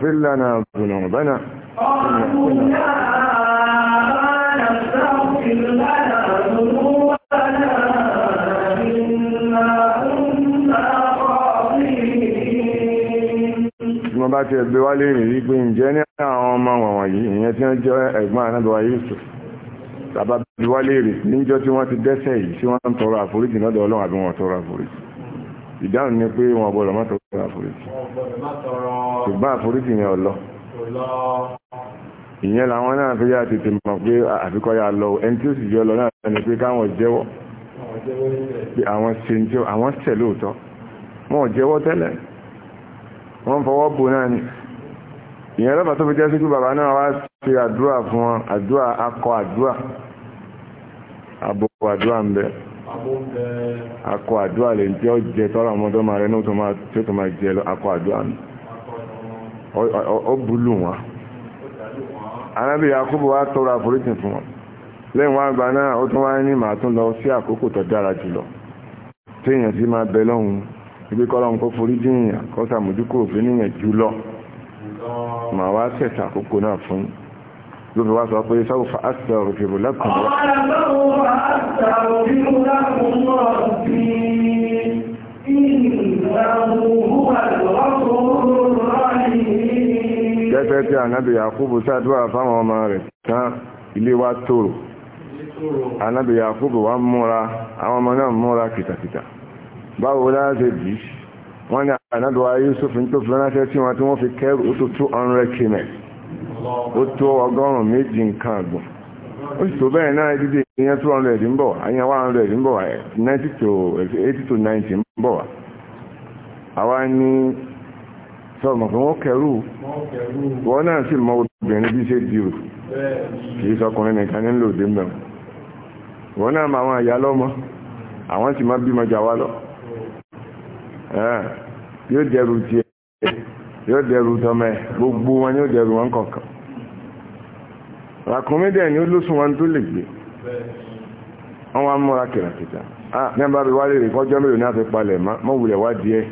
اغفر لنا ذنوبنا wọ́n bá ti ẹgbẹ́ wá léèrè wípé ǹjẹ́ ní àwọn ọmọ wọ̀nwọ̀n yìí ìyẹn tí wọ́n jẹ́ ẹ̀gbọ́n anábọ̀wà Yusuf tàbá bí wá léèrè níjọ́ tí wọ́n ti dẹ́ṣẹ̀ yìí tí wọ́n ń tọrọ àforíjì lọ́dọ̀ Ọlọ́run àbí wọ́n tọrọ àforíjì ìdáhùn ni pé wọ́n gbọ́dọ̀ má tọrọ àforíjì ṣùgbọ́n àforíjì yẹn ọlọ ìyẹn làwọn náà fi yá tètè mọ̀ pé àfikọ́ yà lọ ẹni tí ó sì jọ lọ náà ni pé káwọn jẹ́wọ́ pé àwọn ṣe ń jẹ́ àwọn ṣẹ̀ lóòótọ́ wọn ò jẹ́wọ́ tẹ́lẹ̀ wọ́n fọwọ́ bò náà ni ìyẹn lọ́pàá tó fi jẹ́ sí pé bàbá náà wá ṣe àdúrà fún wọn àdúrà akọ àdúrà abo àdúrà ń bẹ akọ àdúrà lè jẹ́ ọ̀jẹ̀ tọ́lọ̀ ọmọdé máa rẹ ní tó máa jẹ lọ akọ àdúrà ni ó búlù wọn anábì yakubu wá tọrọ àforíjì fún wọn lẹ́yìn wọn àgbà náà ó tún wá ní màá tún lọ sí àkókò tó dára jùlọ téèyàn sì máa bẹ lọ́hùn ibi kọ́lọ́hùn kó forí jíyàn kó sàmójúkò òfin níyàn jùlọ màá wá tẹ̀sà àkókò náà fún yín wá sọ pé sáwọ́ fa áṣà òfèrò lẹ́kùn rẹ̀. Àwọn jẹ́ pé ànábì Yakubu ṣàdúrà fáwọn ọmọ rẹ̀ tán ilé wa tòrò ànábì Yakubu wa múra àwọn ọmọ náà múra kìtàkìtà báwo láti bí wọ́n ní ànábì wa Yusuf tó fi ránṣẹ́ tí wọ́n tí wọ́n fi kẹ́rù ó tó 200 km ó tó to 80 to 90 ń bọ̀ sọ mọ̀ pé wọ́n kẹrù wọ́n náà sì mọ obìnrin bí ṣe dìrò kìí sọkùnrin nìkan ní lòdì mẹ́rin wọ́n náà máa wọn àyà lọ́mọ àwọn sì máa bímọ jà wá lọ yóò dẹrù tiẹ̀ yóò dẹrù tọmẹ gbogbo wọn yóò dẹrù wọn kọ̀ọ̀kan ràkùnmídẹ̀ ni ó lóṣùn wọn tó lè gbé wọn wá múra kìràkìtà ní abábí wálé rè kọjọ́ mẹ́rin náà fi palẹ̀ mọ́ wulẹ̀ wá díẹ̀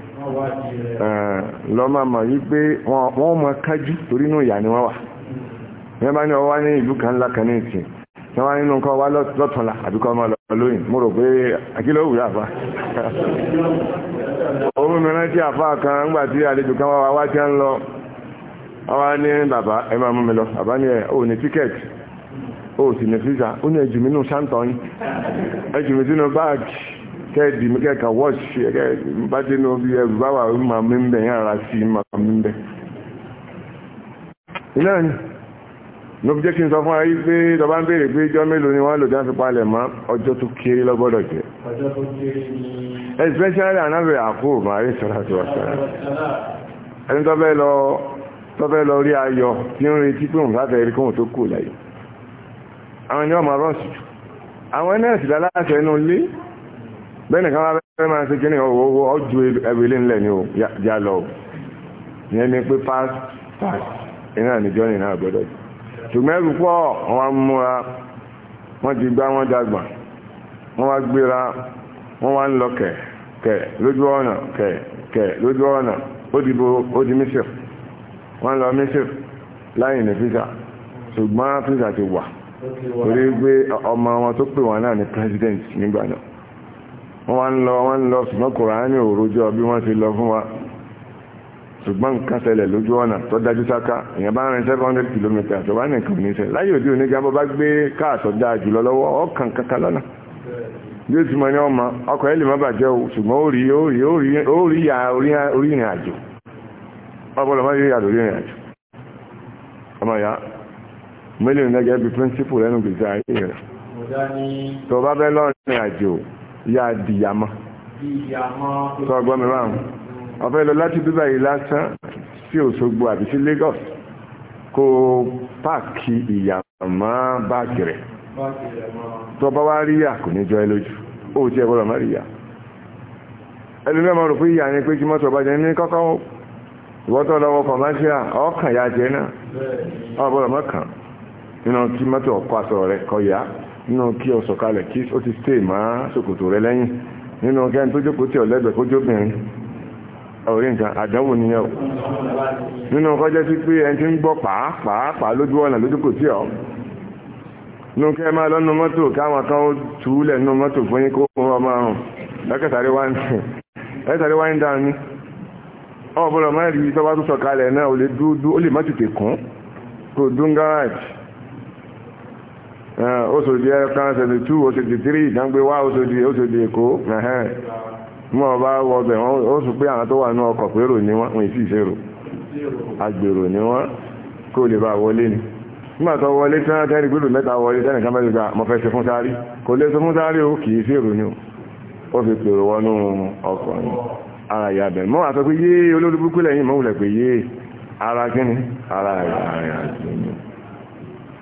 lọ́mọ mọ̀ wípé wọ́n mọ kájú torí inú ìyà ni wọ́n wà ní ẹbá ní ọwọ́ ní ìlú kan ńlá kan ní ìtì tí wọ́n nínú kan wá lọ́tọ̀ọ̀la àbíkọ́ ọmọ lọ́lọ́yìn mo rò pé àkílẹ̀ òwúrọ̀ àfà òun mi rántí àfà kan ńgbà tí àlejò kan wá wá tí ń lọ wá ní bàbá ẹ máa mú mi lọ bàbá ní ẹ ò ní tíkẹ́ẹ̀tì ò sì ní fíìsà ó ní ẹjù mi nù sáńtọ̀ yín ẹjù mi sínú báàgì kẹ́ẹ̀dì mi kẹ́ẹ̀ka wọ́ọ̀ṣì ẹ̀kẹ́ bá dé ní orí ẹrù báwà orí màá mi ń bẹ̀ yín ara sí màá mi ń bẹ̀. iná ni ló fi jẹ́ kí n sọ fún ayé pé lọ́ba ń béèrè pé ijọ́ mélòó ni wọ́n lò dá fi palẹ̀ mọ́ ọjọ́ tó kéré lọ́gbọ́dọ̀ jẹ́. ọjọ́ tó kéré ni. especially anábẹ̀ àkó màárí sọ̀rọ̀ àti wàsàrà ẹni tó fẹ́ lọ tó fẹ́ lọ rí ayọ̀ tí ń retí pé òun láti ẹ̀rí kóhun tó kù láyé àwọn ni wọ́n rọ̀ sí àwọn nẹ́ẹ̀sì láláṣẹ inú ilé bẹ́ẹ̀ni kan bá fẹ́ máa ṣe kíní ọwọ́ owó ọjọ́ ẹ̀wẹ̀lẹ̀ ńlẹ̀ ni ó já lọ o ìyẹn ni pé pass pass iná ní jọ́nì náà gbọ́dọ̀ jù ṣùgbọ́n ẹrù pọ̀ wọ́n múra wọ́n ti gbá wọ́n dàgbà wọ́n wá gbéra wọ́n wá ń lọ kẹ̀ kẹ̀ lójú ọ̀nà kẹ̀ kẹ̀ lójú ọ̀nà ó di bo ó di mísìr wọ́n lọ mísìr láyìn ní físà ṣùgbọ́n físà ti wà torí pé ọmọ wọn tó pè wọn náà ní president nígbà náà wọ́n wá lọ wọ́n ń lọ ṣùgbọ́n kòránì òrojọ́ bí wọ́n fi lọ fún wa ṣùgbọ́n nǹkan ṣẹlẹ̀ lójú ọ̀nà tó dájú sáká èèyàn bá seven hundred kilometres láyé òde òní gbé káàtọ̀ jùlọ lọ́wọ́ ọkàn kankan lọ́nà bí ti mọ ní ọmọ ọkọ̀ ẹ̀lì má bàjẹ́ o ṣùgbọ́n ó rí ó rí ya orí ìrìn àjò má rí ya lórí ìrìn àjò ọmọ ya mílíọ̀nù ya dìyàmọ́ sọ ọgbọ́n mi báwọn ọ̀fẹ́ lọ láti bíbá yìí lásán sí Òṣogbo àbí Lagos kó páàkì ìyàmọ́ báàgì rẹ̀ tó bá wá rí yà kò ní jọ ẹ lójú ó ti ẹ̀ má rí yà ni pé kí mọ́tò jẹ́ ní kọ́kọ́ ìwọ́tọ̀ lọ́wọ́ kọ̀máṣíà ọkàn jẹ́ náà mọ́kàn nínú kí mọ́tò ọkọ̀ rẹ̀ kọ́ yà nínú kí ọ sọ̀kalẹ̀ kí ó ti stay máa ṣòkòtò rẹ lẹ́yìn nínú kẹ́ni tó jókòó tí ọ̀lẹ́gbẹ̀ kó jóbìnrin orí nǹkan àdánwò nìyẹn o nínú kọjá sí pé ẹni tí ń gbọ́ pàápàá lójú ọ̀nà lójúkò tí ọ nínú kẹ́ máa lọ́nu mọ́tò káwọn kan ó túlẹ̀ nínú mọ́tò fún yín kó ọmọ ọrùn lẹ́kẹ̀tàrí wá ń lẹ́kẹ̀tàrí wá ń dáa ní ọ̀bọ̀lọ̀ máa rí tọ́wá tó sọ̀kalẹ̀ náà ó lè má tètè kún kò dún gáràjì Òṣòdì eh, ẹ̀kan seventy two Òṣòdì three ìdánwé wá Òṣòdì Òṣòdì Èkó mọ̀ bá wọ bẹ̀ wọ́n ó sùn pé àwọn tó wà ní ọkọ̀ pérò ní wọ́n ìsì ìṣèrò agbèrò ní wọ́n kó lè bá wọlé ni nígbà tó wọlé tí wọ́n tẹ́rì gbèrò mẹ́ta wọlé tẹ́rì kan mẹ́ta mọ́ fẹ́ ṣe fún sáré kò lè ṣe fún sáré ó kìí ṣèrò ni ó fi pèrò wọnú ọkọ̀ ni ara ìyá bẹ̀ mọ́ àtọ́ pé yé olórí búkú lẹ́yìn mọ́ wùlẹ̀ pé yé ara kíni ara ìyá rẹ̀ àti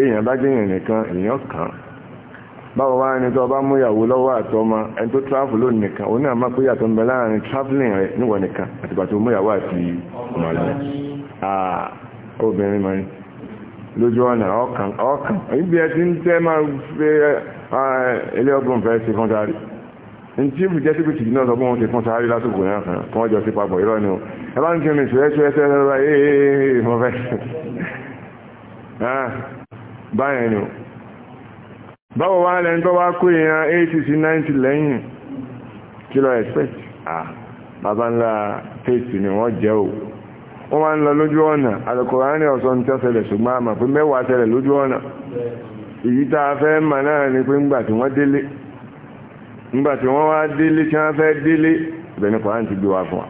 èèyàn bá jẹ́yàn nìkan èèyàn kàn báwo wá ẹni tó bá múyàwó lọ́wọ́ àtọmọ ẹni tó tráfù lónìí nìkan òun náà máa pé yàtọ̀ ń bẹ láàrin traveling rẹ níwọ̀ nìkan àtìgbà tó múyàwó àti màlúù obìnrin mọ́ni lójú ọ̀nà ọkàn ọkàn ibi ẹ ti ń tẹ́ máa fẹ́ ilé ọgbọ̀n fẹ́ ṣe fún sáré ntí ibi jẹ́ síbi tìjì náà sọ fún wọn ṣe fún sáré lásìkò náà kan fún ọjọ́ sí papọ̀ irọ́ ni o ẹ bá ń kí mi ṣe ẹ ṣe ẹ ṣe ẹ ṣe ẹ ṣe mo fẹ́ báyẹn ni báwo wá lẹ́ni tó wá kó èèyàn 80 90 lẹ́yìn kí lọ expect ah bàbá ńlá tèèsì ni wọ́n jẹ́ o wọ́n máa ń lọ lójú ọ̀nà alùkòránì ọ̀sán tí ó ṣẹlẹ̀ ṣùgbọ́n àmà pé mẹ́wàá ṣẹlẹ̀ lójú ọ̀nà èyí tá a fẹ́ mà náà ni pé ńgbà tí wọ́n délé ńgbà tí wọ́n wá délé tí wọ́n fẹ́ délé ìbẹ̀ni ti gbé wa fún wa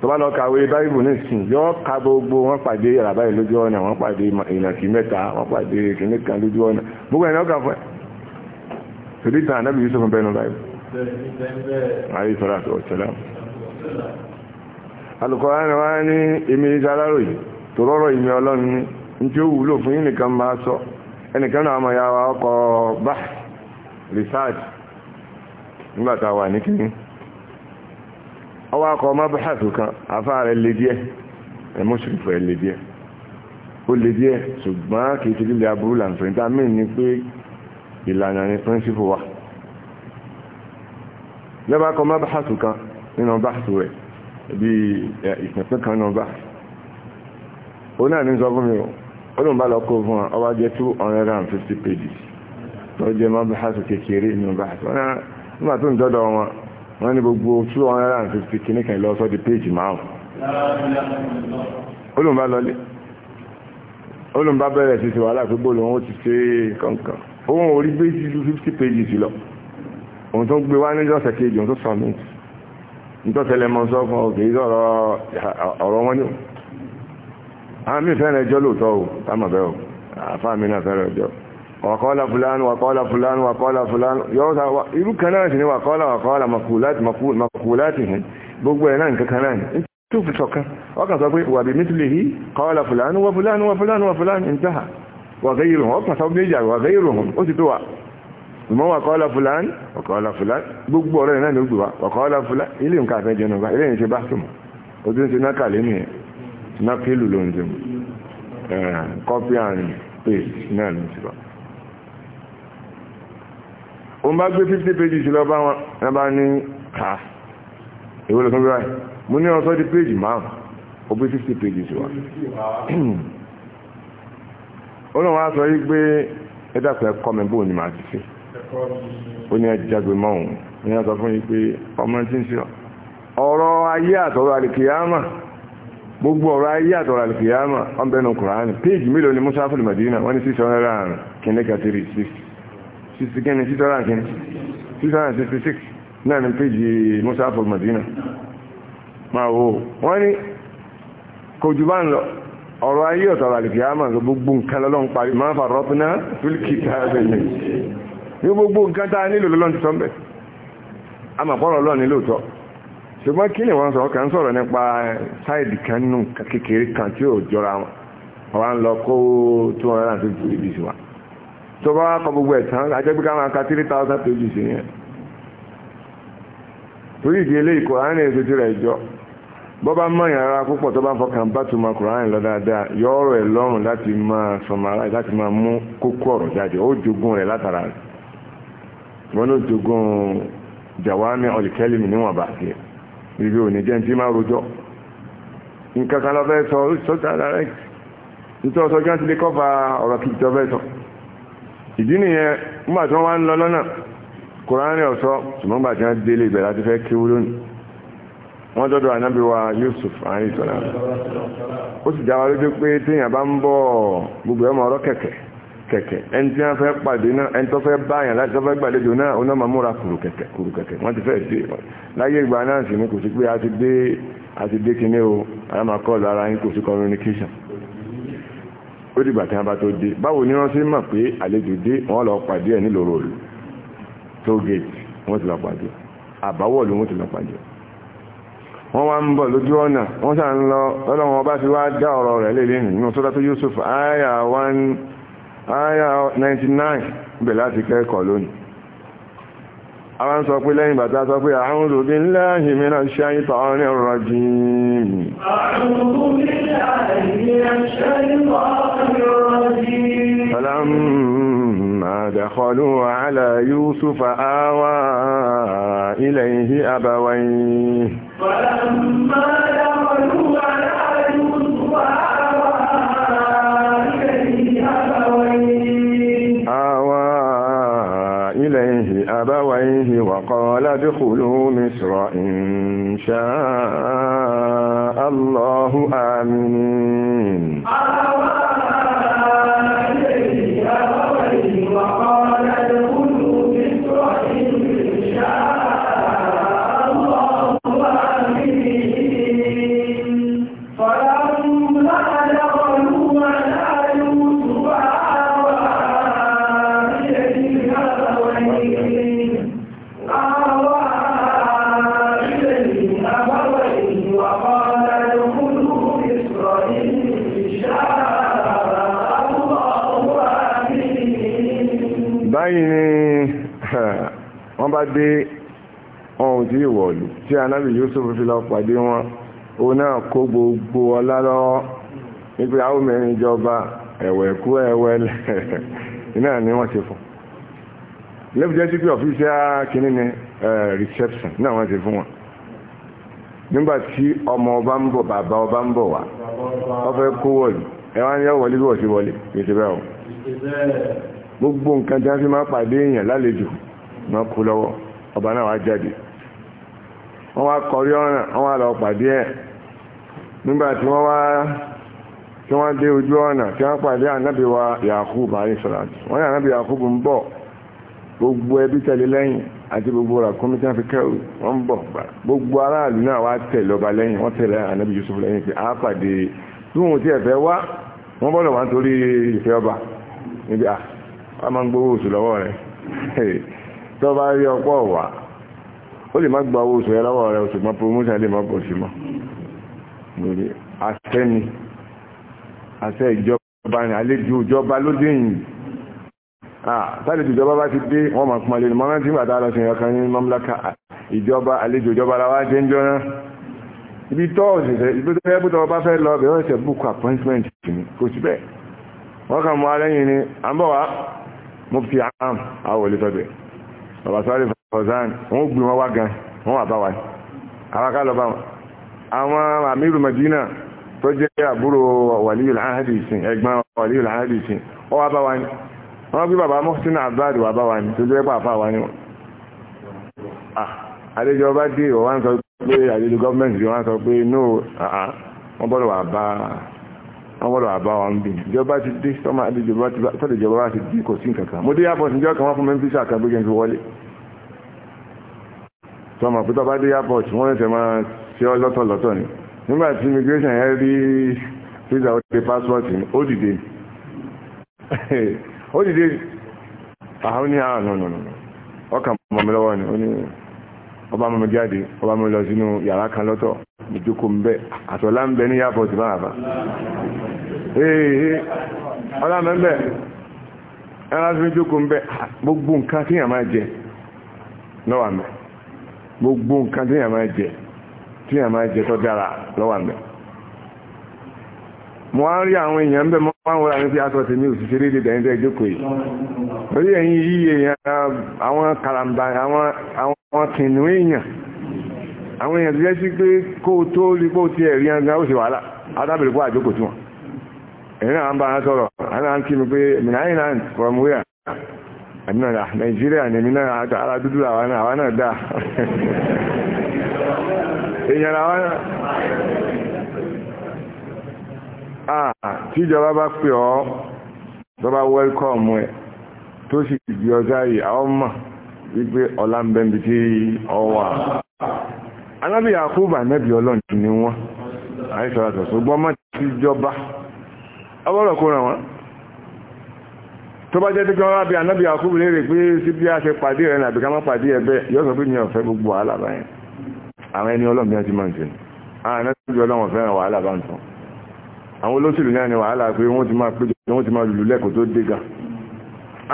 tó bá lọ kàwé báyìbù ní ìsìn yọ́ ká gbogbo wọ́n pàdé yàrá yìí lójú ọ̀nà wọ́n pàdé ìnàkí mẹ́ta wọ́n pàdé ìkíní kan lójú ọ̀nà gbogbo ẹ̀yọ́ kà fún ẹ̀ torí tàn ànábì Yusuf ń bẹnu báyìí ayé sọ́ra àti ọ̀sẹ̀lá alùkọ́ ẹni wá ní èmi ìsàlárò yìí tó rọ́rọ̀ ìmì ọlọ́run ní tí ó wúlò fún yín nìkan máa sọ ẹnìkan náà máa yà wá a wà ní kíní ọwọ́ akọ mọ́bàṣàtò kan afá rẹ̀ lè díẹ̀ ẹ̀mọ́sùlùfẹ́ lè díẹ̀ ó lè díẹ̀ kìí ti lílẹ̀ aburú làǹfẹ́ níta mìíràn ni pé ìlànà ni píríncípù wa lọ́ba akọ mọ́bàṣàtò kan nínú báṣù rẹ̀ bí ìpínpín kan nínú báṣù ó náà ní sọ fún mi ó lóun bá lọ kó fún wa ọba jẹ́ two hundred and fifty pages tó jẹ́ mọ́bàṣàtò kékeré nínú báṣù wọn náà nígbà tó ń dọ́dọ̀ wọn wọ́n ní gbogbo two hundred and fifty kìíní kan lọ sọ di péjì márùn olùmbá lọlé olùmbá bẹ̀rẹ̀ sí ti wàhálà pé bóòlù wọn ó ti ṣe kankan òun orí gbé two fifty pages lọ òun tó gbé wá níjọ́ ọ̀sẹ̀ kejì òun tó submit nítọ́sẹ̀lẹ̀ mọ́ sọ fún ọ̀gẹ̀ ìṣọ́ ọ̀rọ̀ wọn ní o àwọn míì fẹ́ràn ẹjọ́ lóòótọ́ o táwọn bẹ́ẹ̀ o àfáà mi náà fẹ́ràn ẹjọ́ o. Wakola fulani Wakola fulani Wakola fulani yóò sá irú kan náà sì Wakola wàkọ́lá makulati makulati hìn gbogbo ẹ̀ náà nǹkan kan náà ní fi sọ̀kan fulani wà fulani wà fulani wà fulani ń tàhà wà gẹ́ irun ọkàn sọ fulani Wakola fulani gbogbo wa wàkọ́lá fulani ilé nǹkan àfẹ́ jẹun bá ilé ṣe ti ṣe o ma gbé 50 pages lọ bá wọn ẹ ní ká èwo lọ bí ní ọ̀sọ́ di page márùn ó gbé 50 pages wá ó lọ́wọ́ sọ yí pé ẹ dàpọ̀ ẹ̀kọ́ bóun ni màá ti fi ó ní ẹjàgbé mọ́ òun ní ọ̀sọ́ fún yí pé ọmọ tí ń ayé àtọ̀rọ̀ àlìkìyàmà gbogbo ọ̀rọ̀ ayé àtọ̀rọ̀ àlìkìyàmà ọ̀bẹ̀nu kùránì page mélòó ni musa fúlùmọ̀dínà wọ́n ní 600 sixty kẹ́ni six hundred and kẹ́ni six hundred and sixty six náà ní péjì musa for madina máa wo wọ́n ní kò jù bá ń lọ ọ̀rọ̀ ayé ọ̀tọ̀ àlùkì àmà gbogbo nǹkan lọ́lọ́n parí máa fà rọ́pínà fílìkì tààbẹ̀ yẹn ní gbogbo nǹkan tá a nílò lọ́lọ́n ti sọ́mbẹ̀ àmà pọ́rọ̀ lọ́ọ̀ nílò tọ́ ṣùgbọ́n kí ni wọ́n sọ ọkàn sọ̀rọ̀ nípa eh, sáìdì kan nù kékeré kan tí ò jọra wọn lọ kó 250 bíbí sí wa tó bá kọ gbogbo ẹ̀tàn ajẹ́ máa ka three thousand pages yẹn torí ìdí eléyìí kòránì èso ti rẹ̀ jọ bọ́ bá mọ̀ ara púpọ̀ tó bá fọkàn bá lọ dáadáa yọ ọ̀rọ̀ ẹ̀ lọ́rùn láti máa sọmọ láti máa mú kókó ọ̀rọ̀ jáde ó jogún rẹ̀ ibi jẹ́ ti máa rojọ́ nǹkan kan lọ fẹ́ sọ nítorí ìdí nìyẹn nígbà tí wọ́n wá ń lọ lọ́nà kùránì ọ̀sọ́ ṣùgbọ́n tí wọ́n délé ibẹ̀ láti fẹ́ kí wúlò wọ́n tọ́dọ̀ ànábì wa Yusuf àárín ìtọ́lá ó sì dáwà lójú pé téèyàn bá ń bọ̀ gbogbo ẹ̀mọ̀ ọ̀rọ̀ ẹni tí wọ́n fẹ́ pàdé náà ẹni tó fẹ́ báyàn láti tó fẹ́ gbàlejò náà ó náà máa múra kùrù wọ́n ti fẹ́ o àyàmà kọ́ọ̀lù ara yín kò communication ó dìgbà tí wọ́n bá tó dé báwo ni wọ́n ṣe mọ̀ pé àlejò dé wọ́n lọ pàdé ẹ̀ nílòrò òlù tógèètì wọ́n ti lọ pàdé àbáwọ̀lù wọ́n ti lọ pàdé wọ́n wá ń bọ̀ lójú ọ̀nà wọ́n sà ń lọ ọlọ́wọ́n bá fi wá dá ọ̀rọ̀ rẹ̀ lè lẹ́nu nínú sọ́dá tó Yusuf aya 1 aya 99 bẹ̀ láti kẹ́kọ̀ọ́ lónìí àwọn sọ pé lẹ́yìn bàtà sọ pé a'udhu billahi minash shaitanir rajim a'udhu billahi minash shaitanir rajim فلما دخلوا على يوسف آوى إليه أبويه فلما دخلوا على أبويه وقال ادخلوا مصر إن شاء الله آمين وقال wọ́n bá dé ohun tí ìwọ̀lù tí anábì Yusuf fi lọ pàdé wọn òun náà kó gbogbo ọlá lọ́wọ́ nígbé àwọn mẹ́rin ìjọba ẹ̀wẹ̀ kú ẹ̀wẹ̀ iná ni wọ́n ti fún lẹ́bí jẹ́ sí ọ̀fíìsì kìíní ni reception náà wọ́n ti fún wọn nígbà tí ọmọ ọba ń bọ̀ bàbá ọba ń bọ̀ wá wọ́n fẹ́ kó wọ̀lú ẹwà ń wọlé bí wọ́n ti wọlé gbogbo nǹkan tí wọ́n fi máa pàdé èèyàn lálejò náà kú lọ́wọ́ ọba náà wá jáde wọ́n wá kọrí ọ̀nà wọ́n wá lọ pàdé ẹ̀ nígbà tí wọ́n wá tí wọ́n dé ojú ọ̀nà tí wọ́n pàdé ànábì wa Yakubu àyíṣọ́lá wọ́n ní ànábì Yakubu ń bọ̀ gbogbo ẹbí tẹ̀lé lẹ́yìn àti gbogbo ọ̀rà kọ́mítì àfi kẹ́rù wọ́n ń bọ̀ gbogbo aráàlú náà wá tẹ̀lé ọba lẹ́yìn wọ́n tẹ̀lé ànábì Yusuf lẹ́yìn pé àápàdé tí wọn ò tí ẹ̀fẹ́ wá wọ́n bọ́lọ̀ wá nítorí ìfẹ́ ọba níbi à ah, wọ́n máa ń gbowó oṣù lọ́wọ́ rẹ̀ tó bá rí ọpọ́ wà ó lè má gba owó oṣù ẹ lọ́wọ́ rẹ oṣù mọ́ promotion lè má pọ̀ sí mọ́ lórí àṣẹ ni àṣẹ ìjọba ni àlejò ìjọba ló dé yìí sálejò ìjọba bá ti dé wọ́n máa pọnlé ní mọ́nà tí bàtà lọ sí ọkàn ní mọ́míláka ìjọba àlejò ìjọba ara wá jẹ́ ń jọ́nà ibi tọ́ òṣìṣẹ́ ibi tó fẹ́ bútọ́ bá fẹ́ lọ bẹ̀rẹ̀ ṣe book appointment ni kò sí bẹ́ẹ̀ wọ́n kàn mọ́ alẹ́yìn ni à mo fi àmà àwọ̀ lè bàbá sáré fọ̀sán wọ́n gbé wọn wá gan wọ́n wà bá wa àwákà lọ bá wọn àwọn àmírù Madina tó jẹ́ àbúrò wàlíyùl áhàdì ìsìn ẹ̀gbọ́n wàlíyùl áhàdì ìsìn ó wá bá wa ní wọ́n gbé bàbá mọ́sínà àbáàdì wà bá wa ní tó jẹ́ pàfà wa ní wọn àdéjọba dé ìwọ̀ wá ń sọ pé àdéjọ gọ́ọ̀mẹ̀ntì wọ́n sọ pé ọwọ́lọ̀ àbá wa ń bí ìjọba ti dé sọ́mà àdìjọba ti dé kò sí nǹkankan mo dé airport ìjọ kan wọ́n fún mi visa kan bí kí n fi wọlé sọ́mà pé tọ́ba dé airport wọ́n lẹ́sẹ̀ máa ṣe ọ́ lọ́tọ̀lọ́tọ̀ ni nígbà tí immigration yẹn rí visa ó dé passport ni ó dìde ó dìde àwọn ní àwọn nù nù nù ọkàn mọ̀mí lọ́wọ́ ni ó ní ọba mọ̀ jáde ọba mọ̀ lọ sínú yàrá kan lọ́tọ̀ ìjókò ń bẹ́ àtọ̀lá ń bẹ ní airport bá àbá ee ọlámẹ́ ń bẹ ẹran tó ń jókò ń bẹ gbogbo nǹkan tí yàn jẹ lọ́wọ́ gbogbo nǹkan tí yàn jẹ tí yàn jẹ tó dára lọ́wọ́ mo wá rí àwọn èèyàn bẹ bẹ̀ mọ́ máa ń wọ́n aṣọ tèmi ò sì ṣe ìjókòó yìí orí ẹ̀yìn yìí èèyàn àwọn kàràǹbà àwọn kìnnú èèyàn àwọn èèyàn tó jẹ́ sí pé kó o tó rí o ti ó sì wàhálà adábìrì kó àjókòó tí wọn ẹ̀rín àwọn bá wọn sọ̀rọ̀ àwọn pé mìíràn from where ah tí ìjọba bá pè ọ́ tó bá wẹ́lkọ̀mù ẹ̀ tó sì gbé ọjá yìí àwọn mọ̀ wípé ọlá ń bẹ́m̀bí tí ọ wà alábì àkóbà nẹ́bí ọlọ́njú ni wọ́n àìsàràtọ̀ ṣùgbọ́n má ti jọba ọgbọ́rọ̀ kó ràn wọ́n tó bá jẹ́ tí wọ́n rábí anábì àkóbà léèrè pé sí bí a ṣe pàdé rẹ̀ nàbí ká má pàdé ẹ̀bẹ́ yóò sọ pé mi ò fẹ́ gbogbo wàhálà báyẹn àwọn ẹni ọlọ́mìíràn ti máa ń ṣe àwọn olóṣèlú náà ni wàhálà pé wọ́n ti máa péjọ wọ́n ti máa lùlù lẹ́kọ̀ọ́ tó dé ga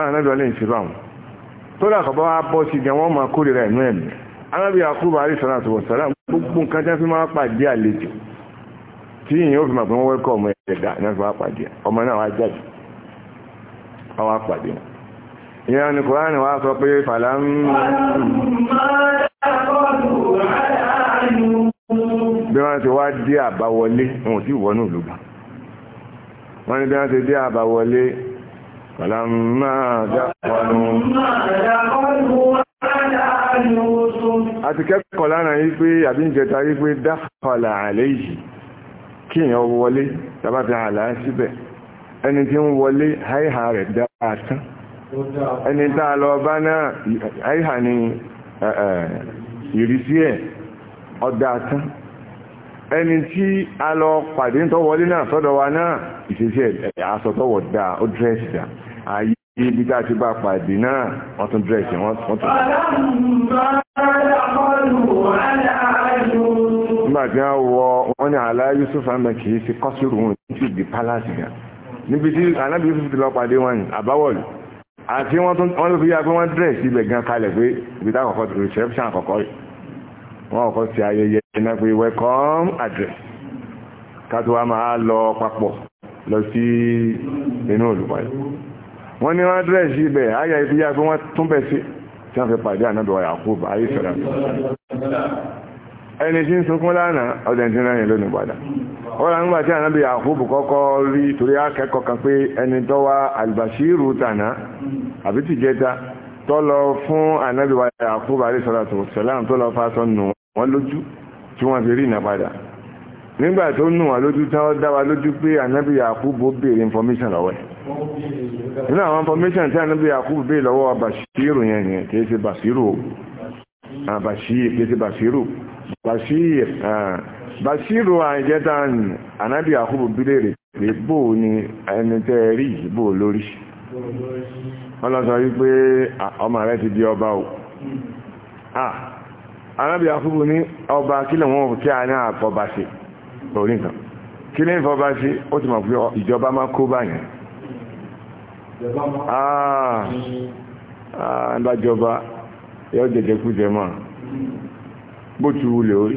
anábìá lè ṣe báwọn tó dà kọ̀bọ́ wá bọ́ sí gan wọ́n máa kórè rẹ̀ nú ẹ̀mí anábìá kúrò àrí sọ̀rọ̀ àtọ̀wọ̀ sọ̀rọ̀ gbogbo nǹkan tí wọ́n fi máa pàdé àlejò tí ìyẹn ó fi máa pẹ́ wọ́n wẹ́kọ̀ ọmọ ẹ̀dá ní wọ́n fi máa pàdé ọmọ náà wá jáde wọ́n wá pàdé ìyẹn ni kòránì wá sọ pé fàlámù bí wọ́n ti wá dé àbáwọlé wọn ò tí wọnú ìlú gan wọ́n ní bí wọ́n ti dé àbà wọlé dákọ̀ọ́nù àti kẹ́kọ̀ọ́ lára yí pé àbí dákọ̀ọ́lá àlẹ́ yìí kí èèyàn wọlé tàbátí àlá síbẹ̀ ẹni tí ń wọlé àìhà rẹ̀ dáa ẹni tá lọ bá náà àìhà ni ìrísí ẹni tí a lọ pàdé ń tọ́wọlé náà sọ́dọ̀ wa náà ìṣesí ẹ̀ aṣọ tọ́wọ̀ dáa ó dírẹ́sì dáa ayé ibi tá a ti bá pàdé náà wọ́n tún dírẹ́sì wọ́n tún. nígbà tí wọ́n wọ wọ́n ní àlá Yusuf ahmed kì ṣe kọ́sìrò wọn ní ti palace gan níbi tí anábì Yusuf ti lọ pàdé wọn ní àbáwọ̀lù àti wọ́n ló fi yá pé wọ́n dírẹ́sì ibẹ̀ gan kalẹ̀ pé ibi tá àkọ́kọ́ reception àkọ́kọ́ rẹ̀ wọ́n kọ́ sí ayẹyẹ iná pé welcome address kátó wá máa lọ papọ̀ lọ sí inú olùpàdé wọ́n ní wọ́n address ibẹ̀ ayà ìfìyà pé wọ́n tún bẹ̀ sí tí wọ́n fi pàdé ànábẹ̀wà Yakub ayé sọ̀rọ̀ ẹni tí ń sunkún lánàá ọdẹ̀ tí rẹ̀yìn lónìí padà ọ̀rọ̀ nígbà tí ànábì Yakub kọ́kọ́ rí torí akẹ́kọ̀ọ́ kan pé ẹni tọ́wá albashiru tànà àbí tó lọ fún ànábì wa Yakubu alayhi salatu wassalam tó lọ fásọ nù wọ́n lójú tí wọ́n fi rí ìnà padà nígbà tó nù wọ́n lójú tí wọ́n dá wa lójú pé ànábì Yakubu béèrè information lọ́wọ́ ẹ̀ nínú àwọn information tí ànábì Yakubu béèrè lọ́wọ́ Bashiru yẹn yẹn kìí ṣe Bashiru o Bashir kìí ṣe Bashiru Bashir Bashiru àìjẹta ànábì Yakubu béèrè pé bóò ni ẹni tẹ́ rí bóò lórí wọ́n lọ sọ wípé ọmọ rẹ̀ ti di ọba o arábì akúbù ní ọba kílẹ̀ wọn kí a ní àfọba sí orí nǹkan kí ní ìfọba sí ó ti mọ̀ pé ìjọba máa kó báyìí ààbájọba ah, ah, yóò jẹjẹ kú jẹ mọ́ hmm. bó ti wulẹ̀ orí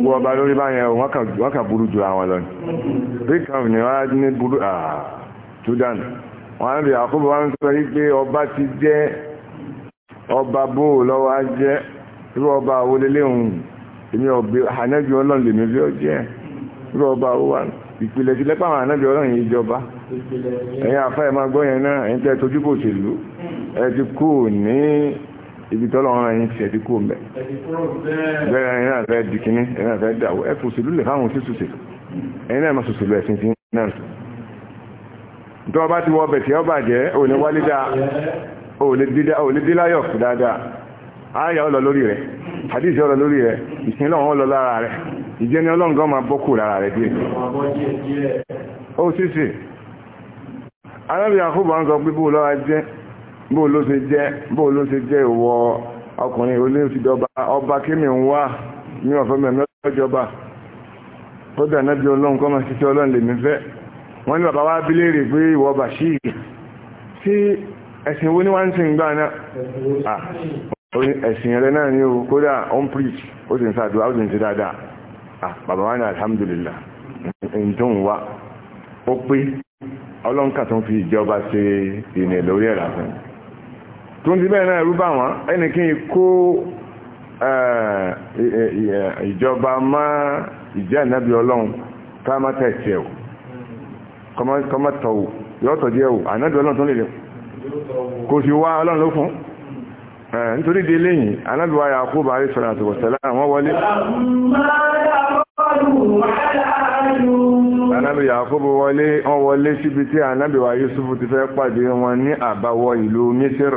gbogbo ọba lórí báyẹn wọ́n kà burú ju àwọn lọ ní rikam ni wọ́n á ní burú Sudan wọ́n rí àkóbọ̀ wọn sọ wípé ọba ti jẹ́ ọba bó lọ́wọ́ á jẹ́ irú ọba àwọlélẹ́hùn èmi ọ̀bẹ ànábì ọlọ́run lèmi fi ọ jẹ́ irú ọba àwọwà ìpìlẹ̀ ti lẹ́pà àwọn ànábì ọlọ́run yìí jọba ẹ̀yin àfáà ẹ̀ máa gbọ́ yẹn náà ẹ̀yin tẹ́ tójú kò ṣèlú ẹ ti kú ní ibi tọ́lọ̀ ọ̀rọ̀ yìí ti ẹ̀dí kó mẹ́ bẹ́ẹ̀ ẹ̀yìn náà fẹ́ di kíní ẹ̀yìn náà fẹ́ dàwó ẹ̀fù òṣèlú lè fáwọn òṣèlú ṣèlú ẹ̀yìn náà máa ṣòṣèlú ẹ̀sìn tí náà sọ tọ́ bá ti wọ ọbẹ̀ tí ọ bà jẹ́ ò ní wálé dáa ò lè dé láyọ̀ dáadáa ààyà ọlọ lórí rẹ̀ hadith ọlọ lórí rẹ̀ ìsinlẹ̀ ọ̀hún ọlọ lára rẹ̀ ìjẹni ọlọ́ngán máa bọ́kù lára rẹ̀ díẹ̀ ó sì sì arábìnrin àkóbọ̀ ń sọ pé bó lọ́ra jẹ́ bó ló ṣe jẹ́ bó ló ṣe jẹ́ ìwọ ọkùnrin olóòtìdọba ọba kíni ń wá ní ọ̀fẹ́ mẹ́rin lọ́jọba ó dà náà bí ọlọ́run kọ́ máa ṣiṣẹ́ ọlọ́run lèmi fẹ́ wọ́n ní bàbá wa bí léèrè pé ìwọ Bashir sí ẹ̀sìn wo ni wọ́n ń sìn gbà náà ẹ̀sìn rẹ̀ náà ni o kódà on preach ó sì ń ṣàdúrà ó sì ń ṣe dáadáa bàbá wa ní alhamdulillah ń tó ń wá ó pé ọlọ́nkà tó ń fi ìjọba ṣe ìnìlórí ẹ̀rà fún un tó ń ti bẹ́ẹ̀ náà rúbà wọ́n ẹnìkan kó eh, eh, eh, ìjọba má ìjẹ́ ànábì ọlọ́run ká má tẹ̀sí ẹ̀wò kọ́mọ́tọ̀wò yọ́tọ̀ jẹ́ ẹ̀wò ànábì ọlọ́run tó lè lẹ́wò kò sí wá ọlọ́run ló fún nítorí di eléyìn ànábì wa Yakub alayhi salatu wa salam wọ́n wọlé ànábì Yakubu wọlé wọ́n wọlé síbi tí ànábì wa Yusufu ti fẹ́ pàdé wọn ní àbáwọ̀ ìlú Misir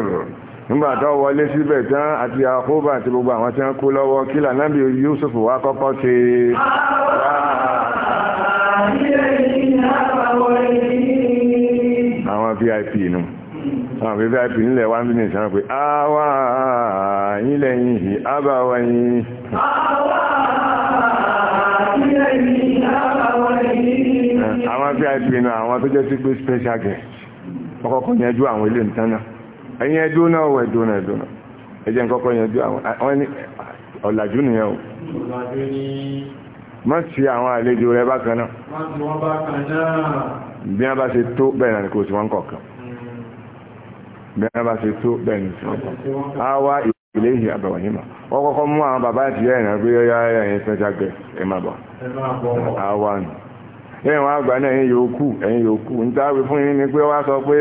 nígbàtọ́ wọlé síbẹ̀ tán àti Yakubu àti gbogbo àwọn tí wọ́n kú lọ́wọ́ kí lànábì Yusufu wá kọ́kọ́ ṣe àwọn VIP nù àwọn VIP nílẹ̀ wá ń bí ní ìsànà ilẹ̀ yìí àbáwọ̀ yìí yìí àbáwọ̀ yìí àwọn vip náà àwọn tó jẹ́ sí pé special guest ọkọ̀kọ́ yẹn jú àwọn ilé ìtànà ẹ̀yìn ẹ̀dùn náà wọ̀ ẹ̀dùn náà ẹ̀dùn náà ẹjẹ́ kọ́kọ́ yẹn jú àwọn ọ̀làjú nìyẹn o má sí àwọn àlejò rẹ bákan náà bí wọ́n bá ṣe tó bẹ́ẹ̀ náà bí wọ́n bá ṣe tó bẹ́ẹ̀ ní sí wọn á wá ilé ìhì àbẹ̀wọ̀nyìmá wọ́n kọ́kọ́ mú àwọn bàbá àti ẹ̀yìn náà gbé yọ́yá ẹ̀ má bọ̀ á wá nù lẹ́yìn àgbà náà ẹ̀yin yòókù ẹ̀yin yòókù ń dáwé fún yín ni pé wá sọ pé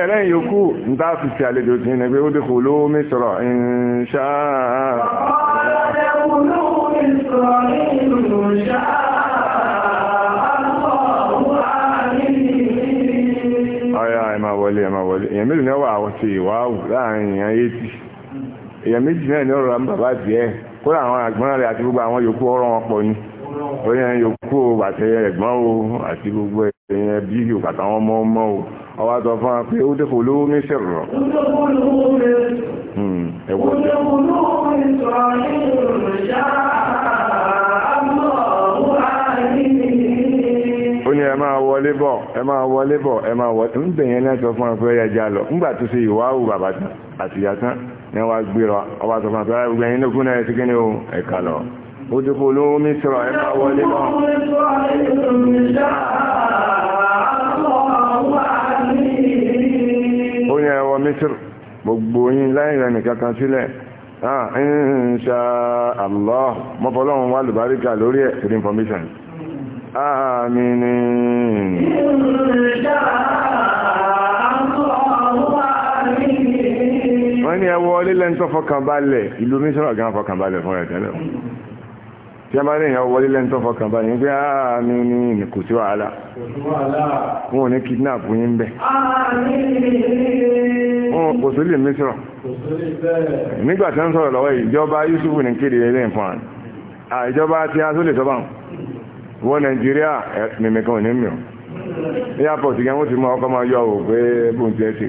ẹ̀rẹ́yìn yòókù ń dá fi ti àlejò tí ní pé ó dìkò ló mẹ́sọ̀rọ̀ wọlé ẹ wọlé èèyàn mélòó ni wà àwọn ṣe láàrin èèyàn eighty èèyàn méjì náà ni ọ̀rọ̀ bàbá tiẹ̀ kó àwọn àgbọ̀n rẹ̀ àti gbogbo àwọn yòókù ọ̀rọ̀ wọn pọ̀ ni orí yòókù àti ẹ̀gbọ́n o àti gbogbo ẹ̀yàn bí yòókù àtàwọn ọmọ ọmọ o ọwọ́ àtọ̀ fún pé ó dẹ́kọ̀ olówó mi sẹ̀rọ̀ ẹ̀wọ̀ hmm, wọlé bọ̀ ẹ máa wọlé bọ̀ ẹ máa wọlé ń bẹ̀yẹn náà sọ fún ọ pé ó yẹ já lọ nígbà tó ṣe ìwáwù bàbá tán tán ní wàá gbéra ọba sọ fún ọ pé ah, gbogbo ẹ̀yin náà ti kíni o ẹ̀ka lọ ó dúpọ̀ olówó mi sọ̀rọ̀ ẹ máa wọlé lọ. ó ní ẹwọ mísírì gbogbo yín láì rẹ nìkan kan sílẹ̀ ah insha Allah mọ́fọ́lọ́hún wà lùbáríkà lórí ẹ̀ information آمنين wọ́n ní ẹwọ olílẹ̀ ń tó fọkànbalẹ̀ ìlú mísírà gan fọkànbalẹ̀ fún ẹ̀ tẹ́lẹ̀ tí a bá ní ìyàwó wọlé lẹ́ntọ́ fọkànbalẹ̀ ní pé ààmì ní kò sí wàhálà wọn ò ní kidnap yín bẹ́ kò sí lè mísírà nígbà tí wọ́n sọ̀rọ̀ lọ́wọ́ ìjọba Yusuf ní kéde wọ nàìjíríà mímìkan ò ní mìíràn ní airport gan wọ́n ti mú ọkọ̀ máa yọ àwò pé bóun ti ẹ̀ ṣe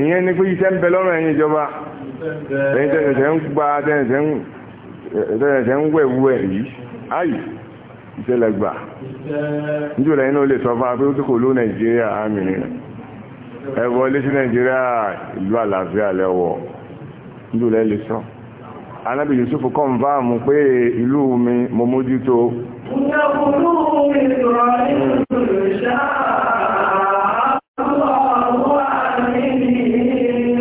ìyẹn ni pé iṣẹ́ ń bẹ lọ́rùn ẹ̀yin ìjọba ẹ̀yin tẹ̀sẹ̀ ń gba tẹ̀sẹ̀ ń wẹ̀wú ẹ̀ yìí ayì ìṣẹ̀lẹ̀ gbà níjò lẹ́yìn náà lè sọ fún apé ó tó kò ló nàìjíríà àmì nìyẹn ẹ wọlé sí nàìjíríà ìlú àlàáfíà lẹ́wọ̀ níjò lẹ́yìn lè anábì Yusuf kọ́nfàmù pé ìlú mi mo mójútó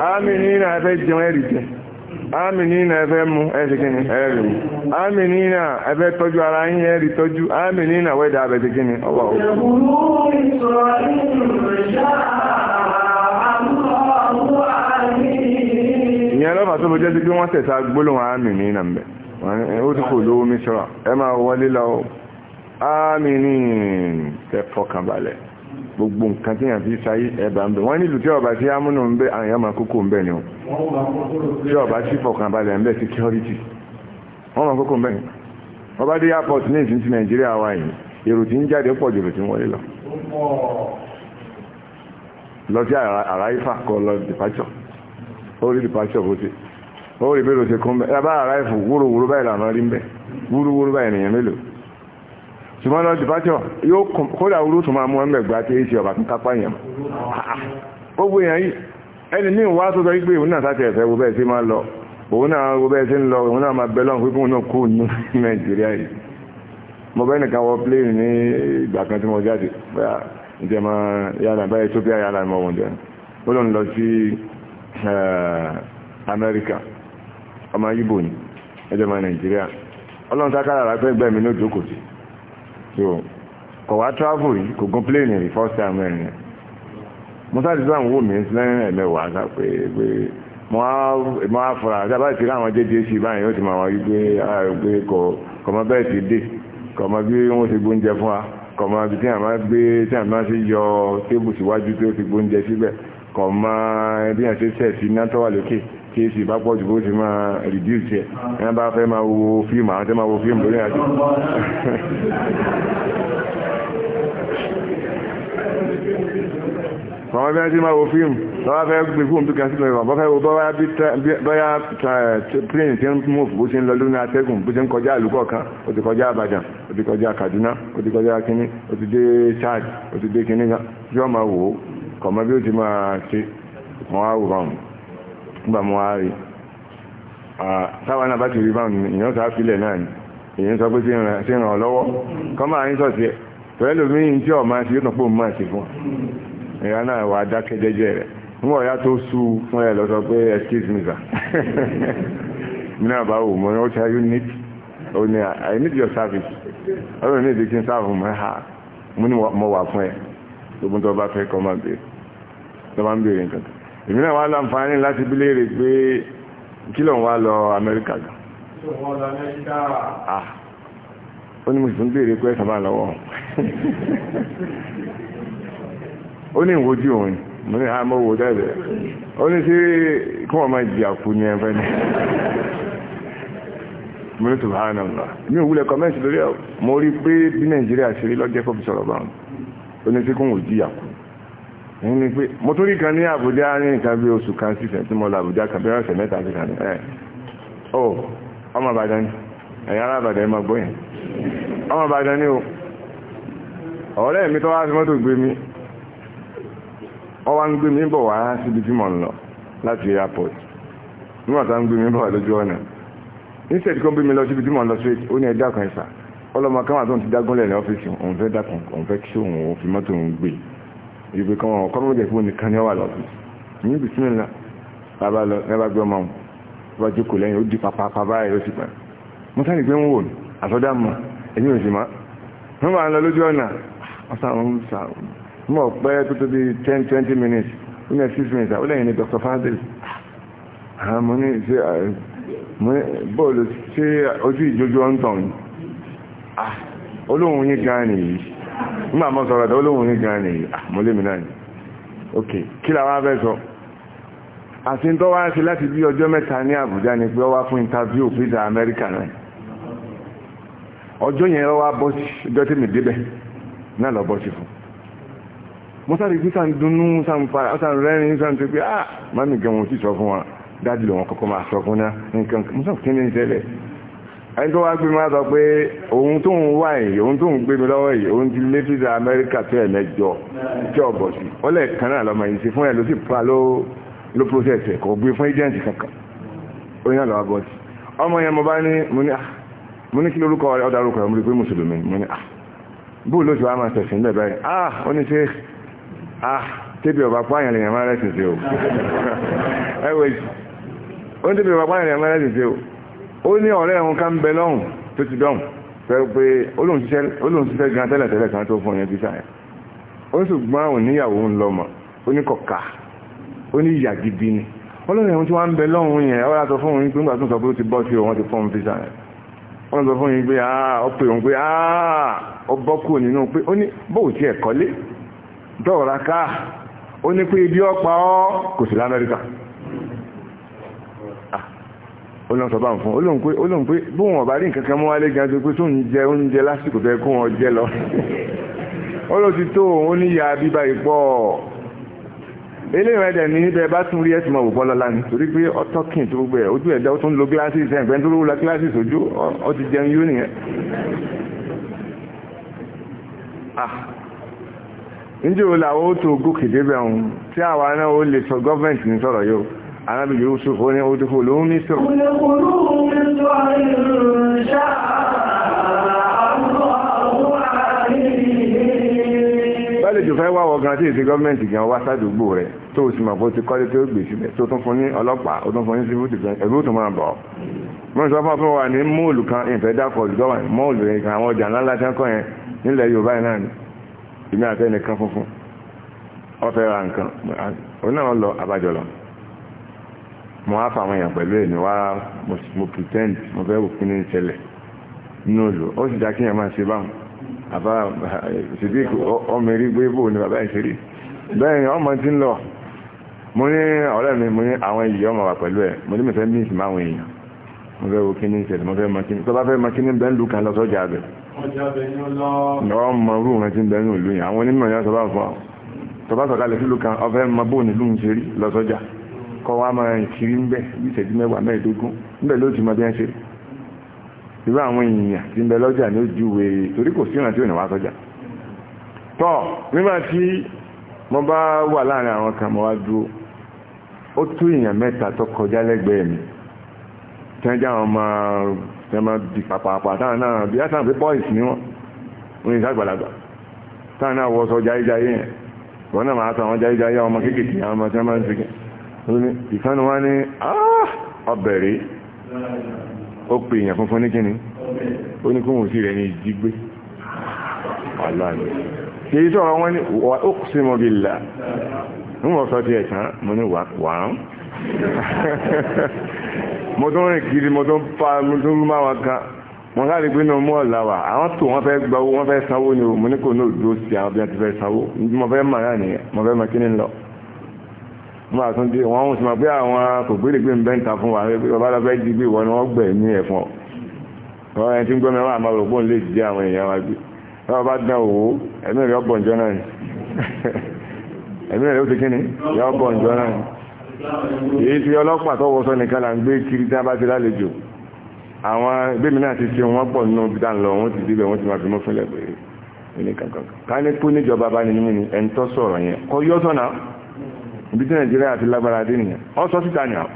Amini na ẹfẹ́ na mú ẹ̀ṣẹ̀kíni ẹ̀rì mú, amini na ẹfẹ́ tọ́jú ara ẹ̀rì tọ́jú, wẹ́dà ọwọ́ ìyẹn lọ́fà tó bọ́ jẹ́ sí pé wọ́n tẹ̀ta gbólóhùn àmì ní ìnàmbẹ̀ ó ti kò lówó mísọ́rọ̀ ẹ máa wọlé lọ àmì ní ìfọkànbalẹ̀ gbogbo nǹkan tí yàn fi sáyé ẹ̀bà ń bẹ̀ wọ́n nílùú tí ọba tí amúnú ń bẹ̀ àyàn máa kókó ń bẹ̀ ni o tí ọba tí fọkànbalẹ̀ ń bẹ̀ security wọ́n máa kókó ń bẹ̀ ni lọ lọ sí àráífà kọ lọ departure ó rí departure bó ṣe ó rí mélòó ṣe kún bẹ́ẹ̀ lábá àráìfù wúrúwúrú báyìí làwọn rí ń bẹ́ wúrúwúrú báyìí nìyẹn mélòó ṣùgbọ́n lọ departure yóò kódà wúrú tó máa mú ẹ̀mẹ́ gba tí èsì ọ̀bà tó kápá yẹn gbogbo èèyàn yìí ẹni ní ìwá tó sọ pé òun náà sáti ẹ̀fẹ́ wo bẹ́ẹ̀ sí máa lọ òun náà wo bẹ́ẹ̀ sí ń lọ òun náà máa bẹ lọ́n pé kóun náà kú ní nàìjíríà yìí mo bẹ́ẹ̀ nìkan wọ plane ní ìgbà kan tí mo jáde bóyá ìjẹmọ yàrá báyìí tó bí àyàrá mọ̀ wọ̀n jẹ́ ó lóun lọ sí Eh, amẹ́ríkà ọmọ yíbò ní ẹjọba nàìjíríà ọlọ́run tákàrà rápẹ́ gbẹ̀mí ló jókòó sí so kọ̀ wá travel yìí kò gún plane rí first time ẹ̀rìn musa ti sáà ń wò mí lẹ́yìn ẹ̀mẹ́wàá sá pé pé mo á fura àti àbáyé ti rí àwọn jẹ́jẹ́ sí báyìí ó ti máa wáyé pé ah, pé kò kọ̀mọ bẹ́ẹ̀ ti dé kọ̀mọ bí wọ́n ti gbóúnjẹ fún wa kọ̀mọ bí tí àwọn gbé tí àwọn máa ti yọ tébù síwájú tí ó ti gbóúnjẹ síbẹ̀ kọ̀ máa bí yàn ṣe tẹ̀ sí iná tó wà lókè kí èsì bá pọ̀ jù bó ti máa reduce ẹ̀ ẹ̀ bá fẹ́ máa wo fíìmù àwọn tẹ́ máa wo fíìmù lórí àjò àwọn bí wọ́n ti máa wo fíìmù lọ́wọ́ fẹ́ gbé fóòmù tó kàn sí lọ́wọ́ bọ́fẹ́ wo bọ́yá eh, plane tí ń mú bó ti ń lọ lónìí atẹ́gùn bó ti ń kọjá àlùkọ̀ kan ó ti kọjá àbàdàn ó ti kọjá Kaduna ó ti kọjá kínní ó ti dé Chad ó ti dé kínní kan yóò máa wò ó kọ̀mọ́ bí ó ti máa ṣe wọ́n á wò báwọn nígbà mọ́ á rí táwọn náà bá ti rí báwọn èèyàn sá filẹ̀ náà ni èèyàn sọ pé sí ràn ọ́ lọ́wọ́ kọ́ máa ń sọ̀tì ẹ̀ pẹ̀lú mi tí ọ̀ máa ṣe yóò tán pé òun máa ṣe fún mọ́ ọ́ ṣe need ó ní I need your service ọ̀rọ̀ mi ìdí kí n sáà fún mi ha mo ní mo wà fún gbogbo tó bá fẹ́ kọ́ bèèrè tó bá ń bèèrè nǹkan tó èmi náà wá láǹfààní láti bí léèrè pé kí lòun wá lọ amẹ́ríkà gan ah, ó ní mo sì tún bèèrè pé ẹ̀sán bá lọ́wọ́ ó ní ìwojú òun mo ní àmọ́ ah, owó dẹ́rẹ̀ ó ní sí kí wọ́n máa jì àkú ní ẹ̀fẹ́ ní mo ní subhanallah mi ò wúlẹ̀ kọ́mẹ́ǹtì lórí ẹ̀ mo rí pé bí nàìjíríà ṣe rí lọ́jẹ́ kó fi sọ̀rọ̀ bá wọn ó ní sí kí wọ́n jì àkú ẹ̀yìn ni pé mo tó rí kan ní àbújá ní nǹkan bí oṣù kan sísẹ̀ tí mo kan bí ọ̀sẹ̀ mẹ́ta sí kan ẹ̀ ọ ọmọ àbàdàn ni ẹ̀yìn ará àbàdàn ẹ̀ ọmọ àbàdàn ni o ọ̀rẹ́ mi tó sí mọ́tò gbé mi ọ wá ń gbé mi bọ̀ wá síbi tí mo ń lọ láti airport níwọ̀n tá ń gbé mi bọ̀ wá lójú ọ̀nà instead kó ń gbé mi lọ síbi tí mo ń lọ straight ó ní ẹ̀dá kan ẹ̀sà ọlọ́mọ káwọn àtọ́ ti dágúnlẹ̀ ní ọ́fíìsì òun fẹ́ dákun òun fẹ́ kí òun òun fi mọ́tò òun gbé ìgbé kan wọn kọ́ mọ́jẹ̀ fún nìkan ní ọwà lọ ní ibi sí mìíràn bàbá lọ lẹ́bàá gbé ọmọ bá jókòó lẹ́yìn ó di pàpàpà báyìí ó sì pa mo sáré pé ń wò ní àtọ́dá mọ ẹ̀yìn òsì má wọ́n máa ń lọ lójú ọ̀nà ọ̀sán òun sà mọ̀ pẹ́ tó tó bí ten twenty minutes ó ní six minutes ó lẹ́yìn ní Dr. Fadil mo ní ṣe bọ́ọ̀lù ṣe ojú ìjójú ọ̀ntàn olóhùn yín gan nìyí nígbà mọ́ sọ̀rọ̀ tó lóhun ní gan ni àmúlémi ah, náà ni ok kí làwọn abẹ́ sọ àti tó wá sí láti bí ọjọ́ mẹ́ta ní Àbújá ni pé ó wá fún interview visa Amẹ́ríkà náà ọjọ́ yẹn ó wá bọ́ sí ọjọ́ tí mi débẹ̀ náà lọ bọ́ sí fún mo sáré pé sàn dunnú sàn fara sàn rẹ́rìn sàn ti pé ah mami gan wọn ò sì sọ fún wa dájú lòun kọ́kọ́ máa sọ fún náà nǹkan mo sọ kí ni ń tẹ́lẹ̀ ẹni tó wá gbé máa sọ pé òun tó ń wá yìí òun tó ń gbé mi lọ́wọ́ yìí òun ti lé fíìsà amẹ́ríkà tó ẹ̀ mẹ́jọ tí ọ̀bọ̀ sí wọ́n lẹ̀ kan náà lọ́mọ yìí sí fún ẹ̀ ló sì pa ló ló kò gbé fún agent kankan ó yàn lọ́wọ́ sí ọmọ yẹn mo bá ní mo ní ah, kí lórúkọ ọ̀dà orúkọ rẹ̀ mo mùsùlùmí mo ní ah bóò ló ti wá máa tẹ̀sìn bẹ́ẹ̀ báyìí ah ó ní ó ní ọ̀rẹ́ ẹ̀hún kan bẹ lọ́hùn tó ti dọ́hùn pẹ̀lú pé olóhùn ṣiṣẹ́ gan tẹ́lẹ̀ tẹ́lẹ̀ kan tó fún yẹn bísà yẹn ó ṣùgbọ́n òun níyàwó ń lọ́mọ ó ní kọ̀ka ó ní ìyà gidi ni olóhùn ẹ̀hún tí wọ́n ń bẹ lọ́hùn yẹn ó yàtọ̀ fún òun pé nígbà tó sọ pé ó ti bọ́ sí òun ti fún bísà yẹn wọ́n sọ fún yín pé ó pè òun pé ó bọ́ kúrò nínú pé ó ní bóò tí ẹ̀ kọ́lé dọ́ọ̀ra ká ó ní pé ibi ọ̀pá ọ́ kò sí lamẹ́ríkà olóhùn sọ bá ń fún olóhùn pé bóun ọ̀bá rí nǹkan kan mú wálé gan tó pé tóun jẹ oúnjẹ lásìkò tó yẹ kó wọn jẹ lọ olóhùn ti tó òun ó níyà bíbá ìpọ̀ eléyìí rẹ̀ dẹ̀ ní bẹ́ bá tún rí ẹ̀sìn ọ̀wọ̀ bọ́lọ́lá ni torí pé ọtọ́ kì í tó gbogbo ẹ̀ ojú ẹ̀dá ó tún lo gíláàsì ìsẹ̀ ìgbẹ́ tó lóla gíláàsì ìsojú ọ ti jẹun yóò nìyẹn. Ah. ǹjẹ́ o làwọn ó tó gòkè débẹ̀ ọ̀hún tí àwa náà ó lè sọ gọ́ọ̀mẹ̀ntì ní sọ̀rọ̀ yóò anábì Yusuf ní ojúkú ló ń ní sọ̀rọ̀ bẹ́lẹ̀ jù fẹ́ wá ọ̀gán tí èsì gọ́ọ̀mẹ́ntì gan wá sádùúgbò rẹ̀ tó o sì mọ̀ fó ti kọ́lé tó gbè sílẹ̀ tó tún fún ní ọlọ́pàá ó tún fún ní civil defense ẹ̀rú tó máa bọ̀ wọ́n sọ fún ọpẹ́ wà ní móòlù mo wá fà àwọn èèyàn pẹ̀lú èmi wá mo pretend mo fẹ́ wò kíní ìṣẹ̀lẹ̀ nínú òlò ó sì dá kíyàn máa ṣe báwọn àbá ṣèdí ọmọ eré gbé bò ní bàbá ìṣeré bẹ́ẹ̀ ni ọmọ ti ń lọ mo ní ọ̀rẹ́ mi mo ní àwọn èyí ọmọ wà pẹ̀lú ẹ̀ mo ní mi fẹ́ mí ìsìn máwọn èèyàn mo fẹ́ wo kíní ìṣẹ̀lẹ̀ mo fẹ́ mọ kíní tó bá fẹ́ mọ kíní bẹ́ẹ̀ lù lọ sọ́jà abẹ lọ́wọ́ rú wọn ti ń bẹ́ẹ̀ ní òlú yẹn àwọn onímọ̀ yẹn sọ bá fún kọ́ wá máa rìn kiri ń bẹ́ bí ìṣẹ́jú mẹ́wàá mẹ́ẹ̀ẹ́dógún níbẹ̀ ló ti mọ bí wọ́n ṣe irú àwọn èèyàn tí ń bẹ lọ́jà ní ojú wèrè torí kò sí ìrántí òní wá sọ́jà tọ́ nígbà tí mo bá wà láàrin àwọn kan mo wá dúró ó tó èèyàn mẹ́ta tó kọjá lẹ́gbẹ̀ẹ́ mi tí wọ́n já wọn máa ṣe di pàpàpà táwọn náà bí wọ́n sàn pé boys ni wọ́n wọ́n ní sàgbàlagbà táwọn náà wọ sọ jáyéjáyé yẹn wọ́n náà máa sọ àwọn jáyéjáyé ọmọ kéékèèké àwọn ọmọ tí wọ́n máa ń segin ìkánu wá ní ah, ọbẹ̀rẹ̀ ó pè èèyàn funfun ní kíni ó ní kóhùn sí rẹ̀ ní ìdígbé aláàmì kì í sọ̀rọ̀ wọ́n ní ó kù sí mọ́bílà ń wọ́n sọ ti ẹ̀tàn mo ní wàán mo tó rìn kiri mo tó ń pa mo tó rú máa wọn kan mo láti pé náà mú ọ̀la wà àwọn tó wọ́n fẹ́ gba wọ́n fẹ́ sanwó ni mo ní kò ní òdó sí àwọn bí wọ́n ti fẹ́ sanwó mo fẹ́ mọ̀ náà nìyẹn mo fẹ́ mọ̀ kí lọ máa tún dé wọn ti mọ̀ pé àwọn kò gbélé gbé ń bẹ́ ń ta fún wa pé ọba lọ́fẹ́ di gbé wọn ni wọ́n gbẹ̀ ní ẹ̀fọn ọ̀rọ̀ ẹni tí ń gbọ́mọ̀ àmà ògbóhùn lè jẹ́ àwọn èèyàn wa gbé ọba bá dán òwò ẹ̀mí rẹ̀ ọgbọ̀n jọ náà ni ẹ̀mí rẹ̀ ó ti kí ni rẹ̀ ọgbọ̀n jọ náà ni èyí tí ọlọ́pàá tó wọṣọ nìkan là ń gbé kiri tí a bá ti lálejò àwọn gbèmí náà ti ṣe wọn pọ̀ nínú bí dáńlọ wọn ti débẹ̀ wọn ti máa fi mú fúnlẹ̀ pé ní kankan ká ní kú níjọba bá ní mímú ẹni tó sọ̀rọ̀ yẹn kọ́ yọ́sọ̀nà ibi tí nàìjíríà ti lágbára dé nìyẹn ọ sọ síta ni àwọn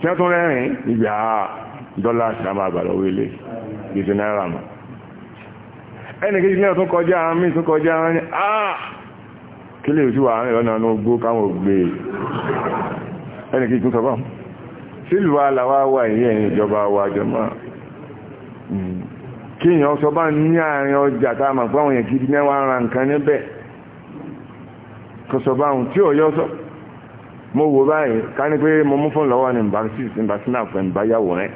tí wọn tún rẹ́rìn ibi àá dọ́là sàmà àbàlọ owó ilé gbèsè náírà mọ ẹnì kejì náà tún kọjá àwọn míì tún kọjá àwọn ní àá kí lè sí wàhálà ìrọ́nà ní ogbó káwọn ògbé e? ẹnì kejì tún sọ sílùú wa làwa wà yìí ẹ̀yìn ìjọba wa jọmọ́ hmm. kí èèyàn sọ bá ní àárín ọjà tá a mọ̀ pé àwọn èèyàn gidi mẹ́wàá ra nǹkan níbẹ̀ kọsọ̀ báwọn tí ò yọ sọ mo wò báyìí ká ní pé mo mú fún lọ́wọ́ ní mbàsínàpù ẹ̀mbáyàwó rẹ̀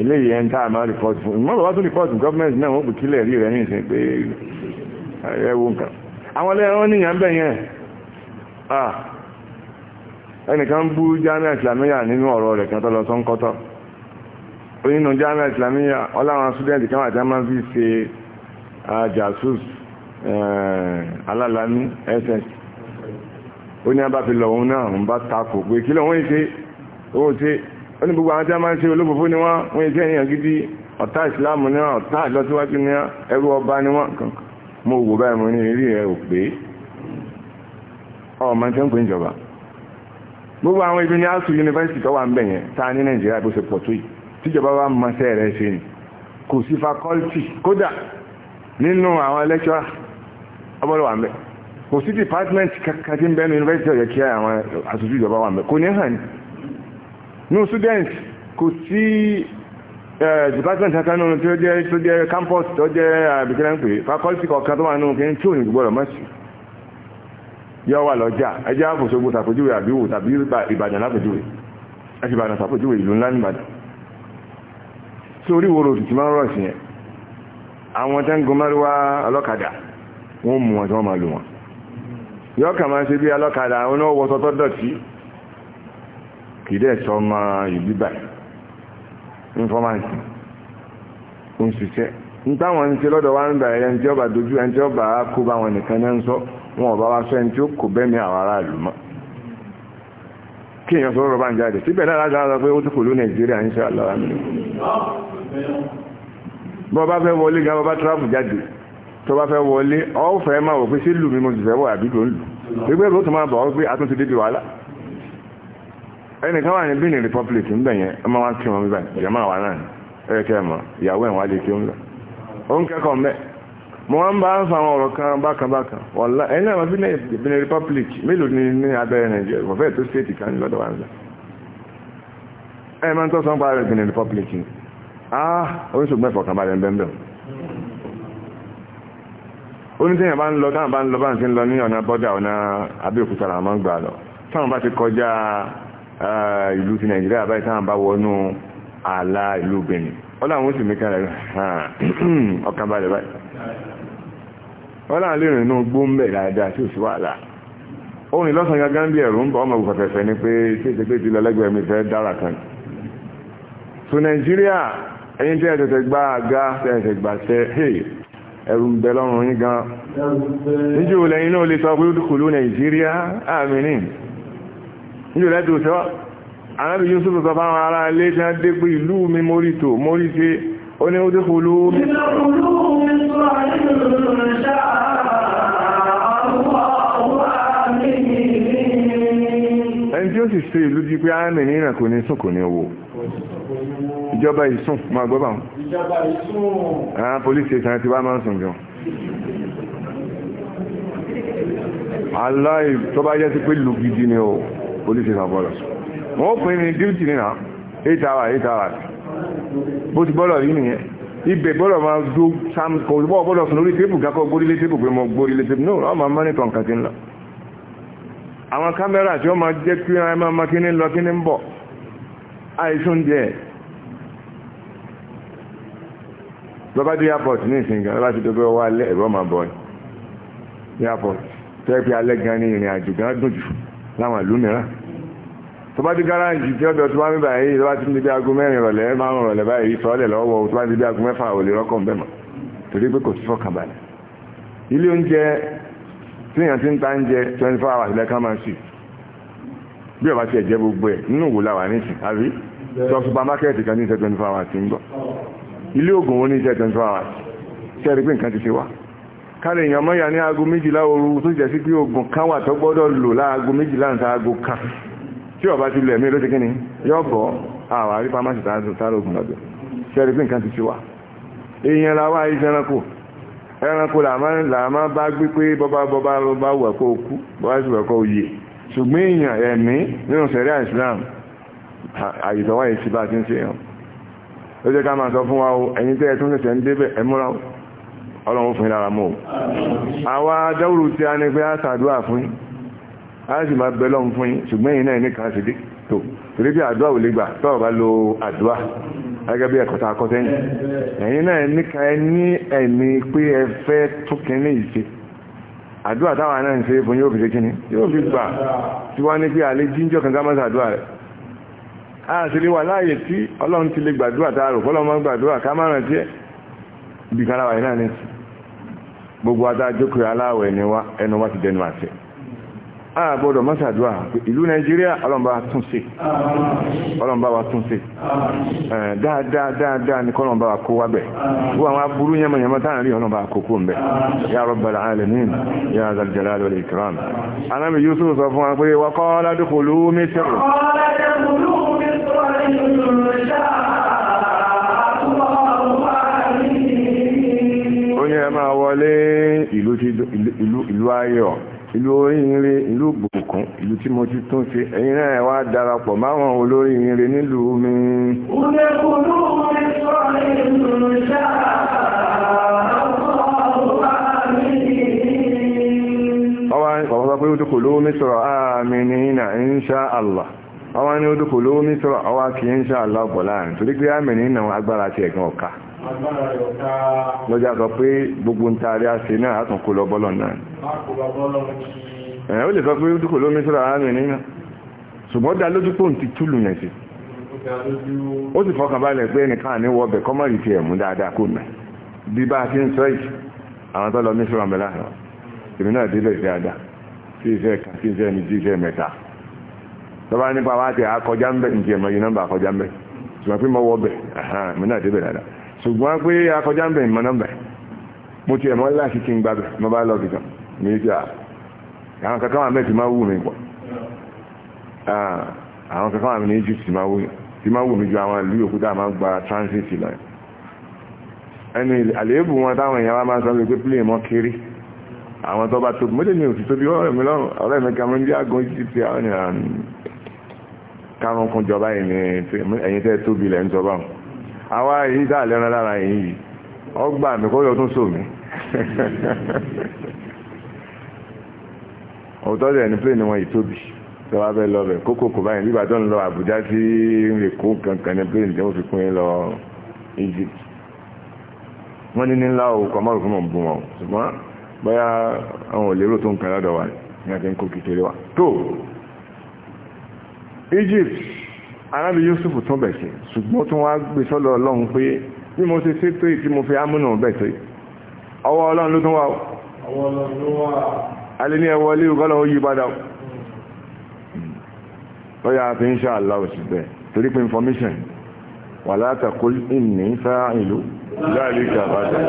eléyìí ẹ̀ ń tá àmà rìpọ́tù fún ìmọ̀ lọ́wọ́ tó rìpọ́tù gọ́ọ̀mẹ̀ntì náà wọ́n bù kílẹ̀ rí rẹ̀ nìsín pé ẹ̀wọ̀ nǹkan àwọn ẹlẹ́wọ̀n níyàn bẹ̀ yẹn ẹnìkan bú jamiu islamiyya nínú ọ̀rọ̀ rẹ̀ kan tó lọ sọ́ńkọ́tọ̀ onínú jamiu islamiyya ọláwọn súdẹ́ǹtì kan àti àmà fi ṣe jasus alálàánú ó ní abá fi lọ̀hún náà ń bá takò pé kí lọ́wọ́n ṣe owó ṣe ó ní gbogbo àwọn tí a máa ń ṣe olófòfó ni wọ́n wọ́n ṣe ènìyàn gidi ọ̀tá ìsìláàmù ni wọ́n ọ̀tá ìlọsíwájú ni wọ́n ẹrú ọba ni wọ́n kankan mo wò báyìí mo ní rí rẹ̀ ò pé ọmọ tí ó ń pè ìjọba gbogbo àwọn ibi ní asu yunifásitì tó wà ń bẹ̀ kò sí department kankan tí ń bẹ́nu university ọ̀yẹ́ kí àwọn aṣojú ìjọba wà mẹ́ ní hàn ní student kò sí department kankan nínú tí ó jẹ́ tó jẹ́ campus tó jẹ́ àbíkẹ́lẹ́ ń pè faculty kọ̀ọ̀kan tó wà nínú kí n tí ò ní gbọ́dọ̀ mọ́sí yọ wà lọ́jà ẹjẹ́ àfòṣogbo ṣàpèjúwe àbíwò tàbí ìbàdàn lápèjúwe àti ìbàdàn ṣàpèjúwe ìlú ńlá nìbàdàn tí orí wo ròdù tí máa rọ̀ sí yẹn àwọn tẹ́ńgọmọ́rí wá ọlọ́kadà wọ́n mú wọn tí wọ́n máa lò wọn yọ́ kà máa ṣe bí alọ́kadà àwọn náà wọ́sọ tó dọ̀tí kì dẹ̀ sọ ma ìbíbà ìnfọ́máǹtì ń ṣiṣẹ́ ń táwọn ń ṣe lọ́dọ̀ wá ń bà ẹ̀rẹ́ tí ó bá dojú ẹni tí ó bá kó bá wọn nìkan ní ń sọ wọn ò bá wá sọ ẹni tí ó kò bẹ́mi àwọn aráàlú mọ́ kí èèyàn sọ̀rọ̀ bá ń jáde síbẹ̀ náà láti sọ pé ó ti kò ló nàìjíríà ń ṣe àlọ́ àmì bọ́ bá fẹ́ wọlé gan bọ́ bá tíráàbù jáde tó bá fẹ́ wọlé ọ fẹ́ máa wò pé sí lù mí mo sì fẹ́ wọ àbí tó ń lù gbégbé ló tó máa bọ̀ ọ́ a tún ti débi wàhálà ẹnìkan wà ní Benin Republic ń bẹ̀ yẹn ẹ máa wá kí wọn bíbá ìjọba àwa náà ẹ kẹ́ ẹ mọ̀ ìyàwó ẹ̀ wá lè kí wọn bíbá ó ń kẹ́kọ̀ọ́ mẹ́ mo máa ń bá ń fa àwọn ọ̀rọ̀ kan bákan bákan wọ̀lá ẹni àwọn Benin Republic mélòó ni ní abẹ́rẹ́ Nàìjíríà kò fẹ́ tó stéètì kan lọ́dọ̀ wa nílẹ̀ ẹ máa ń tọ́sán pa Benin Republic ah oníṣògbọ́n ìfọ̀kànbalẹ̀ ń bẹ́ẹ̀ bẹ́ẹ̀ onítẹ̀yìn bá ń lọ táwọn bá ń lọ bá ń ti ń lọ ní ọ̀nà bọ́dà ọ̀nà Abẹ́òkúta làwọn máa ń gbà lọ táwọn bá ti kọjá eh, ìlú ti Nàìjíríà báyìí táwọn bá wọnú ààlà ìlú Benin ọlá àwọn oṣù mẹ́kàn ọkàn balẹ̀ báyìí ọlá àwọn inú gbó ń bẹ̀ dáadáa tí ò sí wàhálà òun ẹ̀rù ń bọ̀ ọmọ ni pé tí èsì pé ẹ̀rù ń bẹ lọ́rùn yín gan níjú lẹ́yìn náà lè sọ pé olùkòló nàìjíríà àmìnì níjú lẹ́tò sọ anábì Yusuf sọ fáwọn ará ilé tí wọ́n dé pé ìlú mi mórí tò mórí ṣe ó ní ó sì ṣe ìlú di pé àmìnì náà kò ìjọba ìsùn máa gbọ́ bá wọn. ìjọba ìsùn. àwọn police station ti wá máa ń sùn gan. aláì tó bá jẹ́ sí pé lù gidi ni o police station bọ́lọ̀ sùn. wọ́n pín ní duty nínà eight hours eight hours bó ti bọ́lọ̀ rí nìyẹn ibẹ̀ bọ́lọ̀ máa dó sam kò bọ́ bọ́lọ̀ sùn lórí tébù kakọ́ gbórílé tébù pé mo gbórílé tébù náà ọmọ mọ́nìtàn kàtí ńlọ àwọn kámẹ́rà tí ó máa jẹ́ kí wọ́n máa kí ní lọ kí ní ń bọ̀ àìsùn díẹ̀ lọ́ba dé airport ní ìsìn gan lọ́ba ti tó pé ọwọ́ alẹ́ ẹ̀rọ máa bọ̀ ní airport tó yẹ pé alẹ́ gan ni ìrìn àjò gan dùn jù láwọn ìlú mìíràn tó bá dé gáràjì tí ọ̀dọ̀ tó bá mi báyìí lọ́ba ti ń débi aago mẹ́rin rọ̀lẹ́ márùn rọ̀lẹ́ báyìí sọ́ọ́lẹ̀ lọ́wọ́ tó bá ń débi aago mẹ́fà ò lè rọ́kọ̀ bẹ́ẹ̀ mọ́ torí pé kò sí fọkànbalẹ̀ ilé oúnjẹ tí èèyàn ti ń ta oúnjẹ twenty four hours lẹ́ẹ̀kan máa ń sì bí ọba ti ẹ̀jẹ̀ gbogbo ẹ̀ nínú òwò làwà nísìn àbí sọ supermarket kan ní ìṣẹ́ twenty four hours ti ń bọ̀ ilé ògùn wọn ní jẹ́ 24 hours tẹ́rí pé nǹkan ti ṣe wá kálẹ̀ èèyàn mọ́yà ní aago méjìlá òru tó jẹ́ sí pé ògùn kan wà tó gbọ́dọ̀ lò láago méjìlá ń saago kan tí ọba ti lẹ̀ mí ló ti kí ni yọ bọ̀ àwọn àrí pharmacy tá a sọ sáré ògùn lọ́dọ̀ tẹ́rí pé nǹkan ti ṣe wá èèyàn làwọn àìsàn ẹranko ẹranko làmá bá gbé pé bọ́bá bọ́bá bá wẹ̀kọ́ òkú bọ́bá sì wẹ̀kọ́ òye ṣùgbọ́n èèyàn ẹ̀mí nínú sẹ̀rí àìsàn àyè ló jẹ́ ká máa sọ fún wa o ẹ̀yin tẹ́ ẹ tún ṣẹ̀ṣẹ̀ ń débẹ̀ ẹ múra o ọlọ́run fún ìlara mọ́ o àwa dáwùrù tí a ní pé a ṣàdúrà fún yín a sì máa bẹ lọ́run fún yín ṣùgbọ́n yìí náà ní kan sì dé tó torí pé àdúrà ò lè gbà tọ́ọ̀ bá lo àdúrà gẹ́gẹ́ bí àti lè láàyè tí ọlọ́run ti lè gbàdúrà tààrù fọ́lọ́mọ́ ká márùn tí bí kára wà náà nẹ́sì gbogbo adájókòó aláwẹ̀ ni ti dẹnu ìlú nàìjíríà ọlọ́mbà yusuf sọ fún wa pé wọlé ìlú ayọ̀ ìlú oríire ìlú gbòkún ìlú tí mo ti tún ṣe ẹ̀yin náà wá darapọ̀ máwọn olóríire nílùú mi. ọ̀lẹ́kùnrin mi sọ ìlú ṣáà ọwọ́ àwọn ọ̀pọ̀lọpọ̀ yóò tó kò lówó mi sọ̀rọ̀ àmì ní ìnà insha Allah ọwọ́ ní ó dúkò lówó mísọ́rọ̀ ọwá kí ń ṣe àlọ́bọ̀ láàrin torí pé àmì nínú agbára ti ẹ̀gbọ́n ọ̀ka lọ́jà sọ pé gbogbo ń taari àṣẹ náà àtúnkò lọ́bọ́lọ̀ náà ó lè sọ pé ó dúkò lówó mísọ́rọ̀ àmì nínú ṣùgbọ́n dá lójú pò ń ti túlù yẹn sí ó sì fọkàn balẹ̀ pé ẹnìkan àní wọ ọbẹ̀ kọ́mọ̀rì ti ẹ̀mú dáadáa kò mẹ́ bí bá a ti ń sọ yìí àwọn tó lọ mísọ́rọ̀ àmì láàrin èmi náà délẹ̀ dáadáa sí iṣẹ́ kan sí iṣẹ́ mi sí iṣẹ́ mẹ́ta tọ́ba nípa wá ti akọjá ń bẹ̀ ní tiẹ̀ mọ iye nọ́mbà akọjá ń bẹ̀ ṣùgbọ́n pé mo wọ bẹ̀ mi náà débẹ̀ dáadáa ṣùgbọ́n pé akọjá ń bẹ̀ mọ nọ́mbà mo tiẹ̀ mọ́ láti kí n gbà bẹ̀ mo bá lọ bìtàn mi ti à àwọn kankan wà mẹ́tì máa wù mí pọ̀ àwọn kankan wà mí ní Egypt máa wù mí tí máa wù mí ju àwọn ìlú yòókù tá a máa gba transit lọ ẹni àléébù wọn táwọn èèyàn wa máa sọ pé plane mọ́ kéré àwọn tó bá tóbi mo lè ní òtítọ́ bí mi lọ́rùn ọ̀rẹ́ mi kan ń jẹ́ àgọ́ Egypt àwọn ènìyàn kárùn kún jọba ẹ̀yìn tẹ́ tóbi lẹ́ ń jọba hùn àwa èyí tá àlẹ́ran lára ẹ̀yìn yìí ọgbà mi kó yọ tún sòmí òótọ́ dẹ̀ ní pléènì wọn ìtóbi tó wá bẹ́ẹ̀ lọ́bẹ̀ kókò kò báyìí bíbá tó ń lọ Àbújá sí Èkó kankan ní pléènì tí wọ́n fi pín in lọ Egypt wọ́n ní nílá o kọ́ mọ́rùn fún mọ̀ bú wọn ṣùgbọ́n bóyá àwọn òlérò tó ń kan lọ́dọ̀ wa ní àti ń kó kékeré wa tó Egypt arábí Yusuf tún bẹ̀sẹ̀ ṣùgbọ́n tún wá gbé sọ́lọ̀ ọlọ́run pé bí mo ṣe ṣètò tí mo fi ámúnà bẹ̀sẹ̀ ọwọ́ ọlọ́run ló tún wá alẹ́ ní ẹwọ́ ilé ìgọ́lọ̀ ó yí padà hmm. ó yà fi ń ṣàlá òṣìbẹ̀ torí pé information wà látàkó ìní sáà ìlú ذلك غدا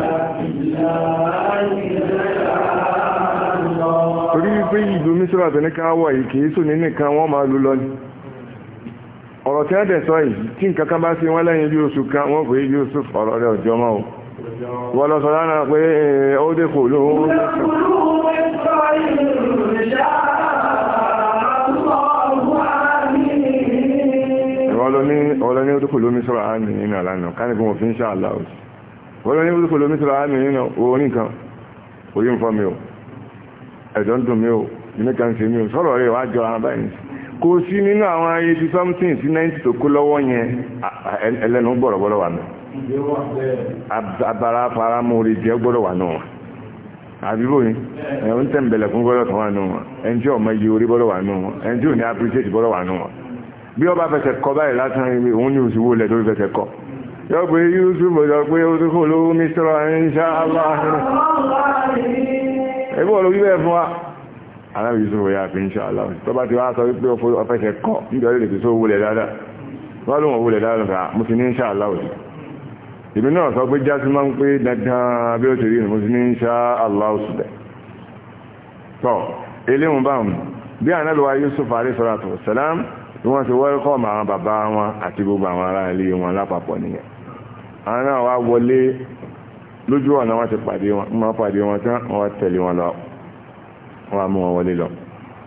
torí pé ìlú mísírà tẹ́lẹ́ká wà yìí kìí sùn nínú kan wọ́n máa lú lọ ní ọ̀rọ̀ tí wọ́n tẹ̀sọ́ yìí tí nǹkan kan bá sí wọ́n lẹ́yìn bí oṣù kan wọ́n pè é Yusuf ọ̀rọ̀ rẹ̀ ọjọ́ mọ́ o wọ́n lọ sọ lánàá pé ó dé kò lóhun wọ́n lọ ní ó dúkò lómi sọ́rọ̀ àmì nínú àlànà káníkùn òfin ṣáàlá òsì wọ́n lọ sọ́rọ̀ àmì nínú orí kan sí mi ò sọ́rọ̀ rẹ̀ wájọ́ ara kò sí nínú àwọn eighty something sí ninety tó kó lọ́wọ́ yẹn ẹlẹ́nu gbọ́dọ̀ gbọ́dọ̀ wà náà abara faramori jẹ́ gbọ́dọ̀ wà náà àbíbò ní ẹ̀rọ ń tẹ̀m̀bẹ̀lẹ̀ fún gbọ́dọ̀ kan wà náà wọn ẹni tí ọmọ iye orí gbọ́dọ̀ wà náà wọn ẹni tí ò ní appreciate gbọ́dọ̀ wà náà wọn bí ọba fẹsẹ̀ kọ báyìí látàn ibi òun ní òṣìwò lẹ̀ tó fẹsẹ̀ kọ yọ pé Yusuf sọ pé ó tó kó lówó mr insha allah ẹgbẹ́ olóyún bẹ́ẹ̀ fún wa alábi Yusuf ya fi ń ṣe aláwọ̀ tó bá ti wá sọ wípé ọfẹ́sẹ̀ kọ́ nítorí lè fi tó wulẹ̀ dáadáa wọ́n lóun wulẹ̀ dáadáa fà mo ti ní ń ṣe aláwọ̀ sí ìbí náà sọ pé jásí máa ń pé dandan bí ó ti rí mo ti ní ń ṣe aláwọ̀ sí bẹ̀ tọ́ eléhùn báwọn bí anábìwá Yusuf alẹ́sọ̀rọ̀ sàlám tí wọ́n ti wẹ́rẹ́kọ́ àwọn bàbá wọn àti gbogbo àwọn ará ilé wọn lápapọ̀ nìyẹn àwọn náà wá wọlé wọ́n á mú wọn wọlé lọ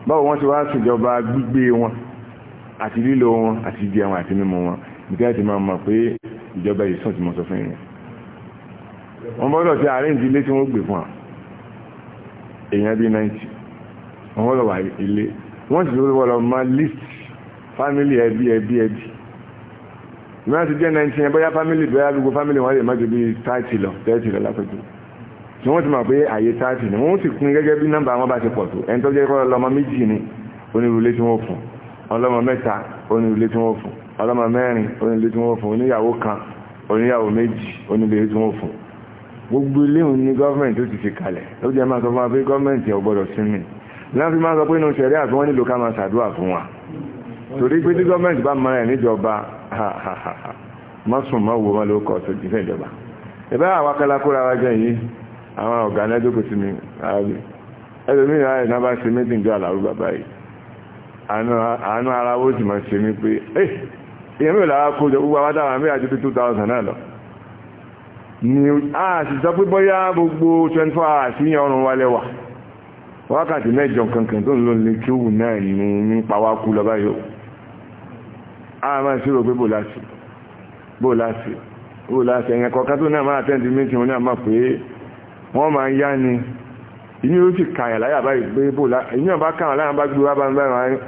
báwo wọ́n ti wá ṣèjọba gbígbé wọn àti lílo wọn àti jẹun àti mímu wọn nígbà tí máa mọ̀ pé ìjọba yìí sàn tí mo sọ fún yín wọ́n bọ́dọ̀ ti àárín ìdílé tí wọ́n gbé fún wa èèyàn bíi 90 wọ́n bọ́dọ̀ wà ilé wọ́n sì tó wọ́lọ̀ máa list family ẹbí ẹbí ẹbí ìmọ̀ àti jẹ́ 90 yẹn bóyá family bóyá gbogbo family wọ́n lè má ju bíi 30 lọ 30 lọ lápẹ́jù tí wọ́n ti mọ̀ pé àyè táàtì ni wọ́n ti pín gẹ́gẹ́ bí nọ́mbà wọn bá ti pọ̀ tó ẹni tó jẹ́ kọ́ ọlọ́mọ méjì ni onírúlé tí wọ́n fún ọlọ́mọ mẹ́ta onírúlé tí wọ́n fún ọlọ́mọ mẹ́rin onírúlé tí wọ́n fún oníyàwó kan oníyàwó méjì onírúlé tí wọ́n fún gbogbo ilé ni gọ́ọ̀mẹ̀ntì ó ti fi kalẹ̀ ó jẹ́ máa sọ fún wa pé gọ́ọ̀mẹ̀ntì ò gbọ́dọ̀ sinmi láti máa sọ pé inú ṣẹ̀rí àti wọ́n nílò ká máa ṣàdúrà fún wa torí pé tí gọ́ọ̀mẹ̀ntì bá mara ẹ̀ níjọba má sùn má wo má ló kọ̀ tó jíṣẹ́ ìjọba ìbára àwa kálákóra wa jẹ́ yìí àwọn ọ̀gá lẹ́dọ́kù sí mi ààbì ẹlòmí ìráyè náà bá ṣe méjì jọ àlàrú bàbá yìí àánú ara ó sì máa ṣe mí pé eh, èèyàn mẹ́rin lára kó jọ gbogbo àwádára mẹ́rin àti 2000 náà lọ ni a sì sọ pé bóyá gbogbo 24 hours ní ọrùn wa lẹ́wà wákàtí mẹ́jọ kankan tó ń lò ní kí òun náà ní ní pàwákú lọ báyìí a máa ṣírò pé bò láti bò láti bò láti ẹ̀yẹn kọ̀ọ̀kan tó náà máa tẹ́ǹdì mítì òun náà máa pé wọ́n máa yá ni inú yóò sì kààyàn láyà báyìí pé bò inú ọba kààyàn láyà bá gbé wá bá ń báyìí wọn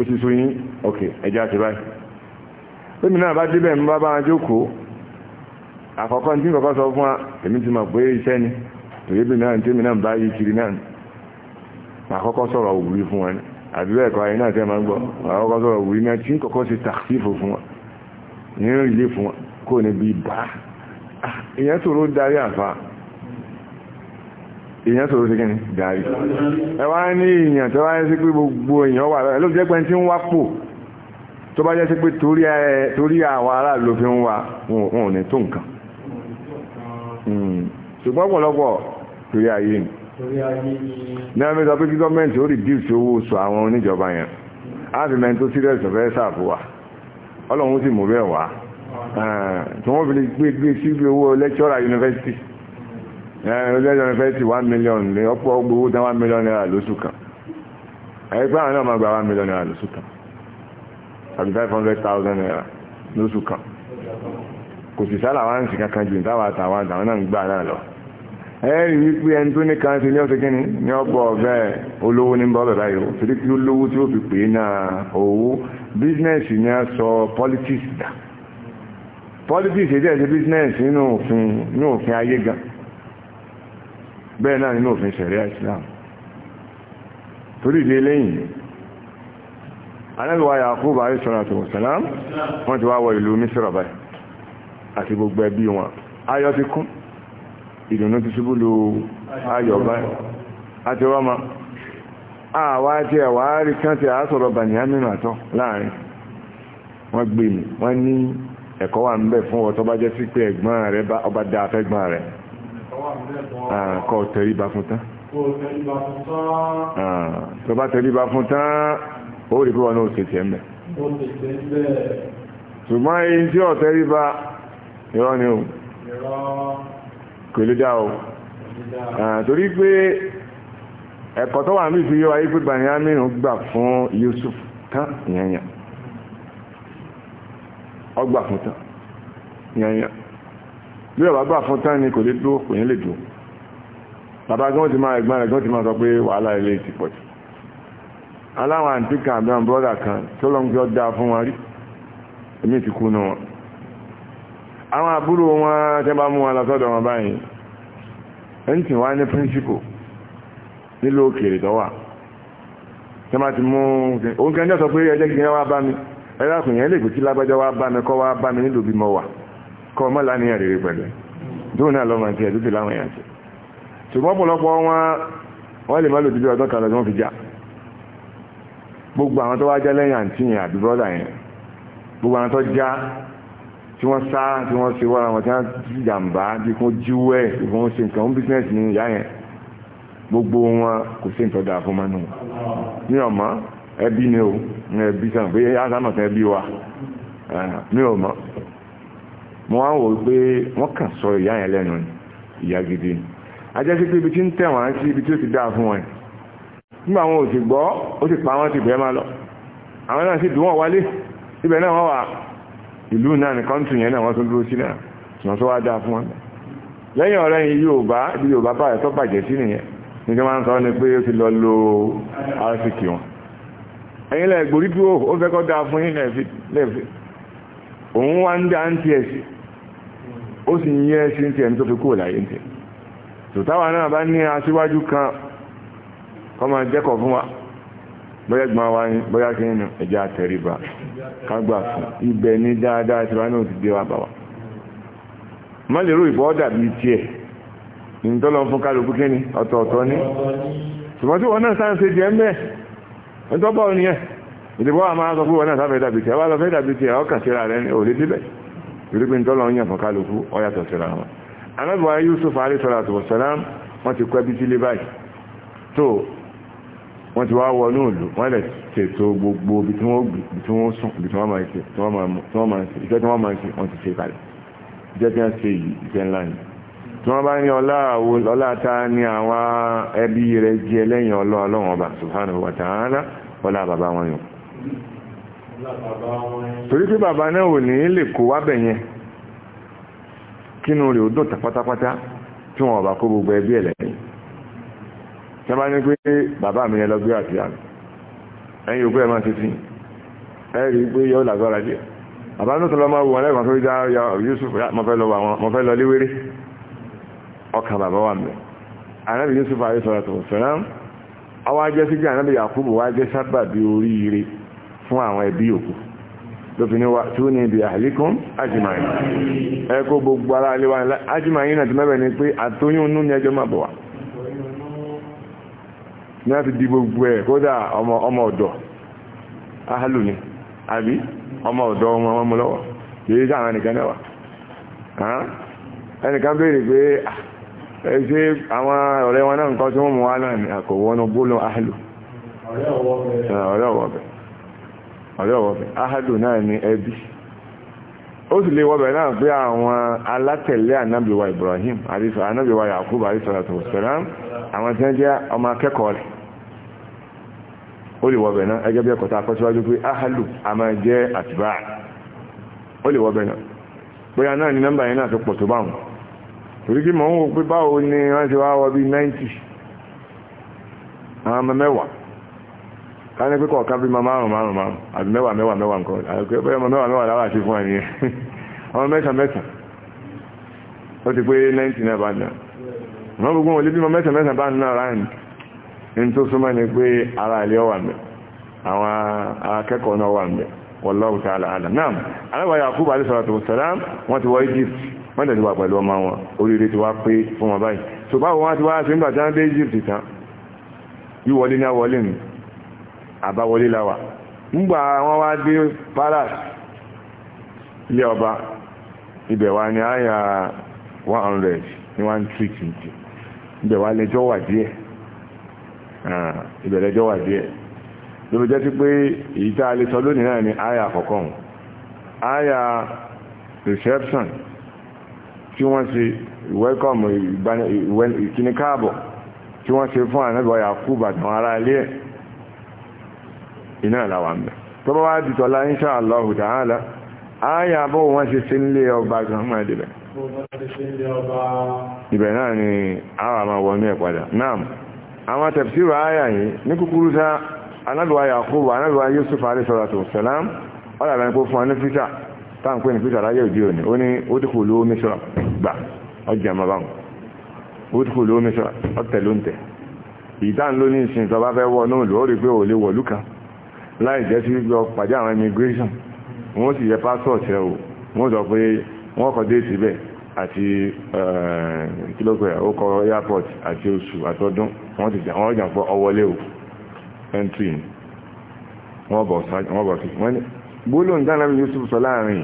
ó ti so yín ọkẹ ẹja ti báyìí lómi náà bá débẹ̀ ń bá bá wọn jókòó àkọ́kọ́ ní kọ́kọ́ sọ fún wa èmi ti mọ̀ pé iṣẹ́ ni tòyé bí náà tèmi náà bá yí kiri náà mà kọ́kọ́ sọ̀rọ̀ òwúrí fún wọn àbí bẹ́ẹ̀ kọ́ ayé náà tẹ́ máa ń gbọ́ mà kọ́kọ́ sọ̀rọ̀ òwúrí náà tí kọ́kọ́ ṣe tàkìfò fún wọn ní ìlé fún wọn kò ní bí bá ah, ìyẹn sọ̀rọ̀ darí àfa èèyàn sọ̀rọ̀ sí kíni gàrí ẹwà ní èèyàn tó wáyé sí pé gbogbo èèyàn wà lọ́wọ́ lóòjẹ́ pé tí ń wá pò tó bá jẹ́ sí pé torí àwọn ará ló fi ń wá wọn ò ní tó nǹkan hmm. ṣùgbọ́n ọ̀pọ̀lọpọ̀ torí ayé ni ní ọmọ ìsọ pé kí gọ́ọ̀mẹ̀ntì ó rìdíùsì owó oṣù àwọn oníjọba yẹn láti mẹ́ni tó sírẹ́sì fẹ́ sàfù wa ọlọ́run sì mú bẹ́ẹ̀ wá tí wọ́n fi gbé gbé sí owó lẹ́kṣọ́rà yunifásitì ẹ̀rẹ́dẹ́jọ́ fẹ́ ti one million lé ọ̀pọ̀ gbogbo dá one million naira lóṣù kan ẹgbẹ́ àwọn náà máa gba one million naira lóṣù kan àbí five hundred thousand naira lóṣù kan kò sì sálà wá ń sì kankan jù táwọn àtàwọn àtàwọn náà ń gbà náà lọ ẹ̀rí wípé ẹni tó ní kan sí ní ọ̀sẹ̀ kínní ní ọ̀pọ̀ ọ̀fẹ́ olówó ní bọ́ bẹ̀rẹ̀ yìí torí kí olówó tí ó fi pè é náà owó bísínẹ́sì ni a sọ politics dà politics èdè ẹ̀sẹ̀ bísínẹ́sì nínú òfin ayé gan-an bẹ́ẹ̀ náà nínú òfin ṣẹ̀ríà Islam torí ìdí eléyìn anẹ́lùwà Yakub àríṣọ́nàtò wọ̀sánám wọ́n ti wá wọ ìlú àti gbogbo ayọ̀ ti kún ìdùnnú ti ayọ̀ báyìí àti rọ́mà àwa tí ẹ̀wà rí ti wọ́n wọ́n ní ẹ̀kọ́ wà bá Ah, kọ́ tẹríba fún tán ah, tó bá tẹríba fún tán ó rí pé wọn náà ṣe tiẹ̀ mẹ́ ṣùgbọ́n èyí tí ọ̀ tẹríba irọ́ ni o kò lè dá o ah, torí pé ẹ̀kọ́ tó wà ní ìfìyọ́ ayé pé bàyánmínú gbà fún Yusuf tán yẹnyẹn ọgbà fún tán yẹnyẹn bí ọ̀bá gbà fún tán ni kò lè dúró kò ní lè dúró bàbá gan ti máa ẹ̀gbọ́n rẹ̀ gan ti máa sọ pé wàhálà ilé ti pọ̀ jù aláwọn àǹtí kan àbí àwọn bọ́dà kan tó lọ́n fi ọjà fún wọn rí èmi ti kú nù wọn àwọn àbúrò wọn tẹ́ bá mú wọn lọ sọ́dọ̀ wọn báyìí ẹni tí wá ní píríncípù nílò òkèèrè tó wà tí ti mú òun kẹ́ńdẹ́ sọ pé ẹjẹ́ kìí wá bá mi ẹ̀ kọ mọ́ láníyàn rere pẹ̀lú tó náà lọ́mọ àti ẹ̀dútì láwọn èèyàn ti ṣùgbọ́n ọ̀pọ̀lọpọ̀ wọn wọ́n lè má lò dídí ọdún kan lọ́dún fi já gbogbo àwọn tó wá já lẹ́yìn àǹtí yẹn àbí brọ́dà yẹn gbogbo àwọn tó já tí wọ́n sá tí wọ́n ṣe wọ́ra wọn tí wọ́n ti jàǹbá bí kò jíwẹ́ ìfowó ṣe nǹkan fún bísíǹsì ní ìyá yẹn gbogbo wọn kò sí nǹkan dáa fún mọ́nú mi ò mọ̀ ẹbí ni o ẹbí sàn pé àtàmọ̀tàn ẹbí wa mi ò mọ̀ mo wá ń wò pé wọ́n kàn sọ ìyá yẹn lẹ́nu ìyá gidi ajẹ́ sí pé ibi tí ń tẹ̀ wọ́n sí ibi tí ó ti dáa fún wọn nígbà wọn ò sì gbọ́ ó sì pa wọn ti bẹ́ẹ̀ máa lọ àwọn náà sì dùn wọ́n wálé ibẹ̀ náà wọ́n wà ìlú náà ní kọ́ńtù yẹn náà wọ́n tó dúró sí náà wọ́n tó wá dáa fún wọn lẹ́yìn ọ̀rẹ́ yìí Yorùbá bí Yorùbá bá ẹ̀tọ́ bàjẹ́ sí nìyẹn ní kí sọ ni pé ó ti ó sì nye si ẹṣin ẹni tó fi kúrò láyé ń náà bá ní aṣíwájú kan kọ́ jẹ́kọ̀ọ́ fún wa bóyá gbọ́n wa ní bóyá kí nínú ẹ̀jẹ̀ àtẹ̀ríba kágbà fún ibẹ̀ ní dáadáa tí wá náà ti dé wa bà wá má lè rú ìbọ́ dàbí fún kálukú ọ̀tọ̀ọ̀tọ̀ ní ṣùgbọ́n tí wọ́n náà sáà ń ṣe jẹ́ mẹ́ ẹ̀tọ́ sọ pé náà dàbí tiẹ̀ lọ fẹ́ dàbí tiẹ̀ ní òlé torí pé ntọ́lọ̀ ń yàn fún kálukú ó yàtọ̀ síra wọn anábìwá Yusuf alayhi salatu wassalam wọ́n ti kọ́ ẹbí sílé báyìí tó wọ́n ti wá wọnú ìlú wọ́n lẹ̀ ṣètò gbogbo ibi tí wọ́n sùn ibi tí wọ́n máa ṣe tí wọ́n máa ṣe iṣẹ́ tí wọ́n máa ṣe wọ́n ti ṣe kalẹ̀ iṣẹ́ tí wọ́n ṣe torí pé bàbá náà ò ní lè kó wábẹ̀ yẹn kínú rẹ̀ ó dùn tà pátápátá tí wọn bá kó gbogbo ẹbí ẹ̀ lẹ́yìn tí a bá ní pé bàbá mi yẹn lọ gbé àti àmì ẹ̀yìn òkú ẹ̀ máa ti fi ẹ̀ pé yọ làgbára díẹ̀ bàbá náà tó lọ máa wù wọn lẹ́gbàá tó dá ya Yusuf ah, mo fẹ́ lọ léwéré ọkàn bàbá wà mẹ́ anábì Yusuf ayé sọ̀rọ̀ tó sọ̀rọ̀ àwọn ajẹ́sí anábì Yakubu wá jẹ́ sábàbí oríire fún àwọn ẹbí òkú lófin wa tí ó ní ibi gbogbo ara alẹ́wà ajímáyìn àti ni pé àtóyún nú ní ẹjọ́ máa bọ̀ ní a ti di gbogbo ẹ̀ ọmọ ọ̀dọ̀ ahalù ni àbí ọmọ ọ̀dọ̀ ọmọ ah, ọmọ ọ̀dọ́ ahadu náà ni ẹbí ó sì lè wọ́bẹ̀ náà àwọn alátẹ̀lé anábìwa Ibrahim anábìwa Yakubu àrísọ̀rọ̀tò sẹ̀rán àwọn tí wọ́n jẹ́ ọmọ akẹkọọ rẹ̀ ó lè wọ́bẹ̀ náà ẹgẹ́ bí ahadu a máa jẹ́ àtìbá ó lè wọ́bẹ̀ náà bóyá náà ni nọ́mbà yẹn náà tó pọ̀ tó torí kí ni wọ́n ti wá wọ bí àwọn ọmọ mẹ́wàá káni pé kọ̀ọ̀kan kabi máa mama márùn márùn àbí mẹ́wàá mẹ́wàá mẹ́wàá nǹkan àti pé ọmọ mẹ́wàá mẹ́wàá láwà sí fún ẹni ọmọ 19 na bá dà wọ́n gbogbo wọn lé bímọ mẹ́sàn mẹ́sàn na ara ẹni ni ara ilé ọwà mẹ́ àwọn akẹ́kọ̀ọ́ náà wallahu ta'ala alam náà aláwọ̀ Yakub alayhi salatu wassalam wọ́n ti wọ Egypt wọ́n tẹ̀sí wà pẹ̀lú ọmọ wọn oríire ti wá pé fún wọn báyìí ṣùgbọ́n àwọn wọn ti àbáwọlé láwà ńgbà wọ́n wá dé palace ilé ọba ibẹ̀ wá ní àyà 100 ní wọ́n treat nìtì ibẹ̀ wá lẹ́jọ́ wà díẹ̀ ah, ibẹ̀ lẹ́jọ́ wà díẹ̀ lóbi jẹ́ sí pé èyí tá a lè sọ lónìí náà ni àyà àkọ́kọ́ àyà reception tí wọ́n ṣe welcome ìkíní káàbọ̀ tí wọ́n ṣe fún ànábọ̀ Yakubu àtàwọn ará ilé ẹ̀ iná àláwà ń bẹ̀ tó bá wá di tọ́lá insha Allah ta'ala ayà bọ́ wọ́n ṣe sí nílé ọba gan máa dìbẹ̀ ibẹ̀ náà ni àwọn àmà wọnú ẹ̀ padà náà àwọn tafsir ayà yìí ní kúkúrú sá anábíwá Yakubu anábíwá Yusuf alayhi salatu wassalam ọ̀làbẹ̀ ní kó fún ọní pítà táǹkó ní pítà láyé òdí òní ó ní ó dìkù lówó Mísírà gbà ọjà mabáwọn ìsìn tó fẹ́ wọ náà lórí pé ò lè wọ̀lú kan láì jẹ́ sí gbígbọ́ pàdé àwọn immigration wọ́n sì yẹ passport ẹ̀ o wọ́n sọ pé wọ́n kọ́ dé síbẹ̀ àti eh, kílókò ẹ̀ ó kọ airport àti oṣù àtọdún wọ́n ti jà wọ́n jà fọ́ ọwọ́lé o entry wọ́n bọ̀ sí wọ́n ní gbólóhùn dáná bí Yusuf sọ láàrin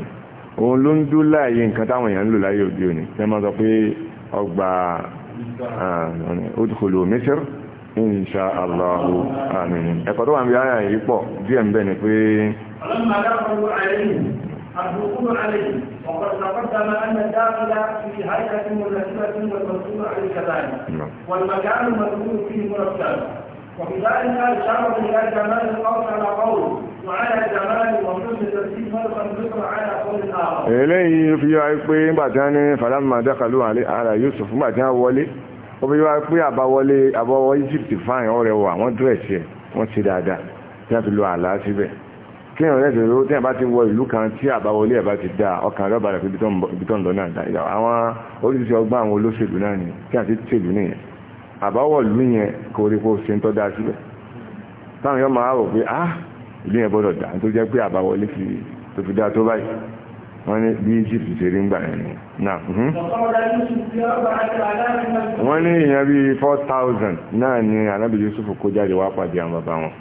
òun ló ń dún láàyè nǹkan táwọn èèyàn ń lò láyé òde òní tẹ́ máa sọ pé ọgbà odùkòlò eh, Mísírì insha Allahu àmín ẹ̀kọ́ tó wà ń bí ayà yìí pọ̀ díẹ̀ ń bẹ ni pé الدخول عليه وقد تقدم أن الداخل في هيئة مرتبة والمدخول عليه كذلك والمكان المدخول فيه مرتب وفي ذلك إشارة إلى جمال القول على قول Eléyìí fi yọ pé nígbàtí wọ́n ní Fàlámà dákàlú àrà Yusuf nígbàtí wọ́n wọlé omi wá pé àbáwọlé àbáwọ Egypt fine ọ̀rẹ́ wà wọ́n dírẹ̀sì ẹ̀ wọ́n ti dáadáa tí wọ́n fi lo àlá síbẹ̀ kí ẹ̀rọ rẹ̀ tẹ̀lé tí àbá ti wọ ìlú kan tí àbáwọlé ẹ̀ bá ti dáa ọkàn rẹ̀ bàrẹ̀ pé ibi tó ń lọ náà dáa àwọn oríṣiríṣi ọgbọ́n àwọn olóṣèlú náà ni kí àti tèlú nìyẹn àbáwọ̀lú yẹn kò rí kó ṣe ń tọ́ dáa síbẹ̀ táwọn yọ ah ìlú yẹn gbọ́dọ̀ dáa nítorí jẹ́ pé àbáwọlé fi tó wọ́n ní bí Egypt ń gbà náà. Hmm? wọ́n ní èèyàn bíi four náà ni anábì Yusuf kó jáde wá pàdé àwọn bàbá wọn.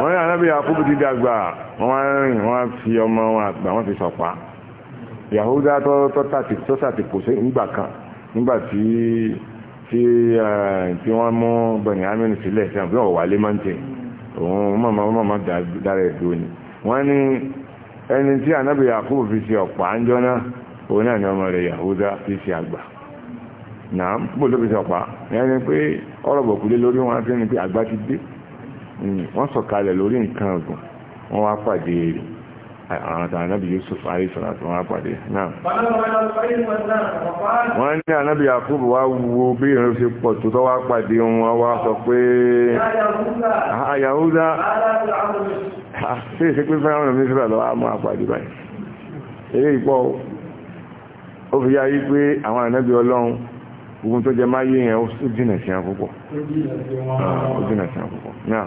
wọ́n yà nábì Yakubu dídí àgbà wọ́n rìn wọ́n fi ọmọ wọn àgbà wọ́n fi sọ̀pá kò sí kan nígbà tí tí wọ́n mú bẹ̀rẹ̀ amínú sílẹ̀ tí wọ́n fi ọ̀wà lé máa ń tẹ̀ òun mọ̀mọ́ mọ̀mọ́ dára ẹ̀dọ́ ni wọ́n ní ẹni tí anábì Yakubu fi ṣe ọ̀pá ń jọ́nà òun náà ni ọmọ rẹ̀ Yahuda fi ṣe àgbà náà bó ló fi ṣe ọ̀pá ẹni pé ọ̀rọ̀ bọ̀kúlé lórí wọn fi ní pé àgbà ti dé wọ́n sọ̀kalẹ̀ lórí nǹkan ọ̀gùn wọ́n wá pàdé rẹ̀ àwọn àtàwọn anábì Yusuf àìsàn àti wọn pàdé náà wọ́n ní anábì Yakubu wá wo bí ìrìn ṣe pọ̀ tó tọ́wọ́ pàdé wọn wá sọ pé ah, Yahuda sí ah, ìsẹ́pẹ́ fẹ́ràn ọ̀nà mísírà lọ́wọ́ àmọ́ àpàdé báyìí eré ìpọ́ ó fi yá yí pé àwọn anábì Ọlọ́run ogun tó jẹ máyé yẹn ó jìnà sí àkópọ̀ ah, ó jìnà sí àkópọ̀ náà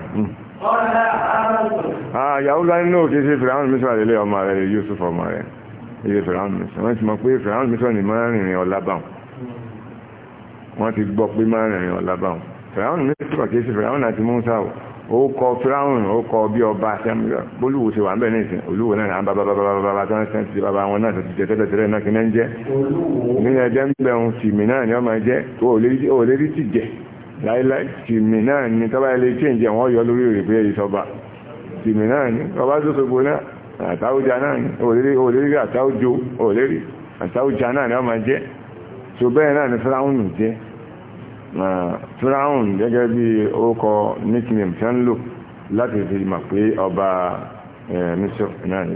Ah, Yàwó láyé náà kìí ṣe Fìràhùn Mísírà lélẹ̀ ọmọ rẹ̀ lè Yusuf ọmọ rẹ̀. Iye Fìràhùn Mísírà. Wọ́n ti mọ̀ pé Fìràhùn Mísírà ni máa rìnrìn ọlá báwọn. Wọ́n ti gbọ́ pé máa rìnrìn ọlá báwọn. Fìràhùn Mísírà kìí ṣe Fìràhùn àti Múnsá o. Ó kọ Fìràhùn ó kọ bí ọba Sẹ́mílà. Bólúwo ṣe wà ń bẹ̀ ní ìsìn. Olúwo náà ń bá bá bá bá bá bá tán sẹ́ńtì bàbá wọn náà ti jẹ tẹ́lẹ̀ tẹ́lẹ̀ náà kí náà ń jẹ́. Ní ẹjẹ́ ń bẹ̀rùn tìmí náà ni ọ láíláí tìmì náà ni tọ́ba ilé chíǹjẹ̀ wọ́n yọ lórí òrèpé ìsọba tìmì náà ni ọba tó sogbo náà àtàwùjá náà ni òlérí àtàwùjó òlérí àtàwùjá náà ni wọ́n máa jẹ́ tó bẹ́ẹ̀ náà ni fúráhùnù jẹ́ fúráhùn gẹ́gẹ́ bí orúkọ nickname tí wọ́n lò láti fi mọ̀ pé ọba eh, mísọ̀ náà ni.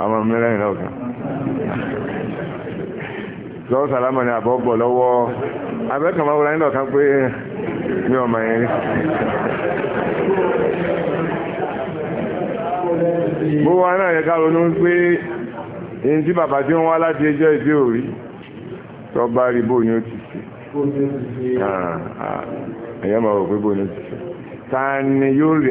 àwọn mẹ́rẹ̀rin náà kan lọ́wọ́ sàlámà ni àbọ̀bọ̀ lọ́wọ́ nílọ̀ pé ọmọ yẹn rí gbogbo wa náà yẹ ká ronú pé èyí tí bàbá tí wọ́n wá láti ẹjọ́ ìdí òrí tó bá rí ní ó ti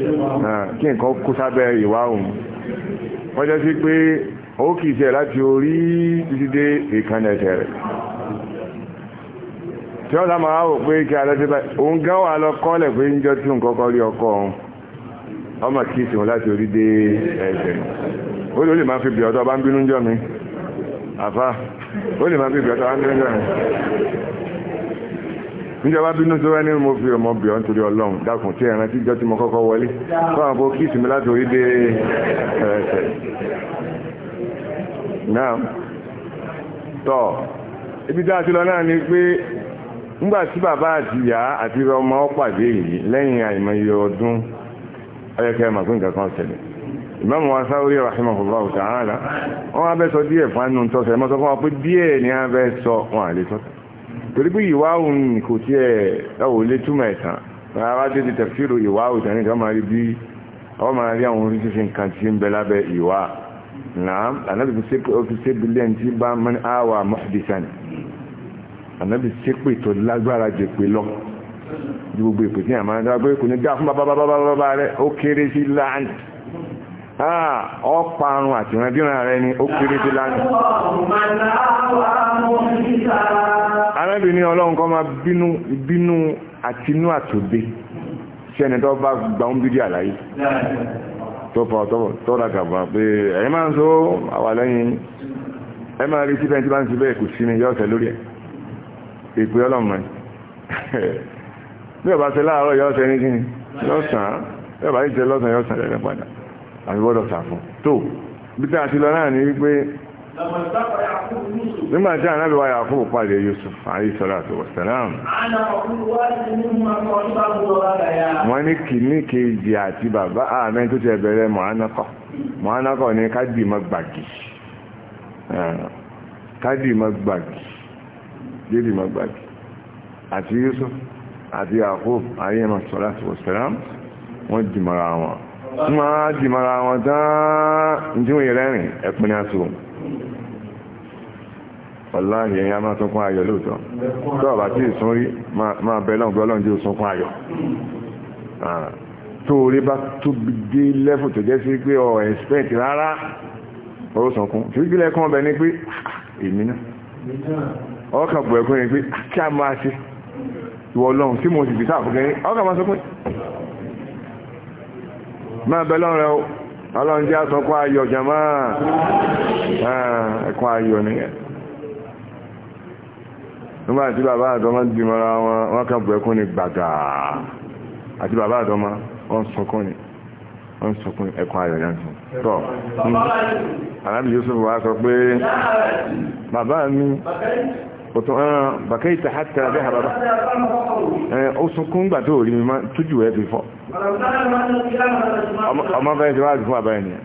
Ah, kí nǹkan kó sábẹ́ ìwà òun wọ́n jẹ́ sí pé ó kìí ṣe láti orí títí dé ìkànnì ẹsẹ̀ rẹ̀ tí wọ́n o á wò pé kí alẹ́ sí báyìí òun gán wà lọ kọ́lẹ̀ pé ń jọ tún kọ́kọ́ rí ọkọ òun ọmọ kìí ṣe láti orí dé ó lè máa fi bì ọ̀tọ̀ bá ń bínú jọ mi àfa ó lè máa fi bì ọ̀tọ̀ bá ń bínú jọ mi. níjọba bínú tó wá ní mo fi ọmọ bìọ́ nítorí ọlọ́run dákun tí ẹran tíjọ́ tí mo kọ́kọ́ wọlé fún àwọn bókí ìsinmi láti orí dé ẹ̀ẹ́sẹ̀ náà tọ́ ibi tá a ti lọ náà ni pé nígbà tí bàbá àti ìyá àti ọmọ pàdé yìí lẹ́yìn àìmọye ọdún ọyẹ́kẹ́ màgbé nǹkan kan ṣẹlẹ̀ ìmáàmù wa sáwórí rahimahullahu ta'ala wọ́n abẹ́ sọ díẹ̀ fún anú tọ́sẹ̀ mọ́sọ́ fún wa pé díẹ̀ ni abẹ́ sọ wọn àlè tọ́sẹ̀ torí pé ìwáhùn kò tí ẹ̀ ẹ̀wò lé túmọ̀ ẹ̀tàn rárá tí ti tẹ̀fìrò ìwáhùn tẹ̀ní tó máa rí bí ọ máa rí àwọn oríṣiríṣi nǹkan tí ń bẹ lábẹ́ ìwá náà ànábì fi ṣe bílíọ̀n tí bá mọ́ àwà mọ́sídìsàn ànábì ṣe pé tó lágbára jẹ pé lọ ju ọparun ah, àti ìrìnàbíran rẹ ni ó kéré dé lánàá arábìnrin ọlọ́run kọ́ máa bínú àtinú àtòdé sí ẹni tó bá gbà ń bídí àlàyé tọ́pọ̀ tọ́ra gàbà pé ẹ̀yìn máa ń sọ àwà lẹ́yìn ẹ máa rí síbẹ̀ tí bá ń sí bẹ́ẹ̀ kò sí ni yọ́ọ̀sẹ̀ lórí ẹ̀ ìpè ọlọ́mọ bí ọba ṣe láàárọ̀ yọ́ọ̀sẹ̀ ní kíni lọ́sàn-án bí ọba ṣe lọ́sàn-án yọ́ọ̀sẹ̀ lẹ́rẹ̀ padà àfi gbọ́dọ̀ sà fún tó bí tí a ti lọ náà ní wípé nígbà tí ànábì wa Yakubu pàdé Yusuf alayhi salatu wa salam wọ́n ní kìíní kejì àti bàbá àmẹ́ tó ti ẹ̀bẹ̀rẹ̀ mọ̀ánákọ̀ mọ̀ánákọ̀ ní kádì mọ́ gbàgì kádì mọ́ gbàgì dédì mọ́ gbàgì àti Yusuf àti Yakubu alayhi salatu wa salam wọ́n wọn máa jì mara wọn tán tí wọ́n rẹ́rìn ẹ̀pin ní aṣọ wàláhì ẹ̀yìn a máa sunkún ayọ̀ lóòtọ́ tó ọ̀bá tí ìsún rí máa bẹ̀ lọ́n gbọ́lọ́n jí ó sunkún ayọ̀ tó orí bá tó dé lẹ́fù tó jẹ́ sí pé ọ̀ ẹ̀spẹ̀tì rárá ó sunkún tí ìgbìlẹ̀ kan ọbẹ̀ ní pé ah, èmi náà ọkà bù ẹ̀kún ni pé ah, kí a máa ṣe ìwọ̀ ọlọ́run tí mo sì fi sáà fún kẹrin ọkà máa sunkún máa bẹ lọ́rẹ̀ o ọlọ́run jẹ́ àsọkọ́ ayọ̀ jàmá ẹ̀kọ́ ayọ̀ nìyẹn nígbà tí bàbá àtọmọ ti mọ́ra wọn wọ́n kà bù ẹkún ní gbàgà àti bàbá àtọmọ wọ́n sọkún ní wọ́n sọkún ẹ̀kọ́ ayọ̀ yàtọ̀ tọ́ alábi Yusuf òtún ẹran uh, bàkẹ́ ìta hàtà bẹ́ ha bàbá ó sunkún gbà tó rí mi má tójú ẹ fi fọ́ ọmọ bẹ́ẹ̀ ti wá sí fún àbáyé nìyẹn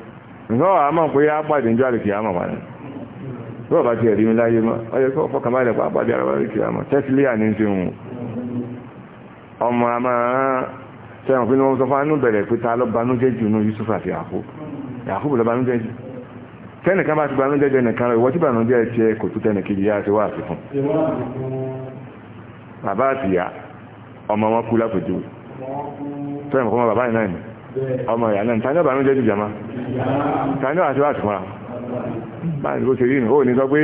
nǹkan wà á mọ̀ pé á pàdé ìjọ àlèkè àmọ̀ wà ní bí ọba ti ẹ̀rí mi láyé mọ́ ọ yẹ kí ọ̀pọ̀ kan bá lẹ̀ pa tẹ́nìkan bá ti bànújẹ́ jẹ́ nìkan rẹ̀ ìwọ tí bànújẹ́ ti ẹ kò tó tẹ́nìkejì yá ti wá sí fún bàbá àti ìyá ọmọ wọn kú lápòjú fẹ́ràn kọ́mọ bàbá ìnáà ni ọmọ ìyá náà tàní ọ̀bànújẹ́ jù jàmá tàní ọ̀hà ti wá sí fúnra báyìí ó ṣe rí nù ó ní sọ pé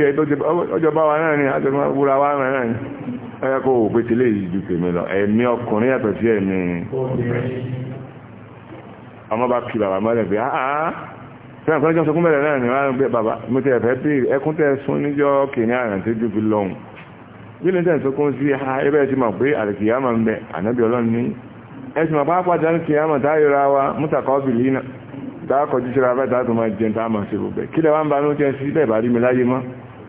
ọjọ́ bá wa náà ni àjọmọ́ wúra wa náà ni ẹ̀yà kó o gbé tilé yìí ju tèmi lọ ẹ̀mí ọkùnrin yàtọ̀ sí ẹ̀mí ọmọ bá kí bàbá mọ́lẹ̀ pé náà kọ́ jọ́ sọkún bẹ̀rẹ̀ náà ni wọ́n pẹ́ bàbá mo ti ẹ̀fẹ́ bí ẹkún tẹ́ sún níjọ́ kìíní àrùn tí fi lọ́hùn bí ní sọkún sí ha ẹbẹ̀ ti mọ̀ pé àlìkìyà máa ń bẹ ànábì ọlọ́run ní ẹ ti mọ̀ pé àpàdé àlìkìyà máa táyọ̀ ra wa mútàkọ́ bìlì náà táà kọjú síra bẹ́ẹ̀ táà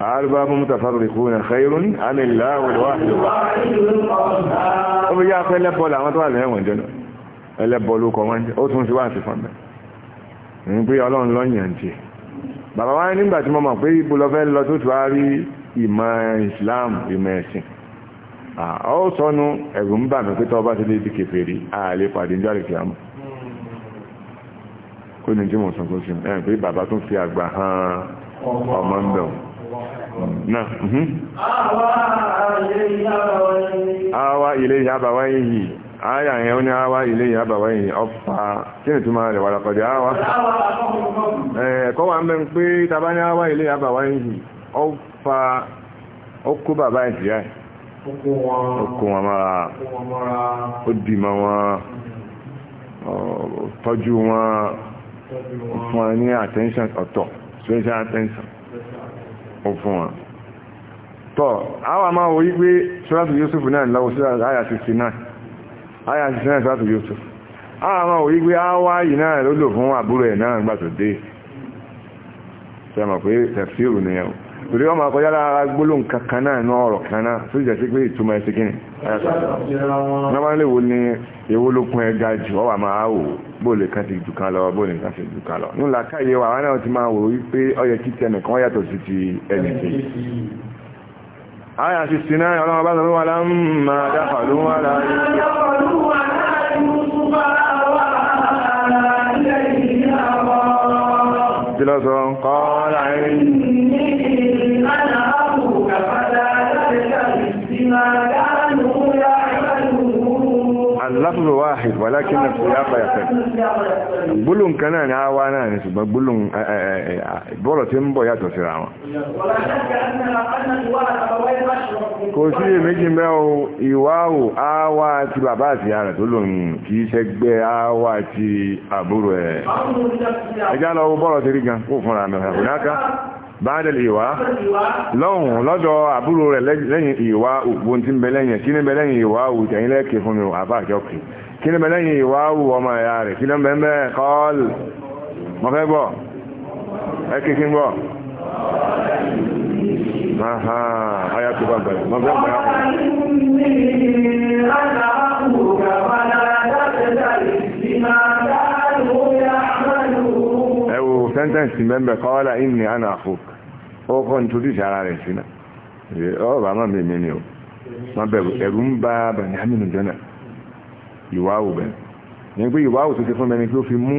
أرباب متفرقون خير أم الله الواحد ọmọ yá fẹ́ lẹ́bọ̀ làwọn tó wà lẹ́wọ̀n jẹ́ náà ẹlẹ́bọ̀ ló kọ wọ́n jẹ́ ó tún sí wáàtí fún mẹ́ ní pé ọlọ́run lọ́yìn tí bàbá wá nígbà tí mo mọ̀ pé ibo lọ fẹ́ lọ tó tù á rí ìmọ̀ Islam ìmọ̀ ẹ̀sìn ó sọnù ẹ̀rù ń bà mí pé tọ́ bá ti lè di kèfèrí àlè pàdé ń jáde kìámọ̀ kó ní tí mo sọ kó sí ẹ̀ pé bàbá tún fi àgbà hàn ọmọ ń bẹ̀rù náà àwa mhm. ilé yàbà wáyé yìí àyà yẹn ó ní àwa ilé yàbà wáyé yìí ọpa kí ni túnmà rẹ̀ wàlàkọ̀dẹ̀ àwa ẹ̀kọ́ wà mẹ́ pé tàbá ní àwa ilé yàbà wáyé yìí ọpa ọkú bàbá ìdíyà ọkú wọn mara ó dìmọ̀ wọn tọ́jú wọn fún ẹ attention ọ̀tọ̀ special attention ó fún wọn tọ́ àwọn máa wọ́n wípé sọ́rọ̀tù Yusuf náà lọ́wọ́ sí àyà 69 àyà 69 sọ́rọ̀tù Yusuf àwọn máa wọ́n wípé àwá yìí náà ló lò fún àbúrò ẹ̀ náà gbà tó dé sẹ́mọ̀ pé tẹ̀fsíìrù nìyẹn torí wọ́n máa kọjá lára gbólóhùn kankan náà ní ọ̀rọ̀ kan náà tó jẹ́ sí pé ìtumọ̀ ẹ̀sìn kìnnì bóòlù kan ti jù kan lọ bóòlù kan ti jù kan lọ nínú làákàyè wa àwọn náà ti máa wò wípé ọyẹ kí tẹnì kan yàtọ̀ sí ti ẹnì kejì àyà ti sin náà ọlọ́run bá sọ wà láàmà dáfà ló wà láàyè tí lọ kọ́ láàyè ní ìlànà àbùkà padà láti ṣàlùsí máa dáa aláfíwò wá wàlákí na fi yápa kan ni a wá ni su gbólùn bọ́ọ̀lọ̀ tí ń bọ̀ yàtọ̀ síra wọn kò sí èméjì awa ti bàbá àti ara tó lòun kì í báyìí ìwá lọ́hùn lọ́dọ̀ àbúrò rẹ̀ lẹ́yìn ìwá òun tí ń bẹ lẹ́yìn kí ní bẹ lẹ́yìn ìwá òun tẹ̀yìn lẹ́kẹ̀ fún mi àbá àjọkì kí ní bẹ lẹ́yìn ìwá ọmọ ẹ̀yà rẹ̀ kí ní bẹ kọ́ọ̀lù ẹ̀sìn mẹ́mbẹ̀ kọ́ọ́lá ìní àná àfòk ó kọ́ nítorí ìṣàrà rẹ̀ sí náà ọba máa bẹ̀ mí ni o máa bẹ̀rù ẹ̀rù ń bá bẹ̀nyàmínú jọ́nà ìwáwò bẹ̀ ní pé ìwáwò tó ti fún mẹ́ni pé ó fi mú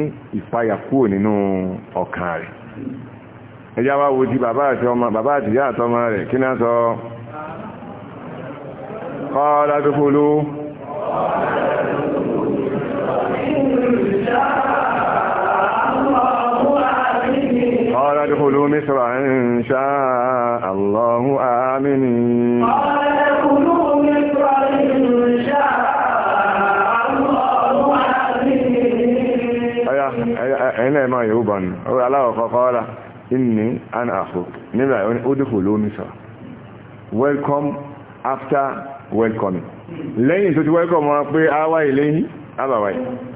مصر إن شاء الله آمنين قال ادخلوا مصر إن شاء الله آمنين أين ما يوبان هو على فقال إني أنا أخوك نبقى ادخلوا مصر welcome after welcoming لين tó ti welcome wọn pé àwa ìlẹ́yìn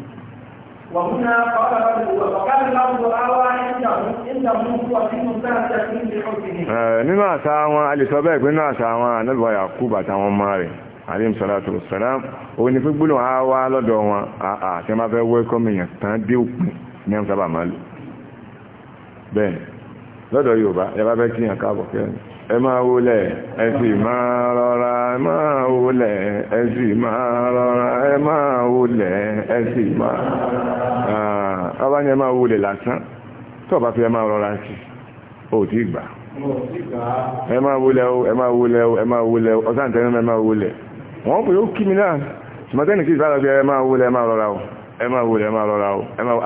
وهنا قال وقال الأرض أعوى عندهم عندهم هو في منتهى التكريم لحبهم nínú àṣà wọn a lè sọ bẹ́ẹ̀ pé nínú àṣà wọn ànábì Yakub àtàwọn ọmọ rẹ̀ alayhi salatu wassalam òun ni pé gbólóhùn á wá lọ́dọ̀ wọn àti máa fẹ́ wẹ́kọ́mù èèyàn tán dé òpin ní ọ̀sán bàmálù bẹ́ẹ̀ lọ́dọ̀ Yorùbá ẹ ẹ máa wólẹ̀ ẹ sì máa rọra ẹ máa wólẹ̀ ẹ sì máa rọra ẹ máa wólẹ̀ máa ọba ni ẹ máa wólẹ̀ lásán tó bá fi ẹ máa rọra sí ó ti gbà ẹ máa wólẹ̀ o ẹ máa wólẹ̀ o ẹ máa wólẹ̀ o ọ̀sán tẹ́nu ẹ máa wólẹ̀ wọ́n pè ó kí mi náà ṣùgbọ́n kí ìsára bí ẹ máa wólẹ̀ rọra o ẹ máa wólẹ̀ rọra o ẹ máa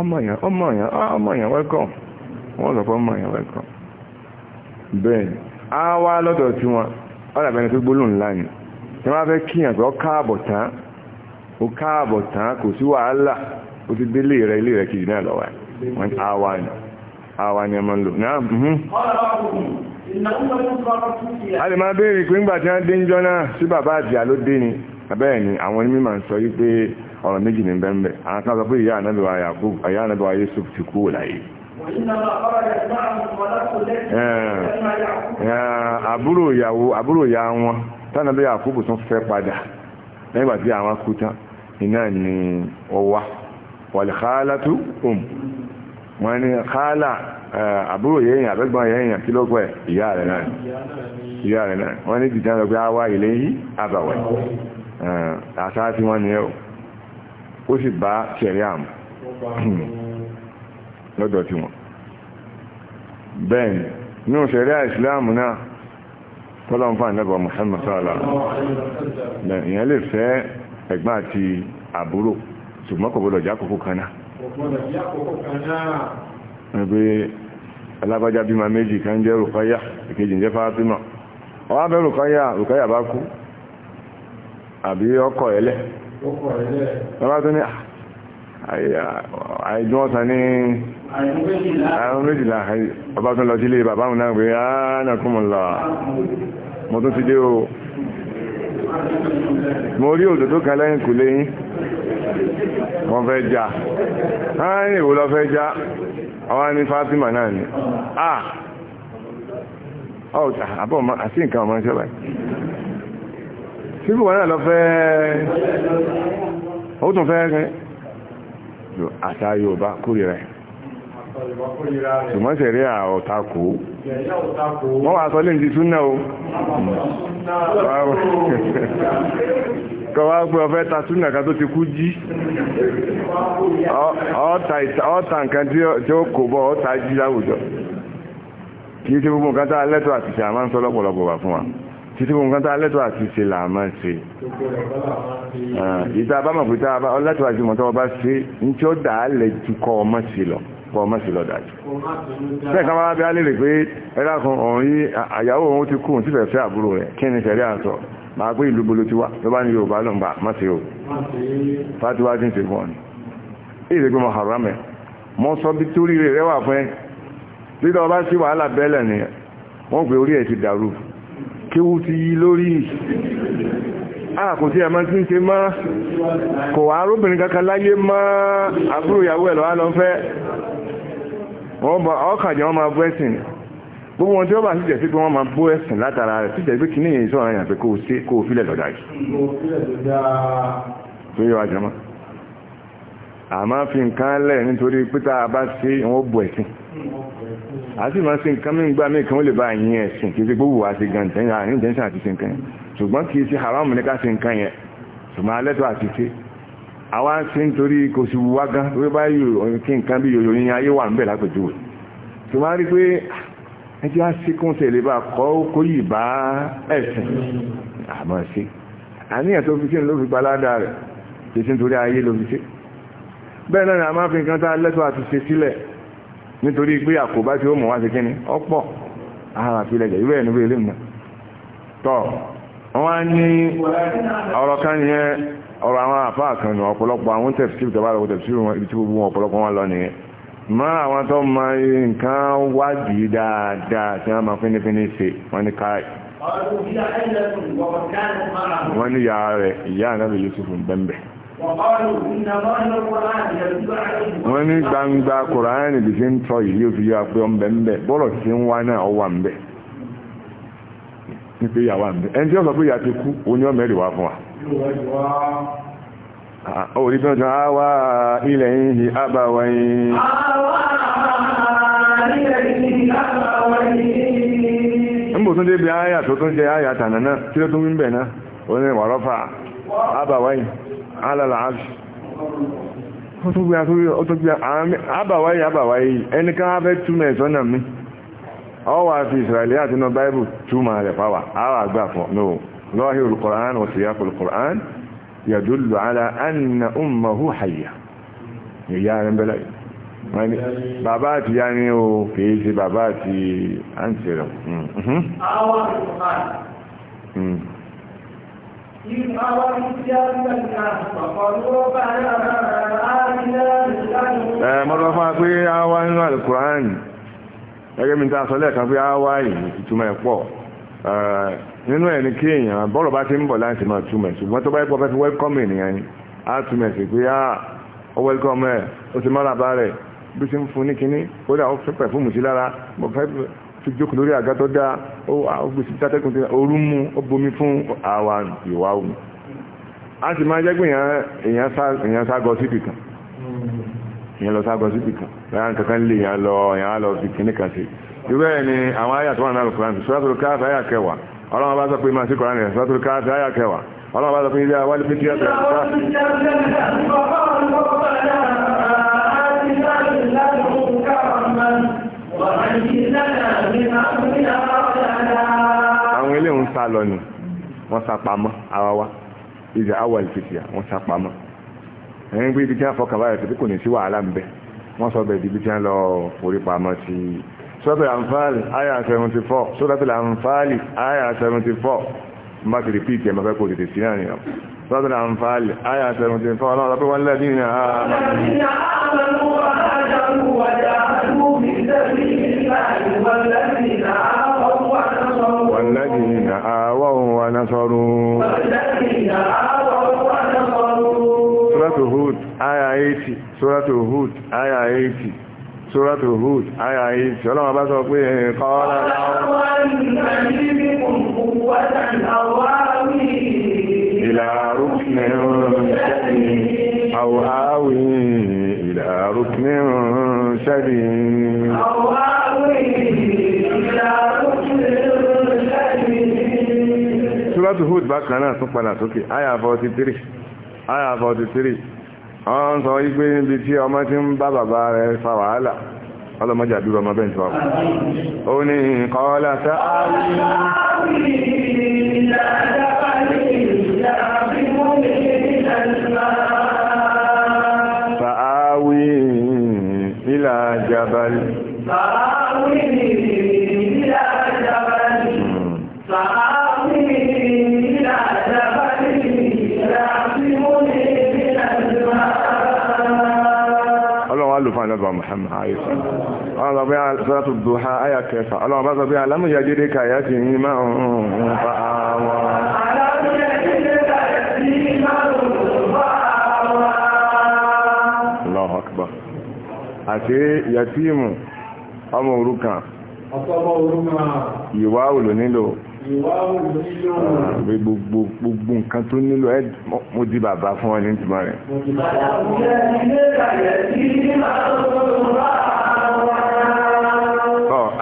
ọmọ yẹn ọmọ yẹn ọmọ yẹn welcome wọ́n lọ fọ́ ọmọ yẹn welcome bẹ́ẹ̀ a wá lọ́dọ̀ tí wọn ọ̀làbẹ̀ni tó gbólóhùn ńlá tí wọ́n fẹ́ kíyàn pé ó káàbọ̀ tán ó kò sí wàhálà ó ti délé rẹ̀ ilé náà àwa ni àwa ni ọmọ lò náà mhm. a lè máa béèrè pé ńgbà tí wọ́n dé ń jọ náà sí bàbá àjìyà ló dé ni bẹ́ẹ̀ ni àwọn onímọ̀ ń sọ wípé ọ̀rọ̀ àbúrò ìyàwó àbúrò ìyá wọn tánàbí Yakubu tún fẹ́ padà lẹ́gbà tí àwọn kú tán iná ni ọwá wàlìkálátú òm um. wọ́n ni kálà àbúrò yẹ́yìn àbẹ́gbọ́n yẹ́yìn kí lọ́gbọ́ ẹ̀ ìyá rẹ̀ náà ìyá rẹ̀ náà wọ́n ní dìjá lọ pé a wá ilé yìí àbàwẹ̀ àṣá tí wọ́n ni ẹ̀ ó sì bá ṣẹ̀rí àmù lọ́dọ̀ tí wọ́n bẹ́ẹ̀ni ní òṣèré ìsìláàmù náà tọ́lọ́n fún àìlẹ́gbọ̀ Muhammad ìyẹn lè fẹ́ ẹ̀gbọ́n àti àbúrò ṣùgbọ́n kò gbọdọ̀ jákòókò kan náà ẹgbẹ́ alábájá bímọ méjì kan jẹ́ Rùkáyà ìkejì jẹ́ Fátímà ah, ni. àwọn méjìlá ọba tún lọ sílé bàbá òun náà pé ánàkúnmọ̀lá mo tún ti dé o mo rí òdòdó kan lẹ́yìn kù léyìn wọ́n fẹ́ já ààrin ìwò lọ fẹ́ já ọwá ní Fátímà náà ni ah ọ̀tà àbọ̀ àti nǹkan ọmọ iṣẹ́ báyìí síbù wọn náà lọ fẹ́ ó tún fẹ́ rẹ̀ àṣà Yorùbá kúrì rẹ̀ ṣùgbọ́n ṣẹ̀rí àọ̀takò wọ́n wà sọ lè ti súnà o kọwa pé ọfẹ́ ta súnà ká tó ti kú jí ọ́ta nǹkan tí ó kò bọ́ ọ́ta jí láwùjọ kìí tí gbogbo nǹkan tá lẹ́tọ̀ àti ṣe àmá ń sọ lọ́pọ̀lọpọ̀ wà fún wa títí gbogbo nǹkan tá lẹ́tọ̀ àti ṣe làmá ṣe ìta bá mọ̀ pé tá lẹ́tọ̀ àti mọ̀tọ́ ọba ṣe ń tí ó dà á lẹ́jú kọ́ ọmọ sí lọ kọ ọmọ sí lọ́dà bẹ́ẹ̀ kan bá bí a lè rè pé ẹ̀rá kan ọ̀hún yí àyàwó òun ti kú òun ti fẹ́ fẹ́ àbúrò rẹ̀ kí ni fẹ̀rí àtọ̀ máa gbé ìlú bolo ti wá ló bá ní yorùbá ló ń bá má o fatiwa ti ń ṣe fún ọ ni èyí pé mo haram ẹ mo sọ bí torí rẹ wà fún ẹ títí ọba sí wàhálà bẹ́lẹ̀ ni wọ́n pè orí ẹ̀ ti dàrú kéwú ti yí lórí àkò ah, tí ẹ̀mọ́ tí ń ṣe mọ́ kò wá arúbìnrin kankan láyé mọ́ àbúrò ìyàwó ẹ̀ lọ́wọ́ lọ fẹ́ ọkàjẹ́ wọn máa bú ẹ̀sìn gbogbo wọn tí wọ́n bá sì jẹ́ sí pé wọ́n máa bú ẹ̀sìn látara rẹ̀ sì jẹ́ pé kìíní yìí sọ̀rọ̀ yàn pé kò sí kò fílẹ̀ lọ́dà yìí tó yẹ wá jẹ́ mọ́ fi nǹkan lẹ̀ nítorí pé a bá sí wọn bú ẹ̀sìn àti máa ṣe nǹkan mí gbà mí kan ó lè bá yín ẹ̀sìn kì í ṣe gbogbo wa ṣe gan ìtẹ́yìn àárín àti ṣe nǹkan yẹn ṣùgbọ́n kìí ṣe haram ní ká ṣe nǹkan yẹn ṣùgbọ́n alẹ́tọ̀ àti ṣe àwa ṣe ń torí kò sí wá gan wí bá yìí kí nǹkan bí yòyò yín ayé wà ń bẹ̀ lápèjúwe ṣùgbọ́n rí pé ẹ jẹ́ àṣekún tẹ̀lé bá kọ́ kó yìí bá ẹ̀sìn àmọ́ ṣe àníyàn tó fi ṣe ló fi gbalada rẹ̀ kìí ṣe nítorí ayé ló fi ṣe bẹ́ẹ̀ náà ni a máa fi nǹkan tá alẹ́tọ̀ àti ṣe sílẹ̀ nítorí pé àkóbá tí ó mọ̀ wá ṣe kíni ọ̀pọ̀ àwọn àfilẹ̀jẹ̀ irú ẹ̀ níbi ilé mi náà tọ́ wọ́n ní ọ̀rọ̀ kan yẹn ọ̀rọ̀ àwọn àfáà kan nù ọ̀pọ̀lọpọ̀ àwọn tẹ̀fsíù tẹ̀bára tẹ̀fsíù ibi tí gbogbo ọ̀pọ̀lọpọ̀ wọn lọ nìyẹn ma àwọn tó ma nǹkan wádìí dáadáa tí wọ́n ma fínífíní ṣe wọ́n ní káàkiri wọ́n ní ìyá rẹ̀ ìyá ànábì Yusuf bẹ́m̀bẹ̀ wọ́n ní gbangba kòránì bí sí ń tọ́ ìlú òfin yóò pé ọ ní pé ìyàwó àmì ẹni tí ó sọ pé ìyà ti kú òun ni ó wá fún wa orí tó àwà ilẹ̀ yìí ń bò tún débi àyà tó tún jẹ àyà tànà náà tí ó tún ọ wà fi ìsìràlẹ̀ àti iná báìbù túmọ̀ rẹ̀ fáwà àwọn àgbà fún no lọ́hìrù kọ̀rán wọ́n sì yá kọ̀rọ̀ kọ̀rán yàdúlù ala anna ummahu hayya ìyá rẹ̀ bẹ́lẹ̀ wọ́n bàbá àti yá ní o kìí sí bàbá àti àǹtì rẹ̀ إذ أردت يا من gẹ́gẹ́ bí n ta sọ lẹ́ẹ̀kan pé àwa yìí ìtumọ̀ ẹ̀ pọ̀ nínú ẹ̀ ní kí èèyàn bọ́rọ̀ bá ti ń bọ̀ láti máa túmọ̀ ṣùgbọ́n tó bá pọ̀ fẹ́ fi wẹ́lkọ́mù ènìyàn ni á túmọ̀ sí pé á ó wẹ́lkọ́mù ẹ̀ ó ti mọ́ra bá rẹ̀ bí ti ń fún ní kinní kódà ó fẹ́ pẹ̀fúmù sí lára mo fẹ́ fi jókòó lórí àga tó dáa ó gbèsè tátẹ́kùn tí ooru mú ó bomi fún àwa ìwà omi. a sì máa jẹ́ pé èèyàn ságọ síbì kan ìyẹn lọ sáàgọ́ sí pìtàn láyá kankan lè yàn lọ yàn á lọ fi kíní kan sí ìwé ẹ̀ ni àwọn àyà tó wà náà lùkùrán suratul káfí àyà kẹwàá ọlọ́run bá sọ pé máa sí kọ́rán rẹ̀ suratul káfí àyà kẹwàá ọlọ́run bá sọ pé ilé awálé pété àti àtúntà. àwọn ilé ń sá lọ ni wọ́n sá pamọ́ àwa wa ìjà awàlì pété wọ́n sá pamọ́ ẹ̀yìn pé ibi tí wọ́n fọkàn báyọ̀ tẹ̀bí kò ní sí wàhálà ń bẹ wọ́n sọ bẹ̀ ibi tí wọ́n lọ forí pamọ́ sí sọ́tẹ̀ àǹfààlì àyà 74 sọ́tẹ̀ àǹfààlì àyà 74 má ti rìpíìtì ẹ̀mọ́ fẹ́ kò tètè sí náà nìyàn sọ́tẹ̀ àǹfààlì àyà 74 ọlọ́run lọ́pẹ́ wọ́n lẹ́dí ní àmọ́ والذين آووا ونصروا 80 sóràtò Hud àyà 80 sóràtò Hud àyà 80 ọlọ́wọ́ bá sọ pé kọ́ọ́lá أو آوي إلى ركن شديد أو آوي إلى ركن شديد سورة هود بقى أنا سوف أنا سوكي آية 43 آية 43 wọ́n sọ wípé níbi tí ọmọ ti ń bá bàbá rẹ̀ fa wàhálà ọlọ́mọjà bí ọmọ bẹ́ẹ̀ ti wà ó ní nǹkan ọlá tá Fa'awi ila jabal. Fa'awi عليه وسلم قال ربيع صلاة الضحى آية كيف قال ربيع لم يجدك يتيما فآوى لم يجدك يتيما فآوى الله أكبر àti yàtíìmù ọmọ òrukàn ìwà òlò nílò bí gbogbo nǹkan tó nílò ẹ mo di bàbá fún ọ ní ìtìmọ̀ rẹ̀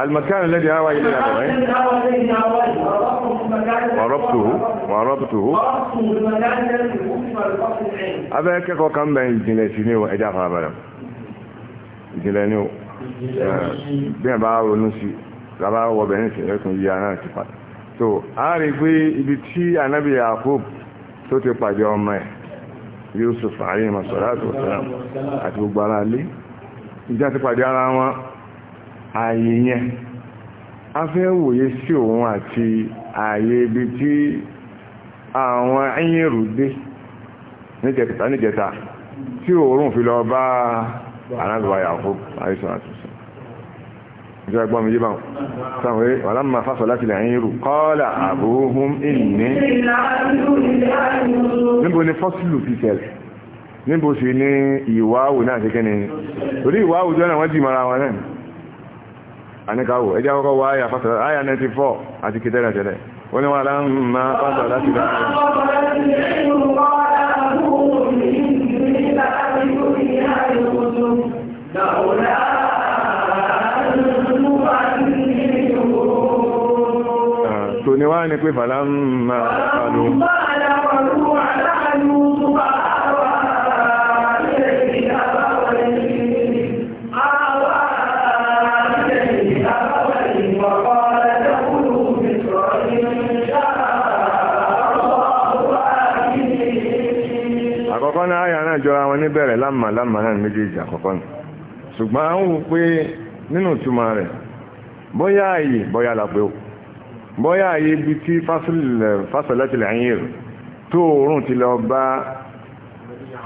المكان الذي آوى إليه أبويه وربطه وربطه أبا كيكو كم بين جنسيني وإجاف أبدا ìjìnlẹ̀ni o bí ẹ̀ bá ronú sí lábá wọ̀bẹ̀ ní ìṣẹ̀lẹ̀kùn yìí náà ti pàdé so a rí pé ibi tí anábì Yakub tó ti pàdé ọmọ ẹ̀ Yusuf alayhi masalatu wasalam àti gbogbo ara lé ìjá ti pàdé ara wọn ààyè yẹn a fẹ́ wòye sí òun àti ààyè ibi tí àwọn ẹ̀yìnrù dé níjẹta níjẹta tí òórùn fi lọ bá anáàlùwà yàkó àìsàn àtúnṣe ìjọ ẹgbọ́n mi yíba sáwé wàlámà fásọ láti lè ẹ̀yìnrù kọ́ọ̀lá àbúhùn ìní níbo ni fọ́sílù fi tẹ̀lẹ̀ níbo sì ni ìwáwù náà ṣe kẹ́ni torí ìwáwù jọ náà wọ́n jì mara wọn náà àníkàwò ẹjẹ́ àkọ́kọ́ wọ àyà fásitì àyà 94 àti kìtẹ́rẹ̀ tẹ́lẹ̀ wọ́n ni wọ́n alá ń máa pàtàkì láti dá ah, tò ní jọra wọn níbẹ̀rẹ̀ lámà lámà náà méjèèjì àkọ́kọ́ nù ṣùgbọ́n àwọn wò pé nínú ìtumọ̀ rẹ̀ bóyá ààyè bóyá làpé o bóyá ààyè ibi tí fásọlẹ́tìlẹ̀ ayé rẹ̀ tó oòrùn ti lọ bá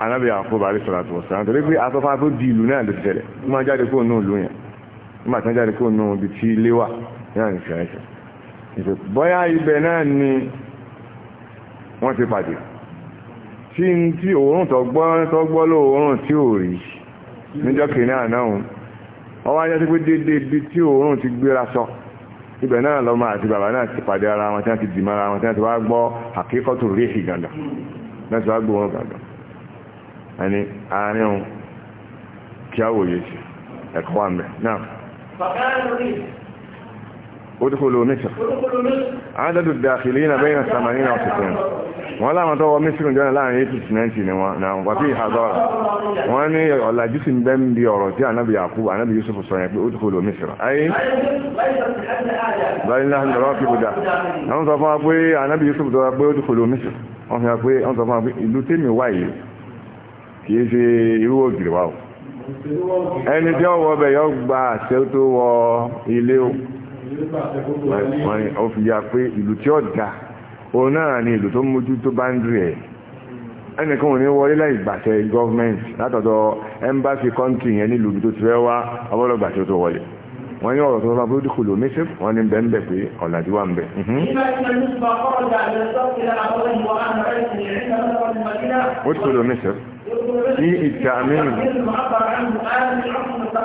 anábì àkóbá àrí sọ̀rọ̀ àtọ̀wọ̀ sọ̀rọ̀ nítorí pé asọ́fà tó di ìlú náà ló ó máa jáde kó nù ìlú ó máa tán jáde kó nù ibi tí ilé wà náà ní bóyá ibẹ̀ náà ni wọ́n ti pàdé tí ń tí òórùn tọ́gbọ́ tọ́gbọ́ lóòórùn tí ò rí níjọ́ kìíní ànáhùn wọ́n wá jẹ́ sí pé dédé bí tí òórùn ti gbéra sọ ibẹ̀ náà lọ́mọ àti bàbá náà ti pàdé ara wọn tí wọ́n ti dìmọ́ ara wọn tí wọ́n ti wá gbọ́ àkíkọ́tù rí èsì gàdà náà ti wá gbọ́ wọn gàdà ẹni àárín kí á wòye sí ẹ̀kọ́ wa mẹ́ náà. bàbá lórí ادخلوا مصر عدد الداخلين بين الثمانين وستين wọ́n láwọn tọ́wọ́ mísírùn jọ́nà láàrin 1890 ni wọ́n na wà fi ìhàzọ́rà wọ́n ní ọ̀làjú sí bẹ́ ń bí ọ̀rọ̀ tí ànábì Yakub ànábì Yusuf sọ yẹn pé ó ti kò lò mísírà ayé báyìí náà lọ́wọ́ sọ fún wa pé ànábì Yusuf sọ pé ó ti kò lò mísírà wọ́n fi wa pé wa o ẹni òun náà ni ìlú tó mójú tó báńdìrì ẹ̀ ẹnìkan ò ní wọlé láì gbàtẹ gọ́ọ̀mẹ́ntì látọ̀dọ̀ ẹ́mbáṣì kọ́ńtì yẹn nílùú tó ti fẹ́ wá ọbọ̀lọ́ gbàtẹ tó wọlé wọ́n ní ọ̀rọ̀ tó bá bó dìkù lò mísìp wọ́n ní bẹ́ẹ̀ bẹ́ẹ̀ pé ọ̀làjú wà ń bẹ̀. ó ti lò mísìp ní ìtà mínú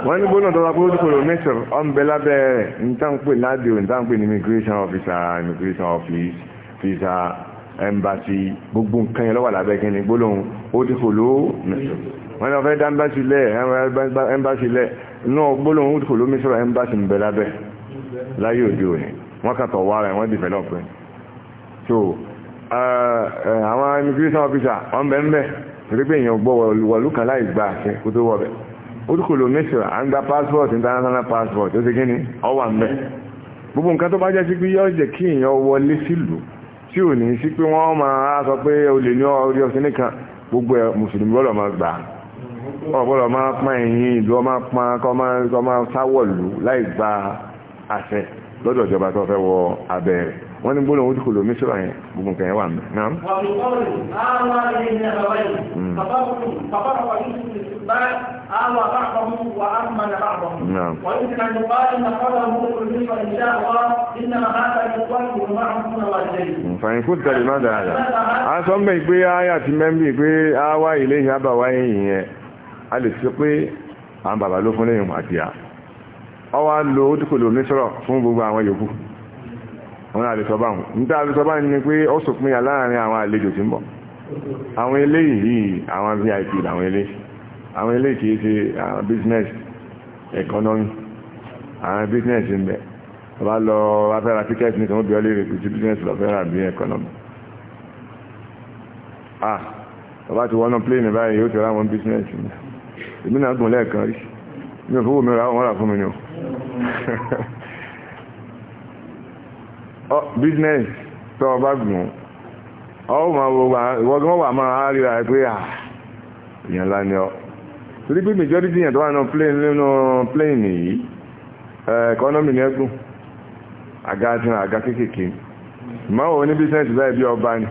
wọ́n ní gbóná tó bá bó dìkù lò mísìp ọ̀nbẹ́lábẹ́ rẹ̀ ní táǹpẹ̀ ládìó ní ní immigration officer immigration office visa embassy gbogbo nǹkan yẹn lọ́wọ́ lábẹ́ kí ni gbólóhùn ó ti kòló wọ́n ni wọ́n fẹ́ dá embassy lẹ̀ embassy lẹ̀ náà gbólóhùn ó ti kòló mísírọ̀ embassy ń bẹ lábẹ́ láyé òde òní wọ́n kàtọ̀ wá rẹ̀ wọ́n develop so eh, àwọn immigration officer wọ́n bẹ̀ ń bẹ̀ torí pé èèyàn gbọ́ wọ̀lú kan láì gba àṣẹ kó tó wọ̀ bẹ̀ ó ti kòló mísírọ̀ à ń gba passport international passport ó ti kí ni ọ wà ń bẹ̀ gbogbo nǹkan tó bá jẹ́ sí pé yóò tí ò ní sí pé wọ́n máa sọ pé o lè ní orí ọ̀sìn nìkan gbogbo ẹ̀ mùsùlùmí gbọ́dọ̀ máa gbà ọ̀gbọ́dọ̀ máa pọ́n ẹ̀yìn ìlú ọmọ pọ́n kọ́ máa sáwọ̀lù láì gba àṣẹ lọ́dọ̀ ìjọba tó fẹ́ wọ abẹ́rẹ́ wọ́n ní gbólóhùn ojúkò lómi sọ̀rọ̀ yẹn gbogbo nǹkan yẹn wà mí. naam. Hmm. naam. fàyìn kú tẹ̀lé má dáadáa. a sọ mbẹ́ pé aya ti mẹ́mbì pé awa ilé yìí abàwá yìí yẹn a lè sọ pé àwọn bàbá ló fún lẹ́yìn àti à. ọwọ́ lo ojúkò lómi sọ̀rọ̀ fún gbogbo àwọn yòókù wọn náà lè sọ báwọn níta lè sọ báwọn ni pé ó sòpin láàrin àwọn àlejò tí ń bọ̀ àwọn eléyìí àwọn vip làwọn eléyìí àwọn eléyìí kìí ṣe àwọn business economy àwọn business ń bẹ ọba lọ afẹ́ra ticket ní ìtàn obìnrin lè pèsè business lọ fẹ́ra bí economy ah ọba ti wọnà plane báyìí yóò ti ra àwọn business ń bẹ èmi náà gùn lẹ́ẹ̀kan rí mi ò fowó ra wọn rà fún mi ni o business tó o gùn ọ máa wo ìwọ́gbọ́n wà máa ríra ẹ pé à èèyàn ọ torí pé majority yẹn tó wà nínú plane nínú plane economy ni ẹgùn àga àti àga kéékèèké ní business báyìí bí ọba ni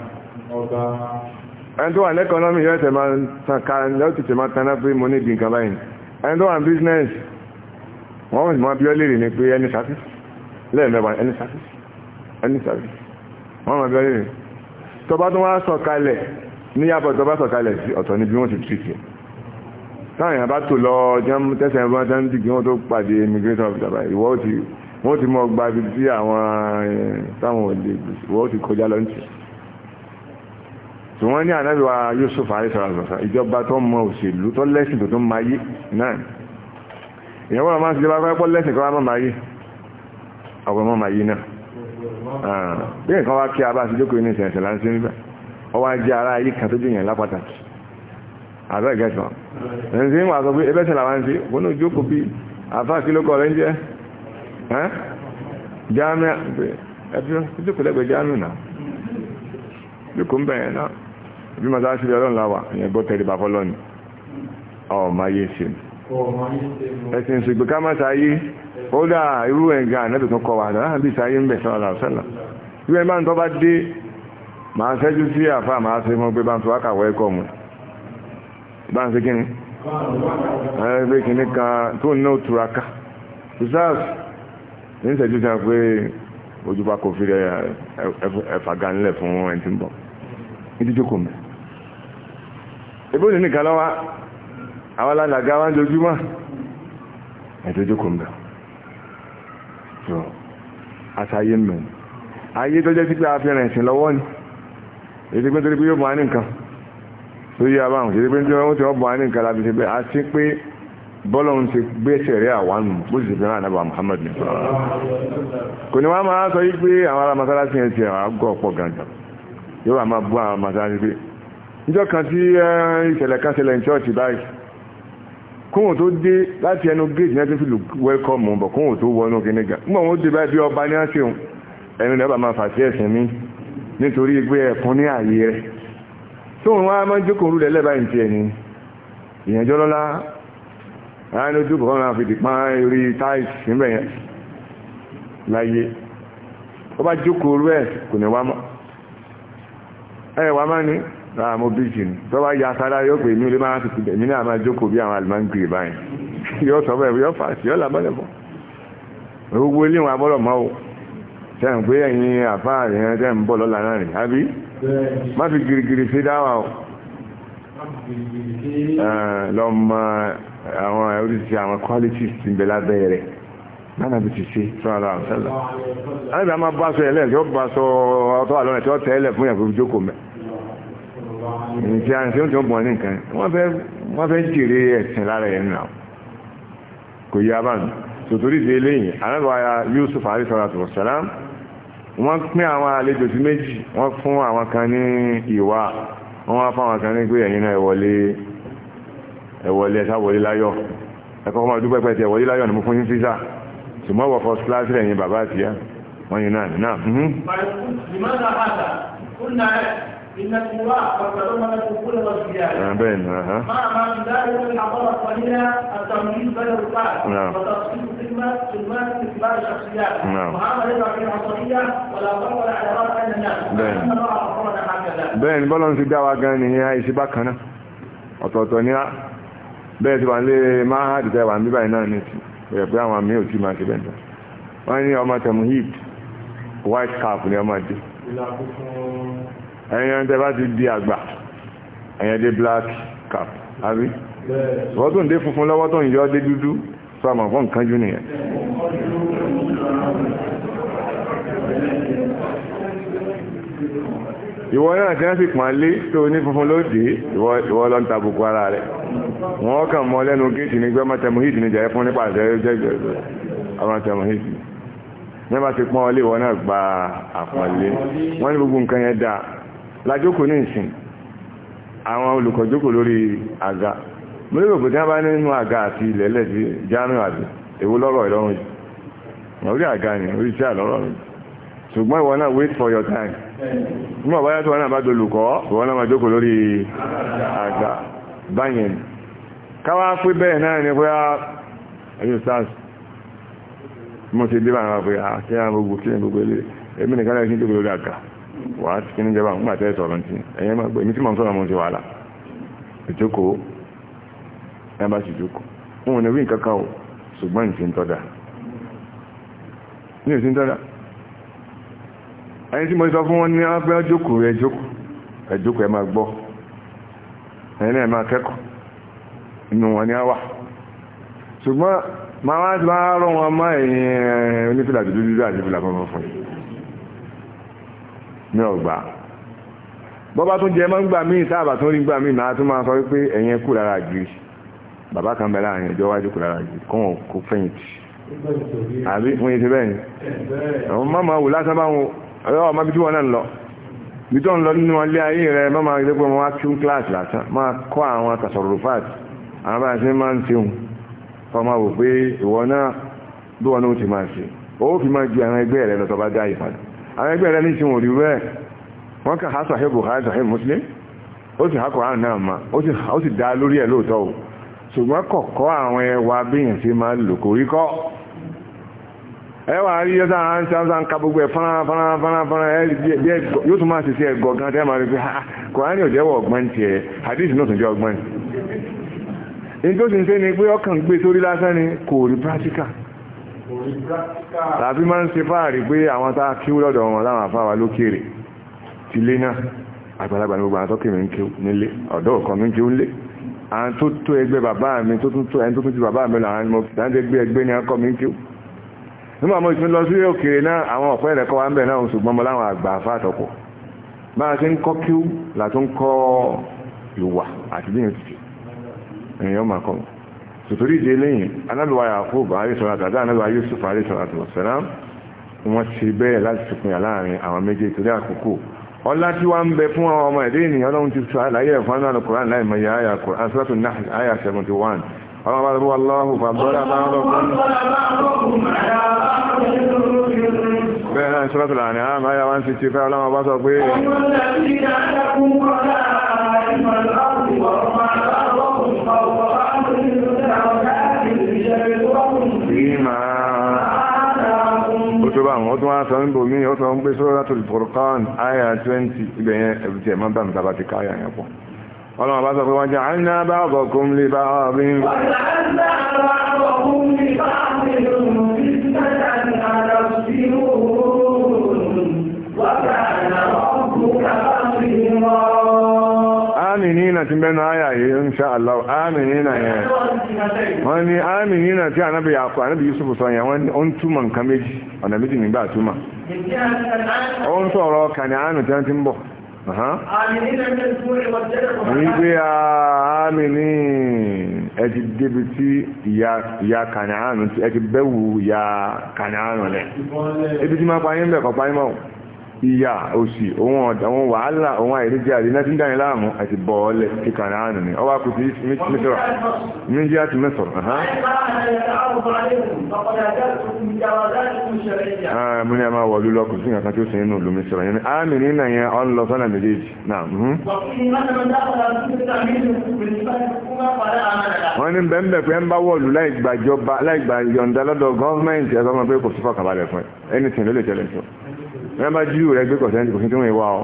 ẹni tó wà ní economy yóò tẹ̀ máa tàn ká yóò tẹ̀ máa taná pé mo ní ìdí nǹkan báyìí ẹni tó wà ní business wọ́n mọ̀ sí máa bí ọ lè rìn pé ẹni lẹ́ẹ̀mẹ́wàá ẹni ẹni sàrí wọ́n mọ̀ bẹ́ẹ̀ rẹ̀ tọba tó wá sọ̀kalẹ̀ ní yàbọ̀ tọba sọ̀kalẹ̀ sí ọ̀tọ̀ níbi wọ́n ti tìtì táwọn èèyàn bá tò lọ jẹun tẹ́sẹ̀ ẹ̀bọ́n tẹ́ ń dìgbì wọ́n tó pàdé immigration of jaba ìwọ́ ti wọ́n ti mọ́ gba ibi tí àwọn táwọn òde ìwọ́ ti kọjá lọ nítì tí wọ́n ní ànábìwá Yusuf àrísọ̀rọ̀sọ̀sọ̀ ìjọba tó mọ òṣèlú tó lẹ́sìn tó tó máa yé náà èèyàn wọ́n máa ń ṣe lọ́wọ́ kọ́ máa máa yé ọ̀pọ̀ máa yé náà bí nǹkan wá kí a bá ti jókòó ní ìsẹ̀nsẹ̀ láti ń bẹ̀ ọ wá jẹ́ ara ayé kan tó jù yàn lápàtàkì àbẹ́ ìgẹ́sàn ẹ̀sìn wà sọ pé ẹbẹ́sẹ̀ làwọn ń ṣe wọn ò jókòó bí àfa kílókọ̀ rẹ̀ ń jẹ́ jámíà ẹbí jókòó lẹ́gbẹ̀ẹ́ jámíà náà jókòó ń bẹ̀rẹ̀ náà bí màá sáà sílẹ̀ ọlọ́run láwà ìyẹn gbọ́ tẹ̀lé bàfọ́ lọ́nìí ọ̀ máa yé ṣe ẹ̀sìn ìṣègbè ká má sáà ó dà irú ẹ̀gá ànábì tó kọ wà náà bí sáyé ń bẹ̀ sọ́nà àṣẹ́là irú ẹ̀ máa ń tọ́ bá dé máa ṣẹ́jú sí àfà máa ṣe mọ́ pé bá ń fi wákàwọ́ ẹ̀kọ́ mu bá ń ṣe kíni ẹ̀ pé kíní kan tó ní òtura ká reserve ní ṣẹ́jú sí pé ojú bá kò fi rẹ̀ ẹ̀fàgà ńlẹ̀ fún ẹni tí ń bọ̀ ní títí kò mẹ́ ìbúrò nìkan lọ́wọ́ àwọn alàgà wa ń dojúmọ́ ẹ̀ tó jókòó mẹ́ so àtàyé mẹ́rin ayé tó jẹ́ sí pé a fi rìn ìsìn lọ́wọ́ ni èdè pé torí pé yóò bọ̀ á ní nǹkan tó yí abáhùn èdè pé tí wọ́n ti bọ̀ á ní nǹkan láti ṣe bẹ́ẹ̀ àti pé bọ́lọ́run ti gbé sẹ̀rẹ́ àwọn bó sì fi rán ànábà Muhammad ní kò ní wọ́n máa sọ yí pé àwọn ará masalasi yẹn ti àgọ́ ọ̀pọ̀ gangan yóò wà máa bú àwọn masalasi pé níjọ́ kan tí ìṣẹ̀lẹ̀ kan ṣẹlẹ̀ ní chọ́ọ̀chì báyìí kóhùn tó dé láti ẹnu gate náà tó fi lù wẹ́lkọ̀mù bọ̀ kóhùn tó wọnú kíní gan nígbà wọn dé báyìí bí ọba ní àṣehùn ẹnu rẹ̀ bá máa fà sí ẹ̀sìn mi nítorí pé ẹ̀kún ní ààyè rẹ̀ tóun wá máa ń jókòó rúlẹ̀ lẹ́bàá ìǹtí ẹ̀ ní ìyànjọ́ lọ́lá láàrin ojú kọ̀ọ̀kan máa fi dìpá rí táìsì níbẹ̀ yẹn láyé ó bá jókòó rú ẹ̀ kò ní wá mọ́ ẹ̀ wá máa ní náà mo bí jì ní tó bá ya sára yóò pè mí lè máa fi tibẹ̀ mí náà máa jókòó bí àwọn àlùmọ́ǹkì báyìí yóò sọ bẹ́ẹ̀ yóò fàṣì yóò làbọ́lẹ̀ bọ́ gbogbo ilé wọn abọ́lọ̀ mọ́ o tẹ́ ń pé ẹ̀yin àfáà yẹn tẹ́ ń bọ̀ lọ́la náà rìn àbí má fi girigiri sí dáwà o lọ mọ àwọn oríṣiríṣi àwọn qualities ti ń bẹ lábẹ́ rẹ̀ nana bi ti se sọ́nà àwọn sẹ́lẹ̀ àyẹ̀bẹ̀ a máa bá aṣọ ẹlẹ́ẹ̀ tí ó bá aṣọ ọtọ́ àlọ́rẹ̀ tí ó tẹ́ ẹlẹ̀ fún yàgò ìjókòó mẹ́ ìrìntí àrùn tí ó tún bọ̀ ní nǹkan wọ́n fẹ́ jèrè ẹ̀sìn lára ẹ̀ nà kò yí abánu tòtòrí ìdí eléyìí alábàáyà Yusuf alayhisalatu wasalam wọ́n pín àwọn àlejò sí méjì wọ́n fún àwọn kan ní ìwà wọ́n wá fún àwọn kan ní pé ẹ̀yin náà ẹ̀wọ̀lé ẹ̀wọ̀lé ẹ̀sá wọlé láyọ̀ ẹ̀kọ́ ọmọ ọdún pẹ́pẹ́ tí ẹ̀wọ̀lé láyọ̀ ni mo fún yín físà ṣùgbọ́n wọ̀ first class lẹ́yìn bàbá àtìyá wọ́n yìí náà náà. Mhm. إن القراء قد تضمن الدخول والزيادة. بين مع ما من ذلك الحضارة القليلة التمييز بين القاعدة وتفصيل كلمة كلمات اتباع الشخصيات. وهذا يقع في العصرية ولا فرق ولا علاقات بين الناس. بين. bẹ́ẹ̀ ni bọ́lá ń ti dáwà gan ni ìyá ìṣíbá kan náà ọ̀tọ̀ọ̀tọ̀ ní á bẹ́ẹ̀ tí wà ń lé máa dìtẹ́ wà ń bíbà náà ní ti rẹ̀ pé àwọn àmì òtí máa ti bẹ̀ẹ̀ wọ́n ní ọmọ tẹ̀mù hìd white cap ni ọmọ dé ẹ̀yàn tẹ́ bá ti di àgbà ẹ̀yàn dé black cap àbí wọ́n tó ń dé funfun lọ́wọ́ tó ń yọ dé dúdú sọmọ fún nǹkan jù nìyẹn ìwọ náà tí wọ́n sì pọ̀n lé tó ní funfun lóde ìwọ lọ ń ta bùkù ara rẹ̀ wọ́n kàn mọ́ lẹ́nu géètì ní gbẹ́mọ́ tẹmuhid ní jẹ́ fún nípa àṣẹ jẹ́jẹ́ àwọn tẹmuhid ní wọ́n bá ti pọ́n lé ìwọ náà gba àpọ̀lé wọ́n ní gbogbo nǹkan yẹn dáa lájókòó ní ìsìn àwọn olùkọ́ jókòó lórí àga mọ́lẹ́gbẹ̀ pẹ̀lú àbá nínú àga àti ilẹ̀lẹ̀ sí jáàmù àti èwo lọ́rọ̀ ìlọ́run orí àga ni orí sí àlọ́rọ̀ mi ṣùgbọ́n náà wait for your time mú ọ̀bá yàtọ̀ náà bá dolùkọ́ ìwọ náà máa lórí àga báyẹn káwá pé bẹ́ẹ̀ náà ni pé ah, stars mo ti dé bá àwọn àpè àti àwọn gbogbo kí gbogbo ilé lórí àga wà á ti kí ní jẹba ń pàtẹ́ sọ̀rọ̀ tí ẹ̀yẹ́ máa gbé mi tí màá sọ̀rọ̀ mo ti wàhálà ìjókòó ẹ bá sì jókòó òun ni wí nǹkan kan o ṣùgbọ́n ní ti ń tọ́da ní ìsìn tọ́da ẹni tí mo sọ fún wọn ní abẹ́ ọjókòó ẹ jókòó ẹ jókòó ẹ máa gbọ́ ẹni náà máa kẹ́kọ̀ọ́ inú wọn ni á wà ṣùgbọ́n màá wá sí máa rọ wọn máa ẹ̀yìn eh, onífìlà dúdú dúdú àti ìfìlà fọfọ fún yìí ní ọgbà bọ́bá tún jẹ mọ́ ń gbà míì táàbà tún rí gbà míì máa tún máa sọ wípé ẹ̀yẹn kù lára gírí bàbá kan bẹ̀rẹ̀ àyàn ìjọ wájú kù lára gírí kọ́ wọn kò fẹ́yìntì àbí fún ìṣe bẹ́ẹ̀ ni àwọn máma wò lásán bá wọn ọ̀rọ̀ ọmọ bí tí wọn náà lọ bí tó ń lọ nínú ilé ayé rẹ máma rí pé wọn á tún kíláàsì lásán máa kọ́ àwọn tasọ̀rọ̀fàt àwọn bá ṣe máa ń ṣeun kọ́ máa wò pé ìwọ náà bí wọn náà ti máa ṣe ó fi máa ju àwọn ẹgbẹ́ rẹ lọ bá dá ìpadà àwọn ẹgbẹ́ rẹ̀ ní ti wọ̀n rí wọ́n kà á ha Bukhari sọ̀hẹ́ Muslim ó sì hákọ̀ àrùn náà ma ó sì dá lórí ẹ̀ lóòótọ́ o ṣùgbọ́n kọ̀kọ́ àwọn ẹwà bíyàn sí máa lò kò rí kọ́ ẹwà rí sáà ń sáà ń ka gbogbo ẹ̀ yóò tún máa ṣiṣẹ́ ẹ̀gọ́ gan tẹ́ máa rí pé òjẹ́wọ̀ ọ̀gbọ́n tiẹ̀ hadith náà tún ni pé ọkàn gbé sórí lásán ni kò rí practical tàbí máa ń ṣe fáàrí pé àwọn tá a kíw lọ́dọ̀ wọn láwọn àfáwà lókèrè ti lé náà àgbàlagbà ní gbogbo àwọn tọ́kì mi ń kíw nílé ọ̀dọ́ ọ̀kan mi ń kíw nílé àwọn tó tó ẹgbẹ́ bàbá mi tó tó ẹni tó tó ti bàbá mi lọ àwọn ọmọ ìdájọ́ ẹgbẹ́ ẹgbẹ́ ni akọ́ mi ń kíw nígbà mo ti lọ sí òkèrè náà àwọn ọ̀pẹ́ ẹ̀rẹ̀kọ́ wa ń bẹ̀ náà ṣùgbọ́n mo láwọn àgbà afáàtọ̀pọ̀ bá a ṣe ń kọ́ kíw là tó ń kọ́ ìwà àti tòtòrí ìdí eléyìn anábìwá Yakub àríṣọ́lá tàbí anábìwá Yusuf àríṣọ́lá tó sẹ́lá wọ́n ti bẹ́ẹ̀ láti ṣùpìnyà láàrin àwọn méje torí àkókò ọlá tí wá ń bẹ fún àwọn ọmọ ẹ̀dẹ́ ènìyàn ọlọ́run ti sọ àlàyé ẹ̀fọn náà lọ kùrán láì mọ̀yà àyà kùrán sọ́tù náà àyà 71 ọlọ́run bá lọ́wọ́ lọ́wọ́ fàbọ́lá bá rọ́kùn bẹ́ẹ̀ náà sọ́tù láàrin àmà àyà 165 ọlọ́run bá sọ pé bá wọn ó sọ ń bò mí ó sọ ń pé Suratul Furqan àyà 20 ibẹ̀ ẹ̀bùtì ẹ̀mọ́ bá mi tàbátì káyà yẹn pọ̀ ọlọ́run bá sọ pé wọ́n jẹ́ àìní abáwọ̀kùn lè bá ọ̀bí àmìnà ti bẹ́nu ayà yìí ń ṣá aláwọ̀ àmìnà yẹn wọ́n ní àmìnà tí ànábì àkọ́ ànábì Yusuf sọ yẹn wọ́n ń túmọ̀ nǹkan méjì ọ̀nà méjì nígbà túmọ̀ ó ń sọ̀rọ̀ tí wọ́n ti ń bọ̀ wípé àmìnì ẹ ti débi tí ìyá ẹ ti ìyà òsì òun wàhálà òun àìríjẹ́ àdínà tí ń dáni láàmú àti bọ̀ọ́lẹ̀ tí kàrà ánù ni ọwá kù sí mítírà méjì àti mẹ́sọ̀rọ̀ ah, mú ní a máa wọ̀lú lọ kù sí nǹkan tí ó sì nínú ìlú mítírà yẹn àmì nínà yẹn ọ ń lọ sọ́nà méjèèjì náà wọ́n ní bẹ́ẹ̀ pé ń bá wọ̀lú láìgbà yọ̀ǹda lọ́dọ̀ gọ́ọ̀mẹ̀ntì ẹ̀sọ́ mọ̀ pé kò sí fọkànbalẹ̀ fún ẹ wọ́n bá jíù rẹ̀ gbé kọ̀sẹ́ntì kòsí tí wọ́n wá ọ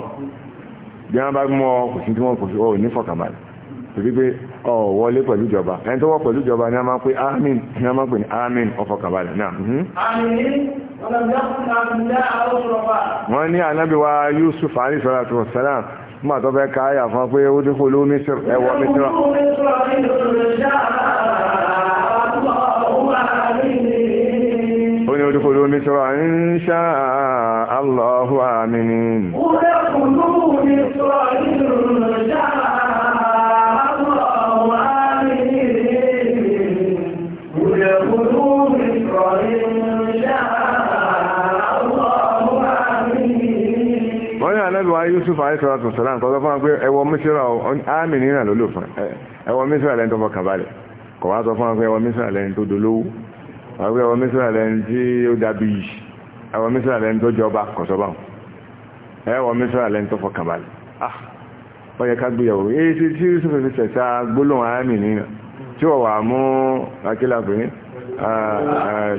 bí wọ́n bá mú ọ kòsí tí wọ́n kòsí ọ ní fọkànbalẹ̀ torí pé ọ wọlé pẹ̀lú ìjọba ẹni tó wọ́ pẹ̀lú ìjọba ni a máa pé amin ni a máa pè ní amin ọfọkànbalẹ̀ náà. Mhm. wọ́n ní anábì wa Yusuf alayhi salatu wa salam nígbà tó fẹ́ káyà fún pé ó dín kó ló mísírì ẹwọ mísírì. ó ó ní odúkòdó mísọ́rọ̀ insha Allahu aminin yusuf alayisalaatu salam tọ́jọ́ fún wa pé ẹwọ mísírà àmì nínà lólò fún ẹwọ mísírà lẹ́ni tó fọkàn balẹ̀ kọ̀wá sọ fún wa pé ẹwọ mísírà lẹ́ni tó dolówó àwọn ọmọ mísírà lẹ́ni tí ó dàbí yìí àwọn mísírà lẹ́ni tó jọba kọ̀sọ́bà ẹwọ mísírà lẹ́ni tó fọkànbalẹ̀ ah wọ́n yẹ ká gbéyàwó èyí tí tí ó fẹ́ tẹ̀sà gbólóhùn àmì nínú tí wọ́n wà mú akílàbìnrin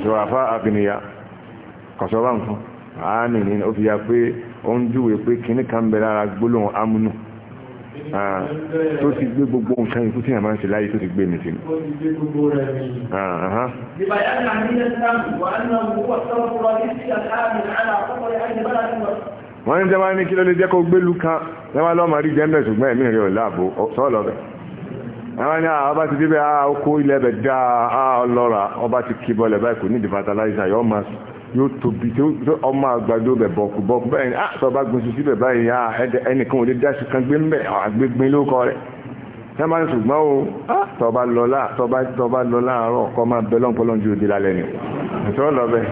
ṣòwàfà àfìnìyà kọ̀sọ́bà ya pé ó ń júwe pé kìnnìkan bẹ̀rẹ̀ ara Ah, tó ti gbé gbogbo nǹkan ikú tí a máa ń ṣe láyé tó ti gbé mi sí ah, wọ́n ń jẹba ní kí ló lè jẹ́ kó gbélú kan lẹ́wà lọ́mà rí jẹ́mbẹ̀ ṣùgbọ́n ẹ̀mí rẹ̀ láàbò sọ́ọ̀lọ́ rẹ̀ àwọn ní ah, ọba ti débẹ̀ ọkọ̀ ilẹ̀ bẹ̀ dáa ọlọ́ra ọba ti kí bọ́ọ̀lẹ̀ báyìí kò ní ìdí fertilizer yọ́ máa yóò tóbi ah, tó ọmọ àgbàdo bẹ̀ bọ̀kú bọ̀kú bẹ́ẹ̀ ni a sọ gbin sísí bẹ̀ báyìí á ah, ẹnìkan ò lè dá sùkàn gbé ńbẹ̀ àgbégbin ah, ló kọ máa ń o tọba lọla tọba tọba lọla máa bẹ lọ́npọ̀lọ́ ju òde lálẹ́ ni lọ́bẹ̀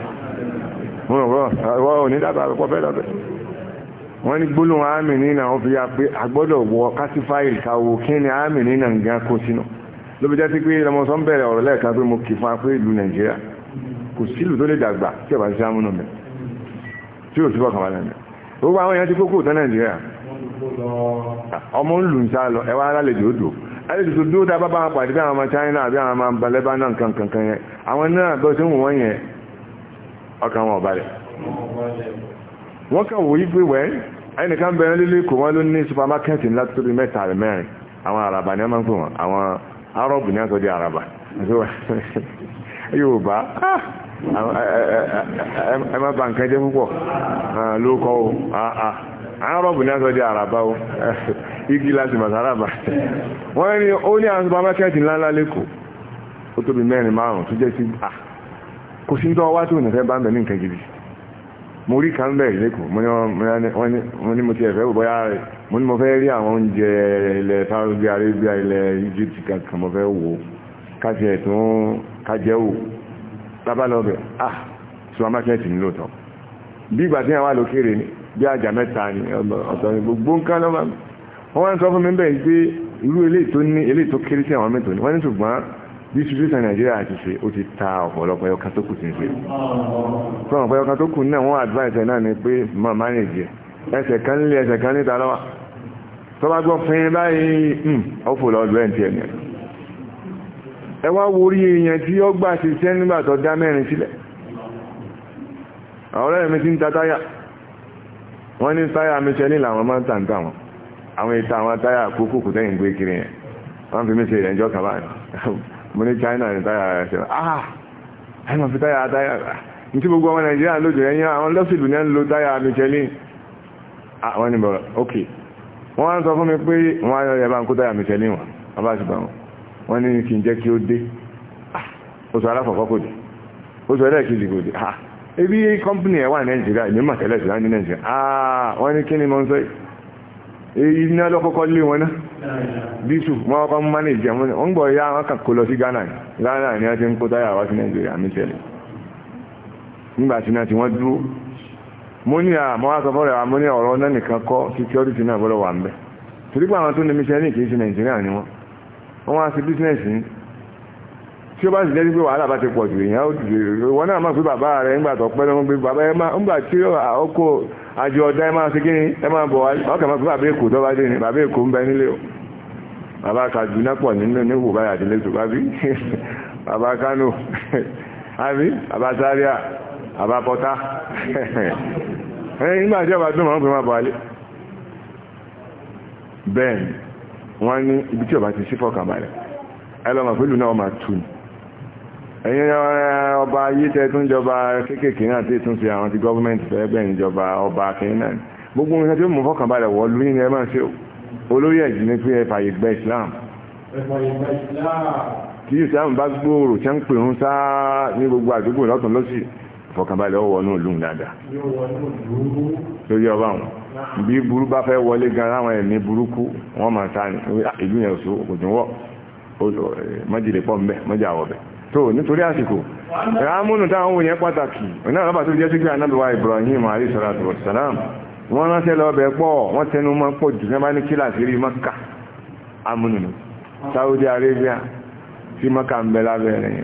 òní dábàá fẹ́ lọ́bẹ̀ ní gbólóhùn àmì nínà fi ya pé wọ káwo kí ni àmì nínà kó bẹ̀rẹ̀ ọ̀rọ̀ lẹ́ẹ̀kan pé mo kì fún kò sílù tó lè dàgbà tí ọba ṣe amúnú mi tí ò sí fọkàn wà lẹ́nu gbogbo àwọn èèyàn ti kókó tán nàìjíríà ọmọ ń lù ń sá lọ ẹwà alálejò odò alejò tó dúró dá bábá pàdé bí àwọn ọmọ China àbí àwọn ọmọ Lebanon nǹkan kankan yẹn àwọn náà bọ́ sí wọn yẹn ọkàn wọn ọ̀balẹ̀ wọ́n kàn wò yí pé wẹ́n ẹnìkan bẹ̀rẹ̀ lílé kò wọ́n ló ní supamakẹ́ẹ̀tì ńlá tó mẹ́ta rẹ̀ mẹ́rin àwọn àràbà ní ọmọ fún wọn àwọn arọ́bù ní àtọ́jú àràbà yorùbá ah! ẹ má ba nǹkan púpọ̀ ló kọ́ o àwọn ní àràbá o igi láti màsáràbà wọ́n ní ó ní àwọn ńláńlá lẹ́kọ̀ọ́ ó tóbi mẹ́rin márùn-ún tó jẹ́ sí à kò sí tó bá ní fẹ́ rí àwọn oúnjẹ lábálọ́bẹ̀ ah supermarket ní lóòtọ́ bí ìgbà tí wọ́n wà lókèrè ní bí àjà mẹ́ta ní ọ̀tọ̀ ní gbogbo nǹkan lọ́mọ wọ́n wá ń sọ fún mi bẹ́ẹ̀ pé irú eléyìí tó ní eléyìí tó kéré sí àwọn mẹ́tò ní wọ́n ní ṣùgbọ́n bí situation Nàìjíríà ti ṣe ó ti ta ọ̀pọ̀lọpọ̀ ẹyọkan tó kù ti ń ṣe fún ọ̀pọ̀ ẹyọkan tó kù náà wọ́n advice náà ni pé mọ̀ manage ẹsẹ̀ kan nílé ẹsẹ̀ kan níta lọ́wọ́ tó bá gbọ́ fún yín báyìí hmm, ó fò ẹ̀ ń tiẹ̀ nìyẹn ẹwà wá worí èèyàn tí ó gbà sí iṣẹ́ nígbà tó dá mẹ́rin sílẹ̀ àwọn ọ̀rẹ́ mi ti ń ta táyà wọ́n ní táyà michelin làwọn máa ń tà ń tà wọn àwọn ìta àwọn táyà kókó kò tẹ́yìn gbé kiri yẹn wọ́n fi mí ṣe ìrẹ́jọ́ kàbá mo ní China ní táyà rẹ̀ ṣe ah! gbogbo ọmọ Nàìjíríà lójú àwọn ń lo táyà àwọn ah! ok wọ́n sọ fún mi pé wọ́n á yọ ń wọ́n ní kí n jẹ́ kí ó dé oṣù ah, aláfọ̀kọ́ kò oṣù ha ah, ebi kọ́mpìnì ẹ̀ wà ní nàìjíríà láti nàìjíríà ah wọ́n ní kí ni mo ń sọ yìí eh, iná lọ́kọ́kọ́ lé wọn náà bísù wọn kọ́ wọn ń gbọ́ ya wọn kàn kó lọ sí Ghana ni Ghana ni wọ́n ti ń kó táyà wá sí nàìjíríà mi nígbà tí náà tí wọ́n dúró mo ní àmọ́ ah, wá sọ àmọ́ ní ọ̀rọ̀ náà nìkan kọ́ security náà bọ́lọ̀ wọ́n wá sí bísínẹ́sì ní tí ó bá sì jẹ́ pé wàhálà bá ti pọ̀ jù èèyàn ó dìde wọn náà mọ̀ pé bàbá rẹ̀ ńgbà tó pẹ́ lọ́mọ pé bàbá ẹ máa ńgbà tí àkókò àjọ ọ̀dá ẹ máa ṣe kí ni ẹ máa bọ̀ wá ọkàn máa pé bàbá èkó tó bá dé ni bàbá èkó ń bẹ nílé o bàbá Kaduna pọ̀ nínú níwò báyà délé tó bá bí bàbá Kano àbí bàbá Zaria bàbá Pọ́tà ẹ nígbà tí ọba tó máa ń pè máa bọ̀ wálé bẹ́ẹ̀ wọ́n ní ibi tí ọba ti sí fọkànbalẹ̀ ẹlọ́mà pẹ̀lú náà máa tún ẹ̀yìn ọba ayé tẹ́ tún jọba kéékèèké náà tí tún fi àwọn ti gọ́ọ̀mẹ́ntì fẹ́ bẹ́ẹ̀ ọba akẹ́yìn náà gbogbo nǹkan tí ó mú fọkànbalẹ̀ wọ lóyún ni ẹ máa ṣe olórí ẹ̀jì ní pé ẹ fàyè Islam tí Islam bá gbòòrò tí ń pè ń sáà ní gbogbo àdúgbò lọ́tún lọ́sì ìfọkànbalẹ̀ ọwọ́ náà lóhun dáadáa lórí ọba wọn bí burú bá fẹ́ wọlé gan láwọn ẹ̀mí burúkú wọ́n máa ta ìlú yẹn oṣù òjòwọ́ mọ́jìlẹ̀ pọ̀ mbẹ́ mọ́jà wọ̀bẹ̀ tó nítorí àsìkò rámúnù táwọn ohun yẹn pàtàkì náà lọ́pàá tó jẹ́ sí pé anábìwá Ibrahim alayhi salatu wassalam wọ́n ránṣẹ́ lọ bẹ̀ pọ̀ wọ́n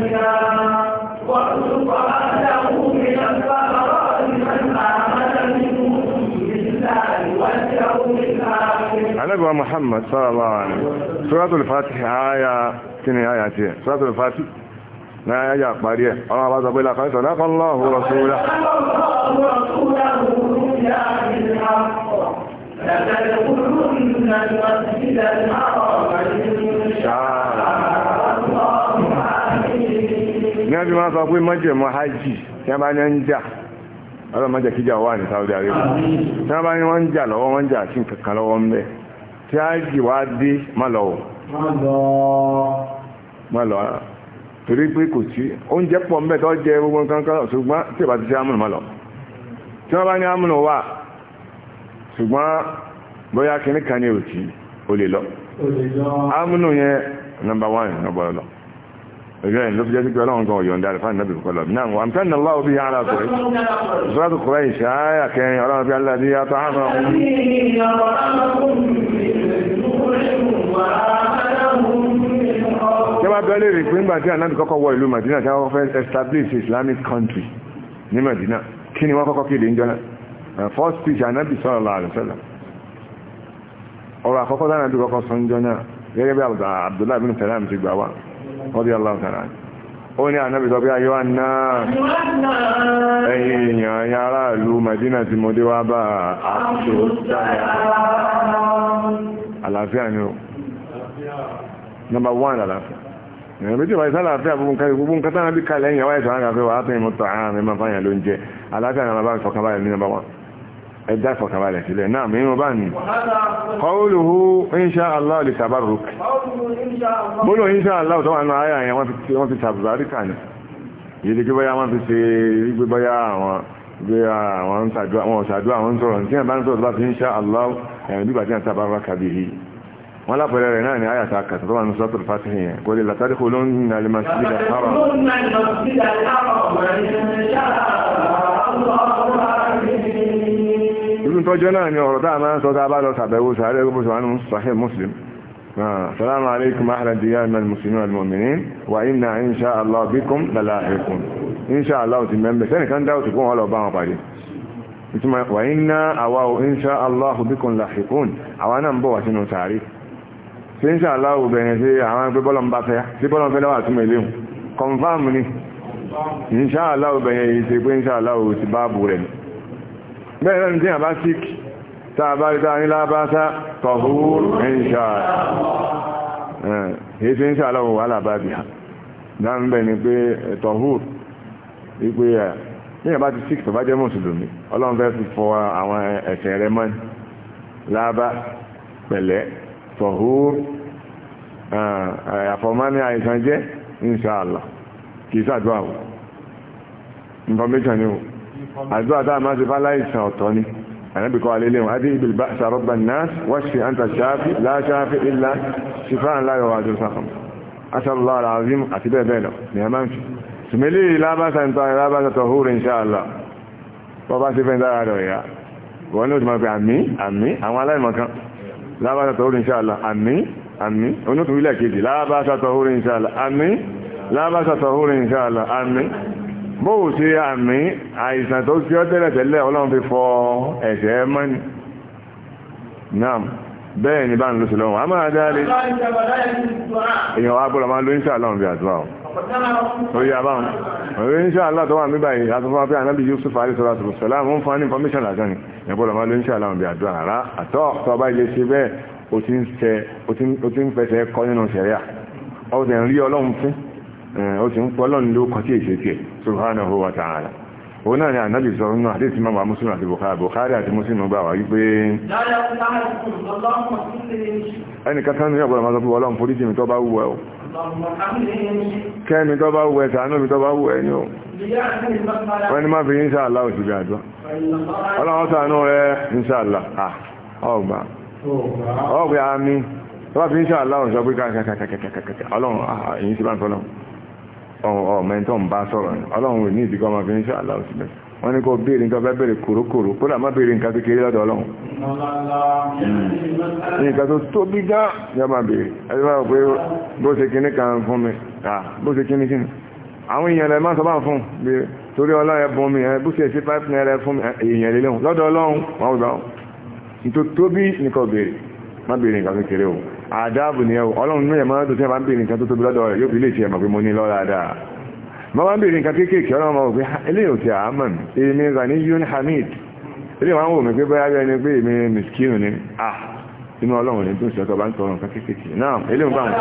Àlẹ́gbà Muhammad sallallahu alaihi wasallam, Suratul Fatih àyà kí ni àyà tí ẹ̀? Suratul Fatih na àyà parí ẹ̀, ọmọ bá sọ pé lákọ̀ọ́sọ̀ sadakallahu rasulahu. Ṣáà yẹn fi máa sọ pé mọ́jẹ̀mọ́ hajj tí wọ́n bá ní ń jà ọlọ́mọdé kíjà wà ní Saudi Arabia tí wọ́n bá ní wọ́n ń jà lọ́wọ́ wọ́n ń jà sí kankan lọ́wọ́ ń bẹ̀ tí hajj wá dé má lọ́wọ́ má lọ́ torí pé kò sí oúnjẹ pọ̀ ń bẹ̀ tó jẹ gbogbo nǹkan kan ṣùgbọ́n tí ìbá ti ṣe amúnù má lọ tí wọ́n bá ní amúnù wà ṣùgbọ́n bóyá kìnnìkan ni òtí ó lè lọ amúnù yẹn number one number one غير لو جاتك ولا ان قوي يوم دار النبي صلى الله عليه وسلم نعم وامتن الله به على قريش سورة قريش آية كان يرى في الذي أطعمهم كما قال لي ريكوين بعد أن أنت كوكو ويلو مدينة كما فين establish Islamic country ní مدينة كيني وكوكو كيدي إنجانا first speech النبي صلى الله عليه وسلم ọ̀rọ̀ àkọ́kọ́ dáná bí kọ́kọ́ sọ ń jọ náà gẹ́gẹ́ bí Abdullahi bin Salam ti gbà wá ọdí aláàtàrà ó ní ànábì sọ pé ayọ́ àná ẹ̀yìn èèyàn ẹ̀yà aráàlú Madina tí mo dé wá bá àtò àlàáfíà ni ó nọmba wán àlàáfíà ẹ̀yìn méjì wáyé sálàáfíà gbogbo nǹkan tánà bí kalẹ̀ ẹ̀yìn wáyé sálàáfíà wà á tẹ̀yìn mọ́tò àárín máa fáyà ló ń jẹ àlàáfíà ni a máa bá sọ̀kan báyìí ní nọmba wán ẹ̀dá ìfọ̀kànbalẹ̀ sílẹ̀ náà mìíràn bá ní qawluhu insha Allah li tabarruk bólò insha Allah tó wà náà ayà yẹn wọ́n ti tàbàríkà ní yìí kí bọ́yá wọ́n ti ṣe gbé bọ́yá àwọn gbé àwọn ṣàdúrà àwọn sọ̀rọ̀ tí wọ́n bá ń sọ̀rọ̀ bá fi insha Allah ẹ̀yìn bí bàtí àtàbàríkà bí i wọ́n lápẹ̀rẹ̀ rẹ̀ náà ni àyà ta kàtà tó wà ní sọ́tò fásitì tọ́jọ́ náà ni ọ̀rọ̀ tá a máa ń sọ tá a bá lọ sàbẹ̀wò sàárẹ̀ gbogbo sọ̀rọ̀ sahih muslim salamu alaikum ahla diyar min muslimin wal mu'minin wa inna insha allah bikum lalahiqun insha allah ti membe sen kan dawo ti ko wọ́n lọ bá wọn pàdé ituma wa inna awa insha allah bikum lahiqun àwa náà ń bọ̀ wá sínú sàárẹ̀ ṣe insha allah bẹ́ẹ̀ rẹ̀ ní tí a bá sík tàbá ìta ní lábáta tọ̀húrù ẹ̀ṣàlá èyí tí ń sàlọ́wọ̀ wà lábábíà dáńbẹ̀ ni pé tọ̀húrù ipé ẹ̀ ní àbá ti sík tọ̀bá jẹ́ mùsùlùmí ọlọ́run fẹ́ fi fọ àwọn ẹ̀ṣẹ̀ rẹ̀ mọ́ lábá pẹ̀lẹ́ tọ̀húrù àfọ̀mání àìsàn jẹ́ ìṣàlá kìí sàdúrà information ni o àdúrà tá a máa ṣe fáláìsàn ọ̀tọ̀ ni ànábì kọ́ alẹ́lẹ́ wọn adé ibil ba'sa rabban nas washfi anta shafi la shafi illa shifaan la yughadiru saqam asàlùlá alazim àti bẹ́ẹ̀ bẹ́ẹ̀ lọ ní a máa ń fi sùmẹ́lẹ́ lábàṣà ń tọ́ lábàṣà tó húrin insha Allah bọ́ bá ṣe fẹ́ dára rẹ̀ ya wọ́n ní òtùmọ̀ pé àmì àmì àwọn aláìmọ̀kan lábàṣà tó húrin insha Allah àmì àmì onítùwílẹ̀ kejì lábàṣà tó húrin insha bóò ṣe àmì àìsàn tó ṣe ọ́ tẹ́lẹ̀tẹ́lẹ̀ ọlọ́run fi fọ ẹ̀ṣẹ̀ mọ́ni náà bẹ́ẹ̀ ni bá ń lóṣù lọ́wọ́ a máa dáre èèyàn wá bọ́lọ̀ máa ló ń ṣàlọ́run bí àdúrà ọ̀ tó yá báwọn òwe ń ṣàlọ́ tó wà ní báyìí àtúnfà pé anábì Yusuf àríṣọ́lá tó sọ láàmú ń fún ní information àjọ ni èèyàn bọ́lọ̀ máa ló ń ṣàlọ́run bí àdúrà rárá àtọ́ tó bá ilé ṣe bẹ́ẹ̀ ó ti ń fẹsẹ̀ kọ́ nínú ṣẹ̀ríà ó ń rí ọlọ́run fún ó sì ń pọ́ ló kọ́ sí èsì tiẹ̀ subhanahu wa ta'ala òun náà ni sọ nínú àdéhùn tí máa muslim àti bukhari bukhari àti muslim gbà wá wípé ẹnì ni fi inṣàlá òsì bí àjọ ọlọ́run ọmọ ń bá sọ̀rọ̀ ọlọ́run ní ìdíkọ́ ọmọ fi ń ṣe aláwọ̀ sílẹ̀ wọ́n ní kó béèrè nǹkan fẹ́ béèrè kòrókòrò kó dàmá béèrè nǹkan tó kéré lọ́dọ̀ ọlọ́run hmm. nǹkan tó tóbi gá yọ máa béèrè ẹni bá pé bó ṣe kíní kan fún mi bó ṣe kíní kíní àwọn èèyàn lẹ máa sọ bá fún mi torí ọlọ́run ẹbùn mi ẹ bó ṣe sí five naira fún mi èèyàn lélẹ́hùn lọ́dọ̀ ọlọ́run wọ́n gbà nítorí tóbi nìkan béèrè má àdáàbò ni ẹwọ ọlọ́run ní ẹ̀mọ́ tó tí wọ́n bá ń bèèrè nǹkan tó tóbi lọ́dọ̀ rẹ̀ yóò fi lè ṣe ẹ̀mọ̀ pé mo ní lọ́ra dáa ma wá ń bèèrè nǹkan kéékèèké ọlọ́run mọ̀ pé eléyìí ò ti àámọ̀ èmi rani yun hamid eléyìí wọn wò mí pé bóyá ẹni pé èmi miskinu ni ah inú ọlọ́run ní tún ṣẹ́tọ̀ bá ń tọrọ nǹkan kéékèèké náà eléyìí bá wọn.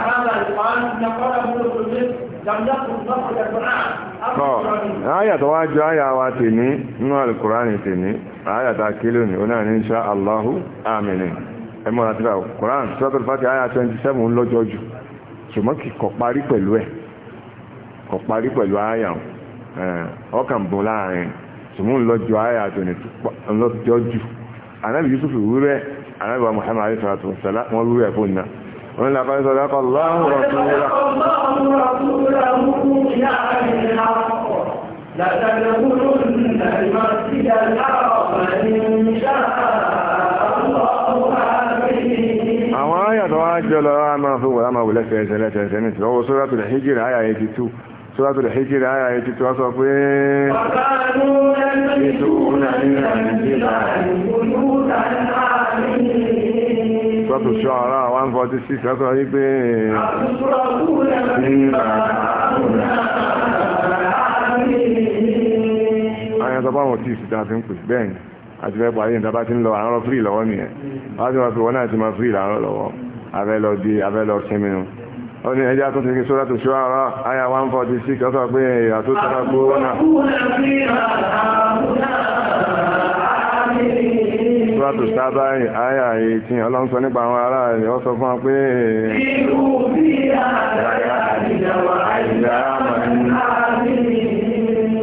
àyà tó wá jọ àyà wa tèmi nínú alukurani tèmi àyà tá a kélé òní ó ní insha Allahu aminin ẹmọ àti Quran suratul Fatiha àyà 27 lọ́jọ́ jù kọ̀ parí pẹ̀lú ẹ̀ kọ̀ parí pẹ̀lú àyà ọkàn bọ̀ láàrin ṣùgbọ́n lọ́jọ́ àyà 22 lọ́jọ́ anábì Yusuf wúrẹ́ anábì wa Muhammad alayhi salatu wa salam wọn wúrẹ́ fún náà wọn المسجد الحرام إن شاء آية تواجه لها ما هو أما ولا سيسا لا تنسى هو سورة الحجر آية 82 سورة الحجر آية 82 وصف وكانوا يلبسون من الجبال بيوتا عاملين سورة الشعراء 146 سورة الحجر أشركوا لما آية 84 بẹ́ẹ̀ ni àti fẹ́ parí nǹkan ti ń lọ àárọ̀ fírì lọ́wọ́ nìyẹn wọ́n ti máa fi wọ́n náà ti máa fírì làárọ̀ lọ́wọ́ abẹ́ lọ di abẹ́ lọ sinmi nu ó ní ẹjá tó ti kí sórà tó ṣọ́ ara àyà 146 ọ́sọ̀ pé èyà tó tọ́ra gbó náà sórà tó sábà àyà ètì ọlọ́nsọ nípa àwọn ará rẹ̀ ọ́sọ̀ fún pé ìlú bí i àyà ìjọba àìyá mọ̀ ní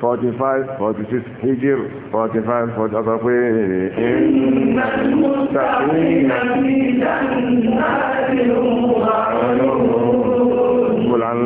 45 46 hijir 45 40 forty pé Bùlá ń